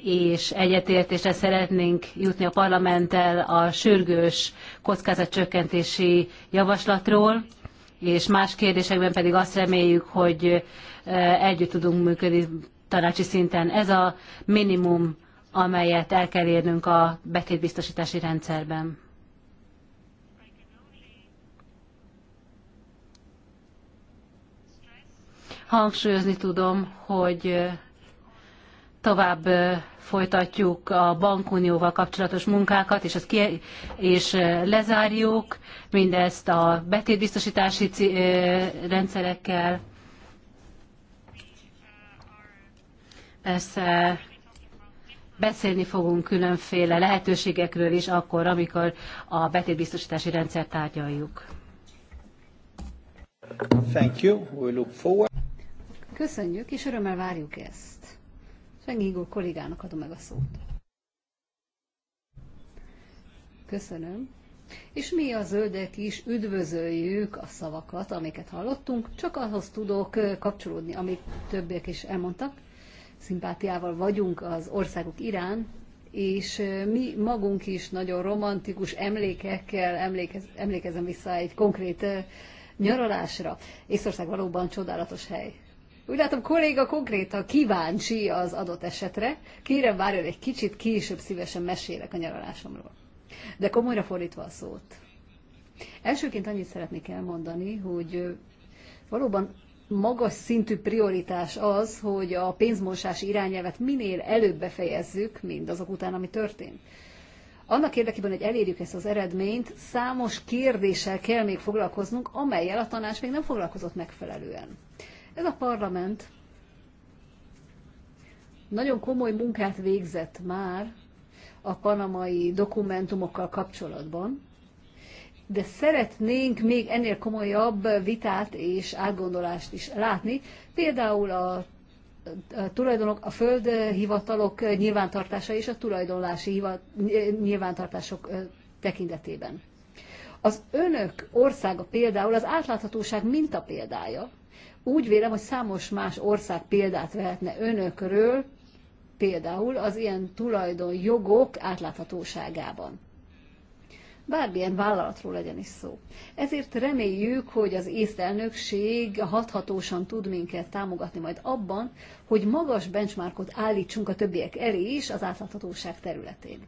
és egyetértésre szeretnénk jutni a parlamenttel a sürgős kockázatcsökkentési javaslatról, és más kérdésekben pedig azt reméljük, hogy eh, együtt tudunk működni tanácsi szinten. Ez a minimum, amelyet el kell érnünk a betétbiztosítási rendszerben. Hangsúlyozni tudom, hogy tovább folytatjuk a bankunióval kapcsolatos munkákat, és, ki és lezárjuk mindezt a betétbiztosítási rendszerekkel, Persze beszélni fogunk különféle lehetőségekről is akkor, amikor a betétbiztosítási rendszer tárgyaljuk. Thank you. We look forward. Köszönjük, és örömmel várjuk ezt. Segígó kollégának adom meg a szót. Köszönöm. És mi a zöldek is üdvözöljük a szavakat, amiket hallottunk, csak ahhoz tudok kapcsolódni, amit többiek is elmondtak szimpátiával vagyunk az országok irán, és mi magunk is nagyon romantikus emlékekkel emlékez, emlékezem vissza egy konkrét nyaralásra. Észország valóban csodálatos hely. Úgy látom, kolléga konkrétan kíváncsi az adott esetre. Kérem, várjon egy kicsit, később szívesen mesélek a nyaralásomról. De komolyra fordítva a szót. Elsőként annyit szeretnék elmondani, hogy valóban magas szintű prioritás az, hogy a pénzmosás irányelvet minél előbb befejezzük, mint azok után, ami történt. Annak érdekében, hogy elérjük ezt az eredményt, számos kérdéssel kell még foglalkoznunk, amelyel a tanács még nem foglalkozott megfelelően. Ez a parlament nagyon komoly munkát végzett már a panamai dokumentumokkal kapcsolatban, de szeretnénk még ennél komolyabb vitát és átgondolást is látni, például a a tulajdonok, a földhivatalok nyilvántartása és a tulajdonlási hivat, nyilvántartások tekintetében. Az önök országa például az átláthatóság minta példája. Úgy vélem, hogy számos más ország példát vehetne önökről, például az ilyen tulajdonjogok átláthatóságában bármilyen vállalatról legyen is szó. Ezért reméljük, hogy az észtelnökség hathatósan tud minket támogatni majd abban, hogy magas benchmarkot állítsunk a többiek elé is az átláthatóság területén.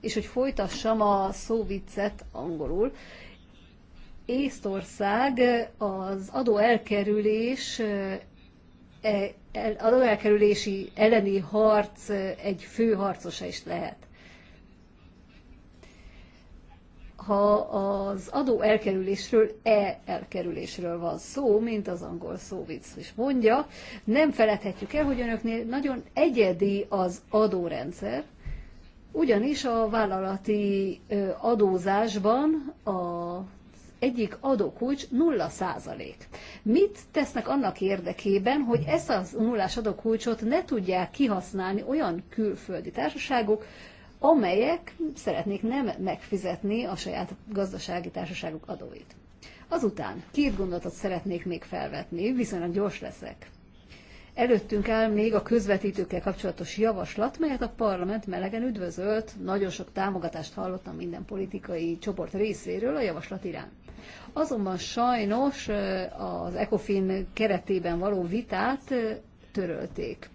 És hogy folytassam a szóviccet angolul, Észtország az adóelkerülés e, adóelkerülési elleni harc egy fő harcosa is lehet. ha az adó elkerülésről, e elkerülésről van szó, mint az angol szóvic is mondja, nem feledhetjük el, hogy önöknél nagyon egyedi az adórendszer, ugyanis a vállalati adózásban a egyik adókulcs 0%. százalék. Mit tesznek annak érdekében, hogy ezt az nullás adókulcsot ne tudják kihasználni olyan külföldi társaságok, amelyek szeretnék nem megfizetni a saját gazdasági társaságuk adóit. Azután két gondolatot szeretnék még felvetni, viszonylag gyors leszek. Előttünk áll még a közvetítőkkel kapcsolatos javaslat, melyet a parlament melegen üdvözölt, nagyon sok támogatást hallottam minden politikai csoport részéről a javaslat iránt. Azonban sajnos az ECOFIN keretében való vitát törölték.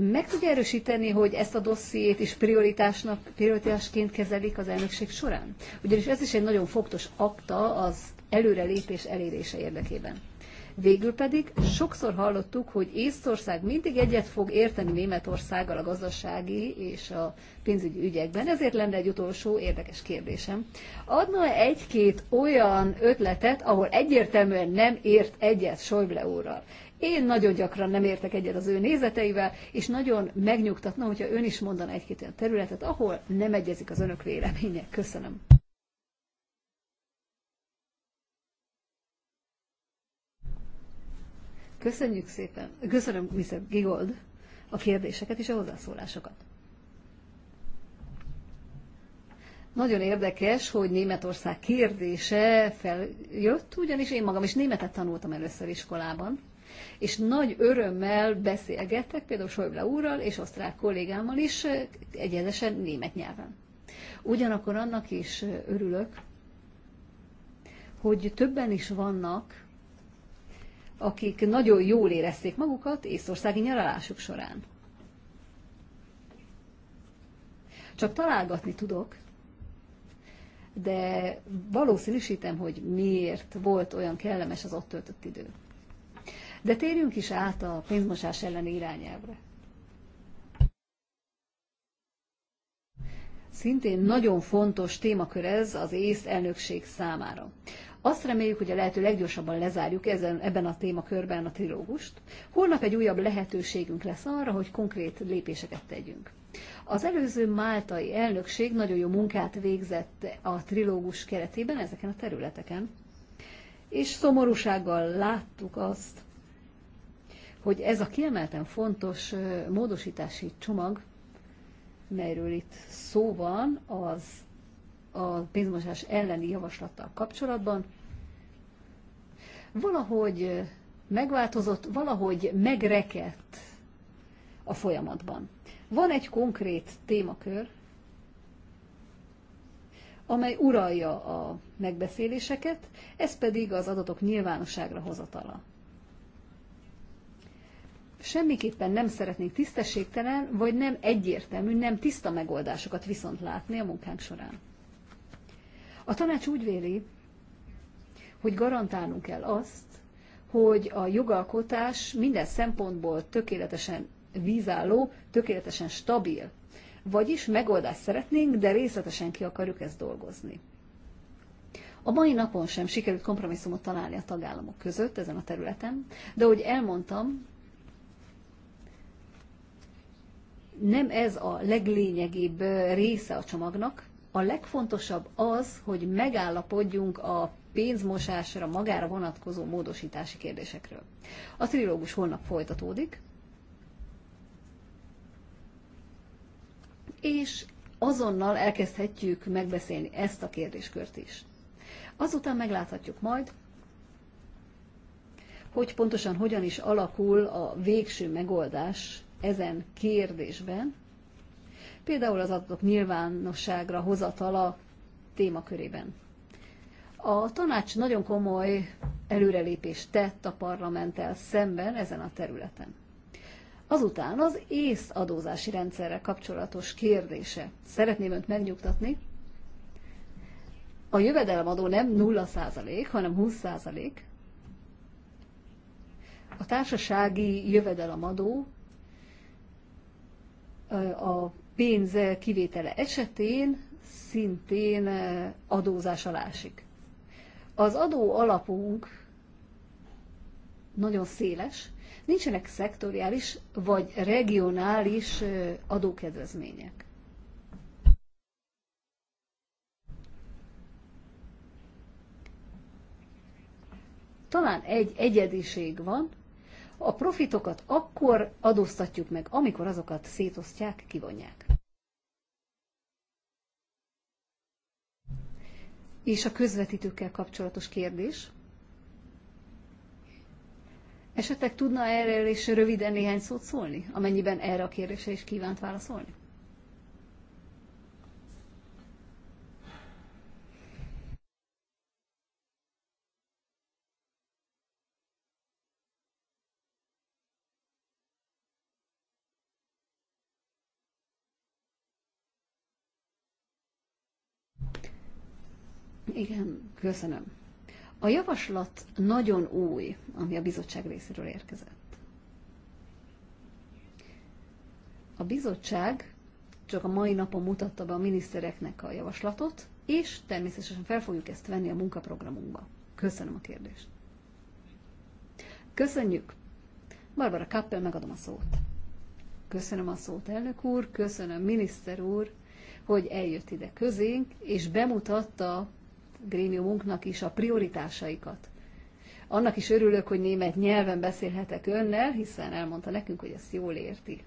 Meg tudja erősíteni, hogy ezt a dossziét is prioritásnak, prioritásként kezelik az elnökség során? Ugyanis ez is egy nagyon fontos akta az előrelépés elérése érdekében. Végül pedig sokszor hallottuk, hogy Észtország mindig egyet fog érteni Németországgal a gazdasági és a pénzügyi ügyekben, ezért lenne egy utolsó érdekes kérdésem. Adna -e egy-két olyan ötletet, ahol egyértelműen nem ért egyet Schäuble úrral? Én nagyon gyakran nem értek egyet az ő nézeteivel, és nagyon megnyugtatna, hogyha ön is mondaná egy-két olyan területet, ahol nem egyezik az önök véleménye. Köszönöm. Köszönjük szépen. Köszönöm, Mr. Gigold, a kérdéseket és a hozzászólásokat. Nagyon érdekes, hogy Németország kérdése feljött, ugyanis én magam is németet tanultam először iskolában, és nagy örömmel beszélgettek, például Schäuble úrral és osztrák kollégámmal is, egyenesen német nyelven. Ugyanakkor annak is örülök, hogy többen is vannak, akik nagyon jól érezték magukat észországi nyaralásuk során. Csak találgatni tudok, de valószínűsítem, hogy miért volt olyan kellemes az ott töltött idő. De térjünk is át a pénzmosás elleni irányelvre. Szintén nagyon fontos témakör ez az ész elnökség számára. Azt reméljük, hogy a lehető leggyorsabban lezárjuk ezen, ebben a témakörben a trilógust. Holnap egy újabb lehetőségünk lesz arra, hogy konkrét lépéseket tegyünk. Az előző máltai elnökség nagyon jó munkát végzett a trilógus keretében ezeken a területeken, és szomorúsággal láttuk azt, hogy ez a kiemelten fontos módosítási csomag, melyről itt szó van, az a pénzmosás elleni javaslattal kapcsolatban, valahogy megváltozott, valahogy megrekedt a folyamatban. Van egy konkrét témakör, amely uralja a megbeszéléseket, ez pedig az adatok nyilvánosságra hozatala semmiképpen nem szeretnénk tisztességtelen, vagy nem egyértelmű, nem tiszta megoldásokat viszont látni a munkánk során. A tanács úgy véli, hogy garantálnunk kell azt, hogy a jogalkotás minden szempontból tökéletesen vízálló, tökéletesen stabil. Vagyis megoldást szeretnénk, de részletesen ki akarjuk ezt dolgozni. A mai napon sem sikerült kompromisszumot találni a tagállamok között ezen a területen, de ahogy elmondtam, nem ez a leglényegibb része a csomagnak. A legfontosabb az, hogy megállapodjunk a pénzmosásra, magára vonatkozó módosítási kérdésekről. A trilógus holnap folytatódik, és azonnal elkezdhetjük megbeszélni ezt a kérdéskört is. Azután megláthatjuk majd, hogy pontosan hogyan is alakul a végső megoldás ezen kérdésben, például az adatok nyilvánosságra hozatala témakörében. A tanács nagyon komoly előrelépést tett a parlamenttel szemben ezen a területen. Azután az ész adózási rendszerre kapcsolatos kérdése. Szeretném önt megnyugtatni. A jövedelemadó nem 0%, hanem 20%. A társasági jövedelemadó a pénz kivétele esetén szintén adózás alá esik. Az adó alapunk nagyon széles, nincsenek szektoriális vagy regionális adókedvezmények. Talán egy egyediség van, a profitokat akkor adóztatjuk meg, amikor azokat szétosztják, kivonják. És a közvetítőkkel kapcsolatos kérdés. Esetleg tudna erről is röviden néhány szót szólni, amennyiben erre a kérdésre is kívánt válaszolni? Igen, köszönöm. A javaslat nagyon új, ami a bizottság részéről érkezett. A bizottság csak a mai napon mutatta be a minisztereknek a javaslatot, és természetesen fel fogjuk ezt venni a munkaprogramunkba. Köszönöm a kérdést. Köszönjük! Barbara Kappel, megadom a szót. Köszönöm a szót, elnök úr, köszönöm, miniszter úr, hogy eljött ide közénk, és bemutatta grémiumunknak is a prioritásaikat. Annak is örülök, hogy német nyelven beszélhetek önnel, hiszen elmondta nekünk, hogy ezt jól érti.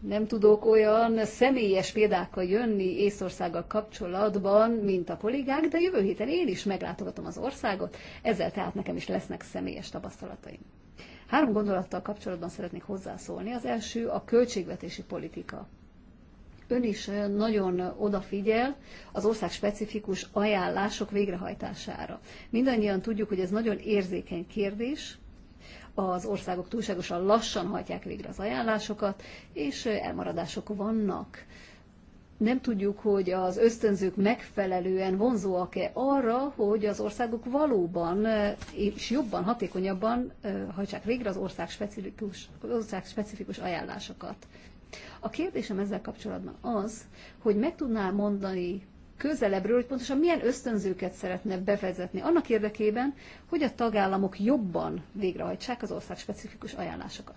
Nem tudok olyan személyes példákkal jönni Észországgal kapcsolatban, mint a kollégák, de jövő héten én is meglátogatom az országot, ezzel tehát nekem is lesznek személyes tapasztalataim. Három gondolattal kapcsolatban szeretnék hozzászólni. Az első a költségvetési politika ön is nagyon odafigyel az ország specifikus ajánlások végrehajtására. Mindannyian tudjuk, hogy ez nagyon érzékeny kérdés, az országok túlságosan lassan hajtják végre az ajánlásokat, és elmaradások vannak. Nem tudjuk, hogy az ösztönzők megfelelően vonzóak-e arra, hogy az országok valóban és jobban, hatékonyabban hajtsák végre az ország specifikus, az ország specifikus ajánlásokat. A kérdésem ezzel kapcsolatban az, hogy meg tudnál mondani közelebbről, hogy pontosan milyen ösztönzőket szeretne bevezetni annak érdekében, hogy a tagállamok jobban végrehajtsák az országspecifikus ajánlásokat.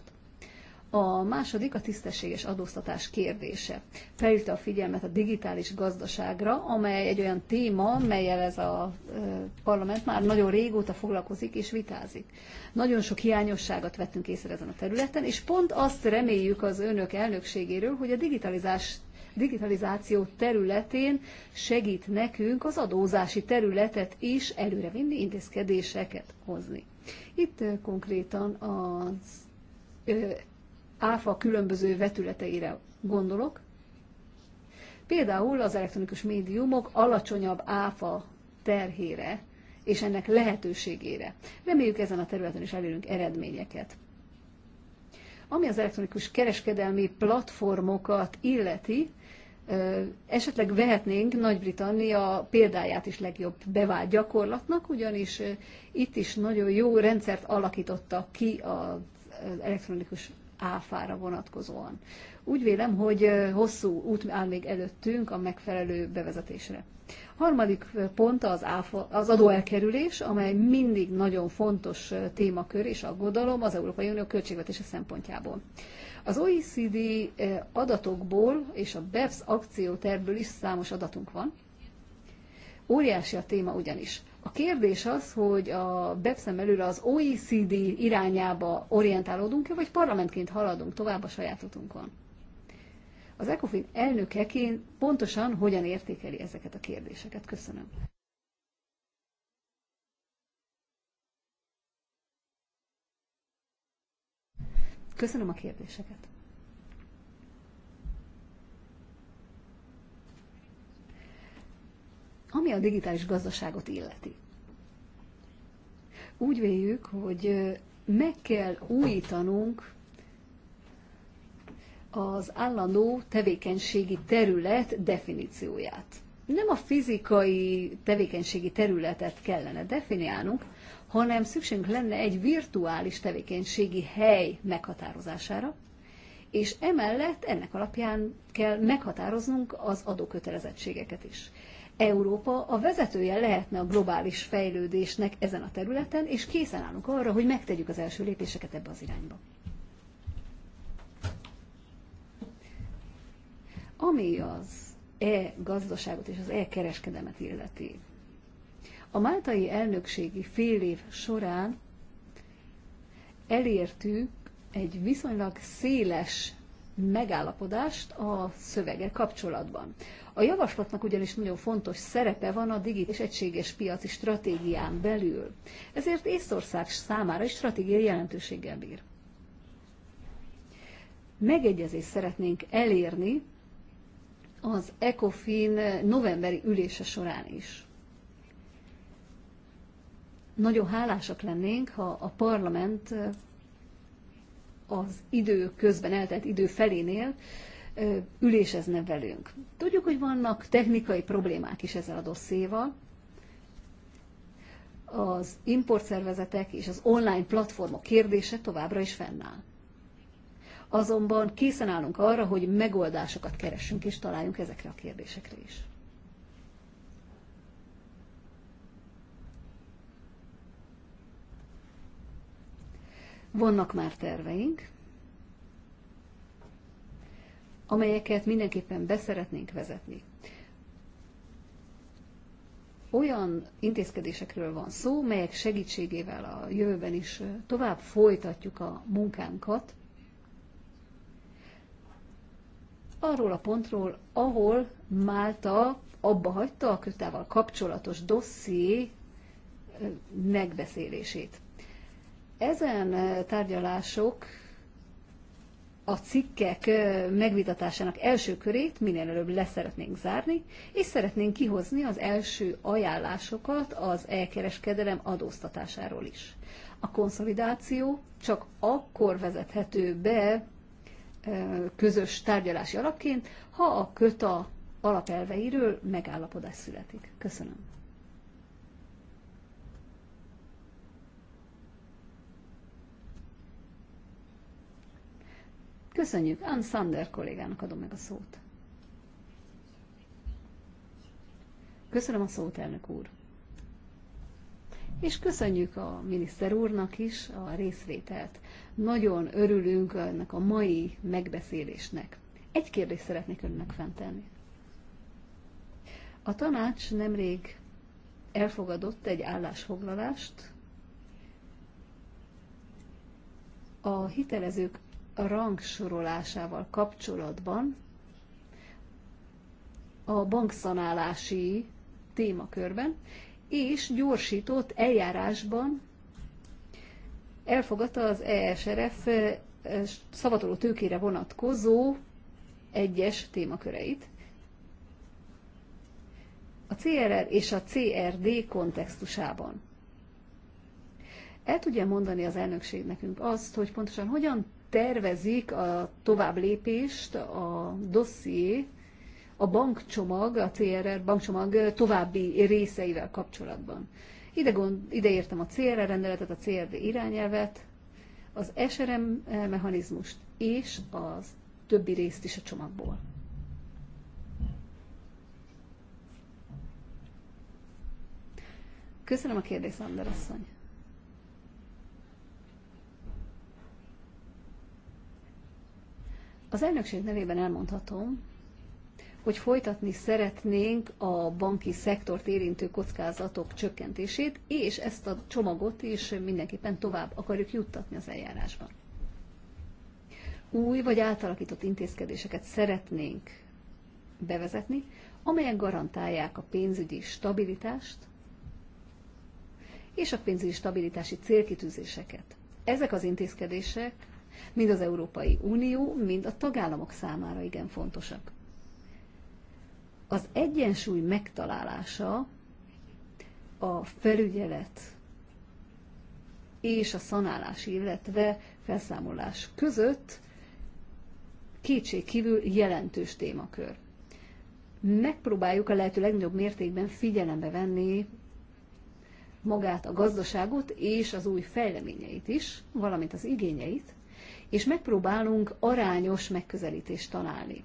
A második a tisztességes adóztatás kérdése. Felhívta a figyelmet a digitális gazdaságra, amely egy olyan téma, melyel ez a parlament már nagyon régóta foglalkozik és vitázik. Nagyon sok hiányosságot vettünk észre ezen a területen, és pont azt reméljük az önök elnökségéről, hogy a digitalizás digitalizáció területén segít nekünk az adózási területet is előrevinni, intézkedéseket hozni. Itt konkrétan az áfa különböző vetületeire gondolok. Például az elektronikus médiumok alacsonyabb áfa terhére és ennek lehetőségére. Reméljük ezen a területen is elérünk eredményeket. Ami az elektronikus kereskedelmi platformokat illeti, esetleg vehetnénk Nagy-Britannia példáját is legjobb bevált gyakorlatnak, ugyanis itt is nagyon jó rendszert alakítottak ki az elektronikus áfára vonatkozóan. Úgy vélem, hogy hosszú út áll még előttünk a megfelelő bevezetésre. A harmadik pont az, áfa, az adóelkerülés, amely mindig nagyon fontos témakör és aggodalom az Európai Unió költségvetése szempontjából. Az OECD adatokból és a BEPS akciótervből is számos adatunk van. Óriási a téma ugyanis. A kérdés az, hogy a BEPS-en előre az OECD irányába orientálódunk-e, vagy parlamentként haladunk tovább a saját utunkon. Az ECOFIN elnökeként pontosan hogyan értékeli ezeket a kérdéseket? Köszönöm. Köszönöm a kérdéseket. Ami a digitális gazdaságot illeti. Úgy véljük, hogy meg kell újítanunk az állandó tevékenységi terület definícióját. Nem a fizikai tevékenységi területet kellene definiálnunk, hanem szükségünk lenne egy virtuális tevékenységi hely meghatározására, és emellett ennek alapján kell meghatároznunk az adókötelezettségeket is. Európa a vezetője lehetne a globális fejlődésnek ezen a területen, és készen állunk arra, hogy megtegyük az első lépéseket ebbe az irányba. Ami az e-gazdaságot és az e-kereskedemet illeti. A máltai elnökségi fél év során elértük egy viszonylag széles megállapodást a szövege kapcsolatban. A javaslatnak ugyanis nagyon fontos szerepe van a digitális egységes piaci stratégián belül, ezért Észország számára is stratégiai jelentőséggel bír. Megegyezést szeretnénk elérni az ECOFIN novemberi ülése során is. Nagyon hálásak lennénk, ha a parlament az idő közben eltelt idő felénél ülésezne velünk. Tudjuk, hogy vannak technikai problémák is ezzel a dosszéval. Az importszervezetek és az online platformok kérdése továbbra is fennáll. Azonban készen állunk arra, hogy megoldásokat keressünk és találjunk ezekre a kérdésekre is. Vannak már terveink, amelyeket mindenképpen beszeretnénk vezetni. Olyan intézkedésekről van szó, melyek segítségével a jövőben is tovább folytatjuk a munkánkat, arról a pontról, ahol Málta abba hagyta a kötával kapcsolatos dosszié megbeszélését. Ezen tárgyalások a cikkek megvitatásának első körét minél előbb leszeretnénk zárni, és szeretnénk kihozni az első ajánlásokat az elkereskedelem adóztatásáról is. A konszolidáció csak akkor vezethető be közös tárgyalási alapként, ha a köta alapelveiről megállapodás születik. Köszönöm. Köszönjük. Ann Sander kollégának adom meg a szót. Köszönöm a szót, elnök úr. És köszönjük a miniszter úrnak is a részvételt. Nagyon örülünk ennek a mai megbeszélésnek. Egy kérdést szeretnék önnek fentelni. A tanács nemrég elfogadott egy állásfoglalást a hitelezők rangsorolásával kapcsolatban a bankszanálási témakörben, és gyorsított eljárásban elfogadta az ESRF eh, szavatoló tőkére vonatkozó egyes témaköreit. A CRR és a CRD kontextusában. El tudja mondani az elnökség nekünk azt, hogy pontosan hogyan tervezik a tovább lépést, a dosszié, a bankcsomag, a CRR bankcsomag további részeivel kapcsolatban. Ide, gond, ide értem a CRR rendeletet, a CRD irányelvet, az SRM mechanizmust és az többi részt is a csomagból. Köszönöm a kérdést, Ander asszony. Az elnökség nevében elmondhatom, hogy folytatni szeretnénk a banki szektort érintő kockázatok csökkentését, és ezt a csomagot is mindenképpen tovább akarjuk juttatni az eljárásban. Új vagy átalakított intézkedéseket szeretnénk bevezetni, amelyek garantálják a pénzügyi stabilitást és a pénzügyi stabilitási célkitűzéseket. Ezek az intézkedések mind az Európai Unió, mind a tagállamok számára igen fontosak. Az egyensúly megtalálása a felügyelet és a szanálás, illetve felszámolás között kétségkívül jelentős témakör. Megpróbáljuk a lehető legnagyobb mértékben figyelembe venni magát a gazdaságot és az új fejleményeit is, valamint az igényeit, és megpróbálunk arányos megközelítést találni.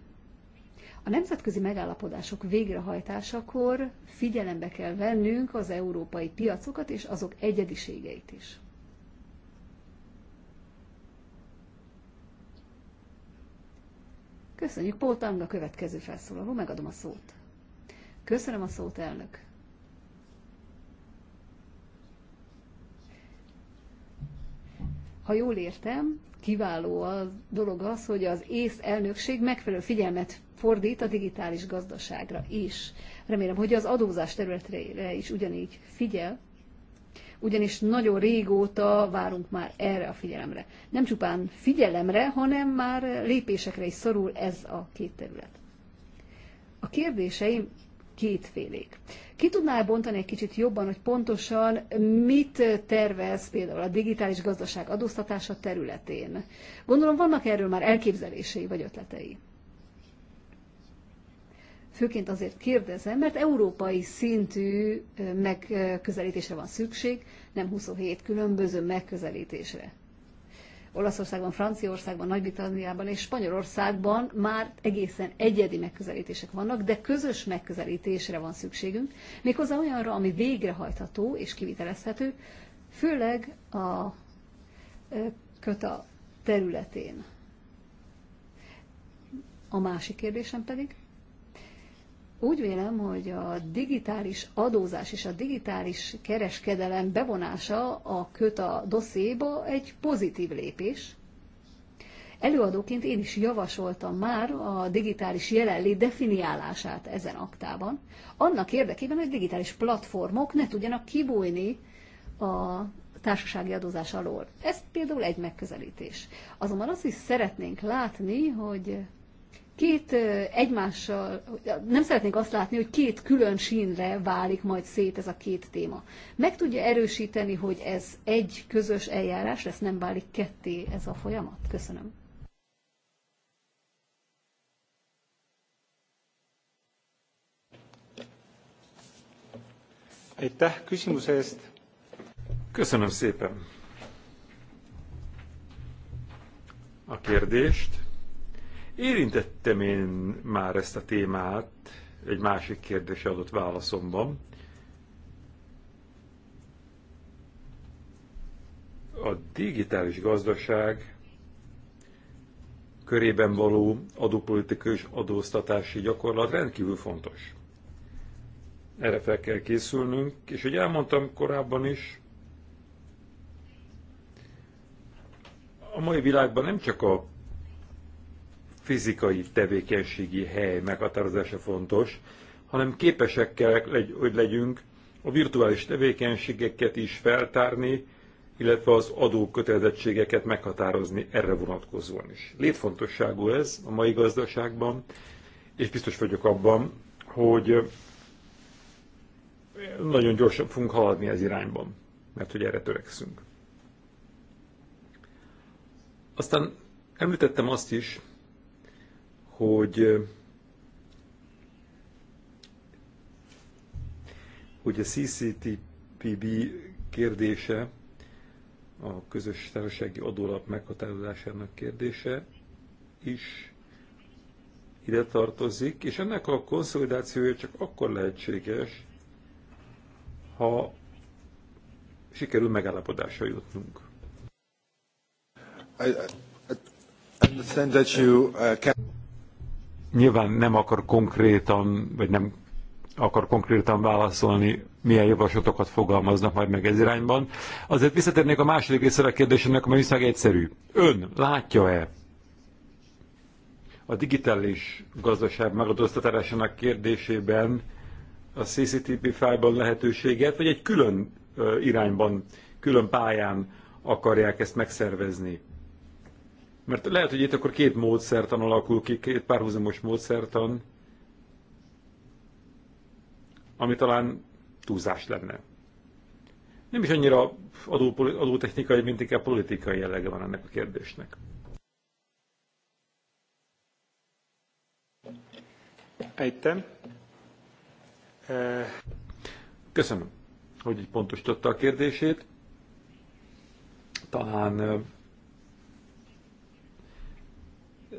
A nemzetközi megállapodások végrehajtásakor figyelembe kell vennünk az európai piacokat és azok egyediségeit is. Köszönjük, Pótang, a következő felszólaló, megadom a szót. Köszönöm a szót, elnök. Ha jól értem, kiváló a dolog az, hogy az ész elnökség megfelelő figyelmet fordít a digitális gazdaságra is. Remélem, hogy az adózás területre is ugyanígy figyel, ugyanis nagyon régóta várunk már erre a figyelemre. Nem csupán figyelemre, hanem már lépésekre is szorul ez a két terület. A kérdéseim kétfélék. Ki tudnál bontani egy kicsit jobban, hogy pontosan mit tervez például a digitális gazdaság adóztatása területén? Gondolom vannak erről már elképzelései vagy ötletei. Főként azért kérdezem, mert európai szintű megközelítésre van szükség, nem 27 különböző megközelítésre. Olaszországban, Franciaországban, Nagy-Britanniában és Spanyolországban már egészen egyedi megközelítések vannak, de közös megközelítésre van szükségünk, méghozzá olyanra, ami végrehajtható és kivitelezhető, főleg a köta területén. A másik kérdésem pedig, úgy vélem, hogy a digitális adózás és a digitális kereskedelem bevonása a a dosszéba egy pozitív lépés. Előadóként én is javasoltam már a digitális jelenlét definiálását ezen aktában, annak érdekében, hogy digitális platformok ne tudjanak kibújni a társasági adózás alól. Ez például egy megközelítés. Azonban azt is szeretnénk látni, hogy két egymással, nem szeretnénk azt látni, hogy két külön sínre válik majd szét ez a két téma. Meg tudja erősíteni, hogy ez egy közös eljárás lesz, nem válik ketté ez a folyamat? Köszönöm. Aitäh küsimuse eest! Köszönöm szépen a kérdést. Érintettem én már ezt a témát egy másik kérdésre adott válaszomban. A digitális gazdaság körében való adópolitikai és adóztatási gyakorlat rendkívül fontos. Erre fel kell készülnünk, és hogy elmondtam korábban is, a mai világban nem csak a fizikai tevékenységi hely meghatározása fontos, hanem képesek kell, hogy legyünk a virtuális tevékenységeket is feltárni, illetve az adókötelezettségeket meghatározni erre vonatkozóan is. Létfontosságú ez a mai gazdaságban, és biztos vagyok abban, hogy nagyon gyorsan fogunk haladni ez irányban, mert hogy erre törekszünk. Aztán említettem azt is, hogy hogy a CCTPB kérdése, a közös társasági adólap meghatározásának kérdése is ide tartozik, és ennek a konszolidációja csak akkor lehetséges, ha sikerül megállapodásra jutnunk. I, I, I uh, nyilván nem akar konkrétan, vagy nem akar konkrétan válaszolni, milyen javaslatokat fogalmaznak majd meg ez irányban. Azért visszatérnék a második részre a kérdésének, amely viszonylag egyszerű. Ön látja-e a digitális gazdaság megadóztatásának kérdésében a CCTP fájban lehetőséget, vagy egy külön irányban, külön pályán akarják ezt megszervezni? Mert lehet, hogy itt akkor két módszertan alakul ki, két párhuzamos módszertan, ami talán túlzás lenne. Nem is annyira adó, adótechnikai, mint inkább politikai jellege van ennek a kérdésnek. Ejtem. Köszönöm, hogy így pontosította a kérdését. Talán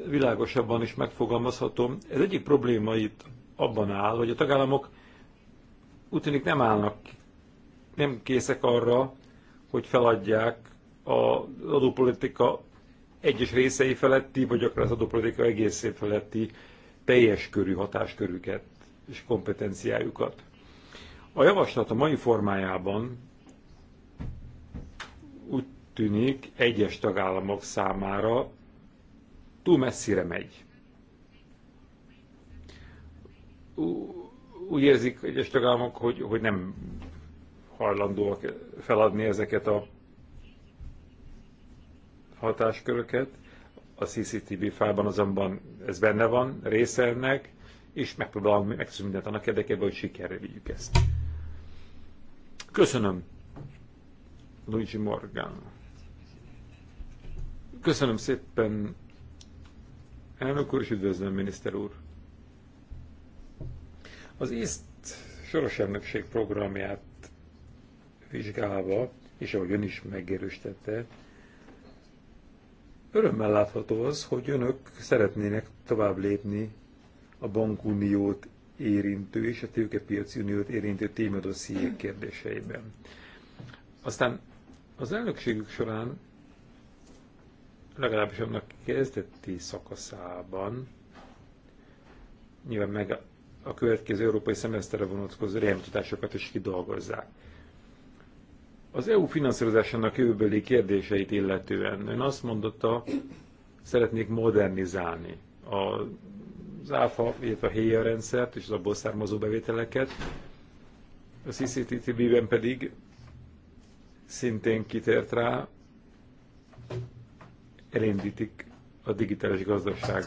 világosabban is megfogalmazhatom. Ez egyik probléma itt abban áll, hogy a tagállamok úgy tűnik nem állnak, nem készek arra, hogy feladják az adópolitika egyes részei feletti, vagy akár az adópolitika egészé feletti teljes körű hatáskörüket és kompetenciájukat. A javaslat a mai formájában úgy tűnik egyes tagállamok számára túl messzire megy. Úgy érzik egyes tagállamok, hogy, hogy nem hajlandóak feladni ezeket a hatásköröket. A CCTV fában azonban ez benne van, része ennek, és megpróbálom megszűnni mindent annak érdekében, hogy sikerre vigyük ezt. Köszönöm, Luigi Morgan. Köszönöm szépen, Elnök úr, és üdvözlöm, miniszter úr! Az észt soros elnökség programját vizsgálva, és ahogy ön is megérőstette, örömmel látható az, hogy önök szeretnének tovább lépni a bankuniót érintő és a tőkepiaci uniót érintő témadossziék kérdéseiben. Aztán az elnökségük során legalábbis annak kezdeti szakaszában, nyilván meg a következő európai szemeszterre vonatkozó rémutatásokat is kidolgozzák. Az EU finanszírozásának jövőbeli kérdéseit illetően ön azt mondotta, szeretnék modernizálni az ÁFA, illetve a HÉA e rendszert és az abból származó bevételeket. A CCTTB-ben pedig szintén kitért rá, elindítik a digitális gazdaság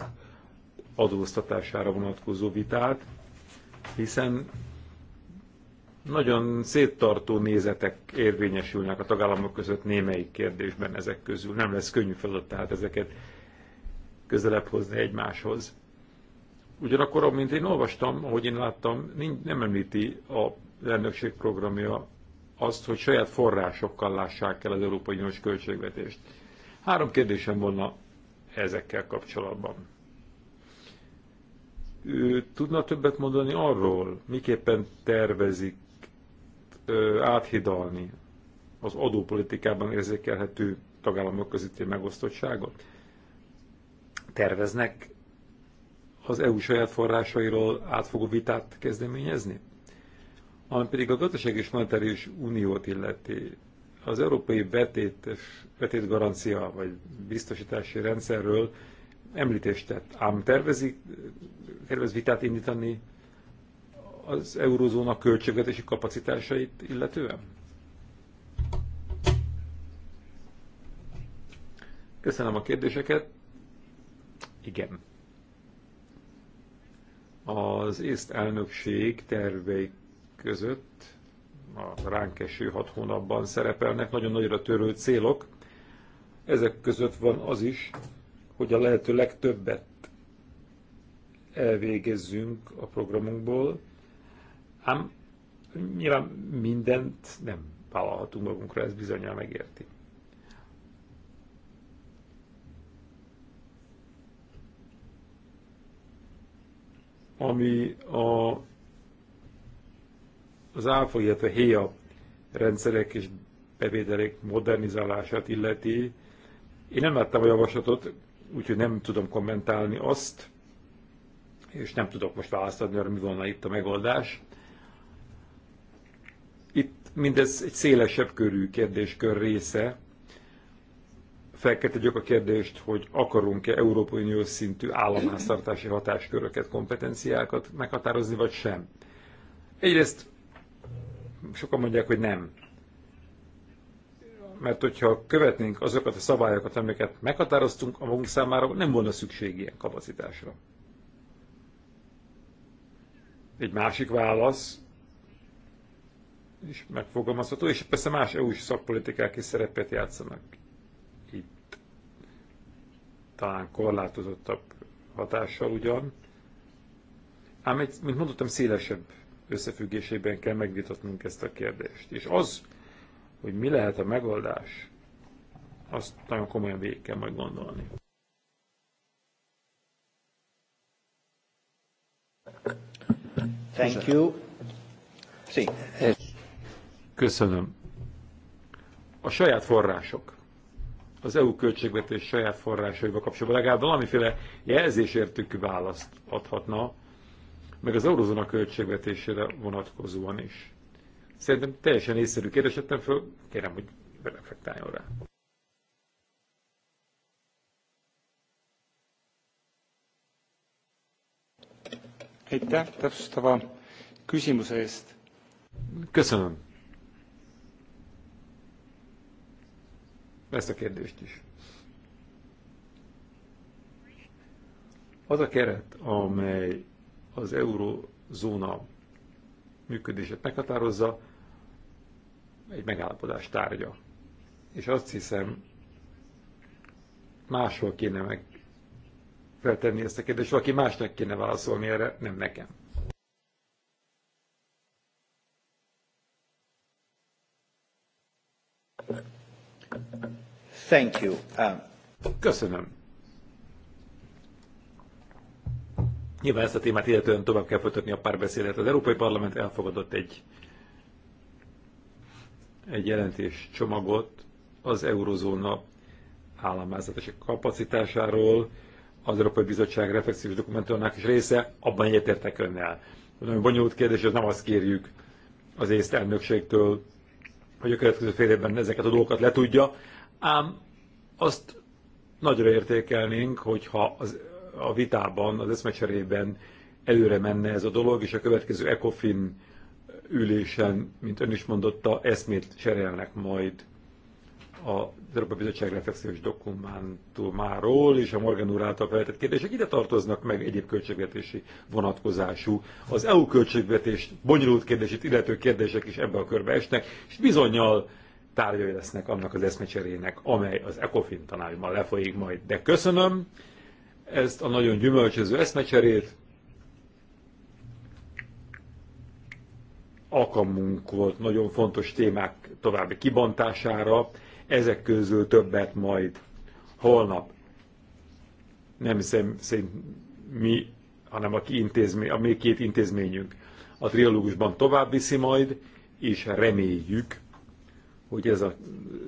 adóztatására vonatkozó vitát, hiszen nagyon széttartó nézetek érvényesülnek a tagállamok között némelyik kérdésben ezek közül. Nem lesz könnyű feladat tehát ezeket közelebb hozni egymáshoz. Ugyanakkor, amint én olvastam, ahogy én láttam, nem említi a elnökség programja azt, hogy saját forrásokkal lássák el az Európai Uniós költségvetést. Három kérdésem volna ezekkel kapcsolatban. Ő tudna többet mondani arról, miképpen tervezik ö, áthidalni az adópolitikában érzékelhető tagállamok közötti megosztottságot? Terveznek az EU saját forrásairól átfogó vitát kezdeményezni? Ami pedig a gazdaság és monetáris uniót illeti, az európai betétes, betét garancia vagy biztosítási rendszerről említést tett, ám tervezik, tervez vitát indítani az eurózóna költségvetési kapacitásait illetően? Köszönöm a kérdéseket. Igen. Az észt elnökség tervei között a ránk eső hat hónapban szerepelnek, nagyon nagyra törő célok. Ezek között van az is, hogy a lehető legtöbbet elvégezzünk a programunkból, ám nyilván mindent nem vállalhatunk magunkra, ez bizonyára megérti. Ami a az áfa, illetve héja e rendszerek és bevételek modernizálását illeti. Én nem láttam a javaslatot, úgyhogy nem tudom kommentálni azt, és nem tudok most választ adni arra, mi volna itt a megoldás. Itt mindez egy szélesebb körű kérdéskör része. Felkeltetjük a kérdést, hogy akarunk-e Európai Unió szintű államháztartási hatásköröket, kompetenciákat meghatározni, vagy sem. Egyrészt sokan mondják, hogy nem. Mert hogyha követnénk azokat a szabályokat, amiket meghatároztunk a magunk számára, nem volna szükség ilyen kapacitásra. Egy másik válasz, és megfogalmazható, és persze más EU-s szakpolitikák is szerepet játszanak itt. Talán korlátozottabb hatással ugyan, ám egy, mint mondottam, szélesebb összefüggésében kell megvitatnunk ezt a kérdést. És az, hogy mi lehet a megoldás, azt nagyon komolyan végig kell majd gondolni. Thank you. Köszönöm. A saját források. Az EU költségvetés saját forrásaival kapcsolatban legalább valamiféle jelzésértük választ adhatna, meg az eurozóna költségvetésére vonatkozóan is. Szerintem teljesen észszerű kérdésettem föl, kérem, hogy reflektáljon rá. Egy täpsustava küsimuse Köszönöm. Ezt a kérdést is. Az a keret, amely az eurózóna működését meghatározza, egy megállapodás tárgya. És azt hiszem, máshol kéne meg feltenni ezt a kérdést, valaki másnak kéne válaszolni erre, nem nekem. Thank you. Um... Köszönöm. Nyilván ezt a témát illetően tovább kell folytatni a párbeszédet. Az Európai Parlament elfogadott egy, egy jelentés csomagot az eurozóna államázatási kapacitásáról, az Európai Bizottság reflexív dokumentumának is része, abban egyetértek önnel. Nagyon bonyolult kérdés, hogy nem azt kérjük az észt elnökségtől, hogy a következő fél évben ezeket a dolgokat letudja, ám azt nagyra értékelnénk, hogyha az a vitában, az eszmecserében előre menne ez a dolog, és a következő ECOFIN ülésen, mint ön is mondotta, eszmét cserélnek majd az Európai Bizottság reflexiós dokumentumáról és a Morgan úr által feltett kérdések ide tartoznak meg egyéb költségvetési vonatkozású. Az EU költségvetés bonyolult kérdését illető kérdések is ebbe a körbe esnek, és bizonyal tárgyai lesznek annak az eszmecserének, amely az ECOFIN tanácsban lefolyik majd. De köszönöm ezt a nagyon gyümölcsöző eszmecserét. Alkalmunk volt nagyon fontos témák további kibontására, ezek közül többet majd holnap. Nem hiszem, szerint mi, hanem a, intézmény, a mi két intézményünk a triológusban tovább viszi majd, és reméljük, hogy ez a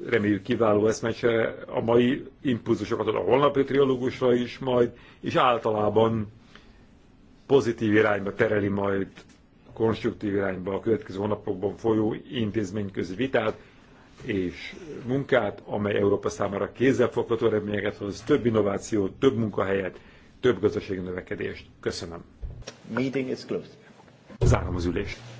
reméljük kiváló eszmecse a mai impulzusokat ad a holnapi triológusra is majd, és általában pozitív irányba tereli majd konstruktív irányba a következő hónapokban folyó intézményközi vitát és munkát, amely Európa számára kézzelfogható eredményeket hoz, több innovációt, több munkahelyet, több gazdasági növekedést. Köszönöm. Meeting is closed. Zárom az ülést.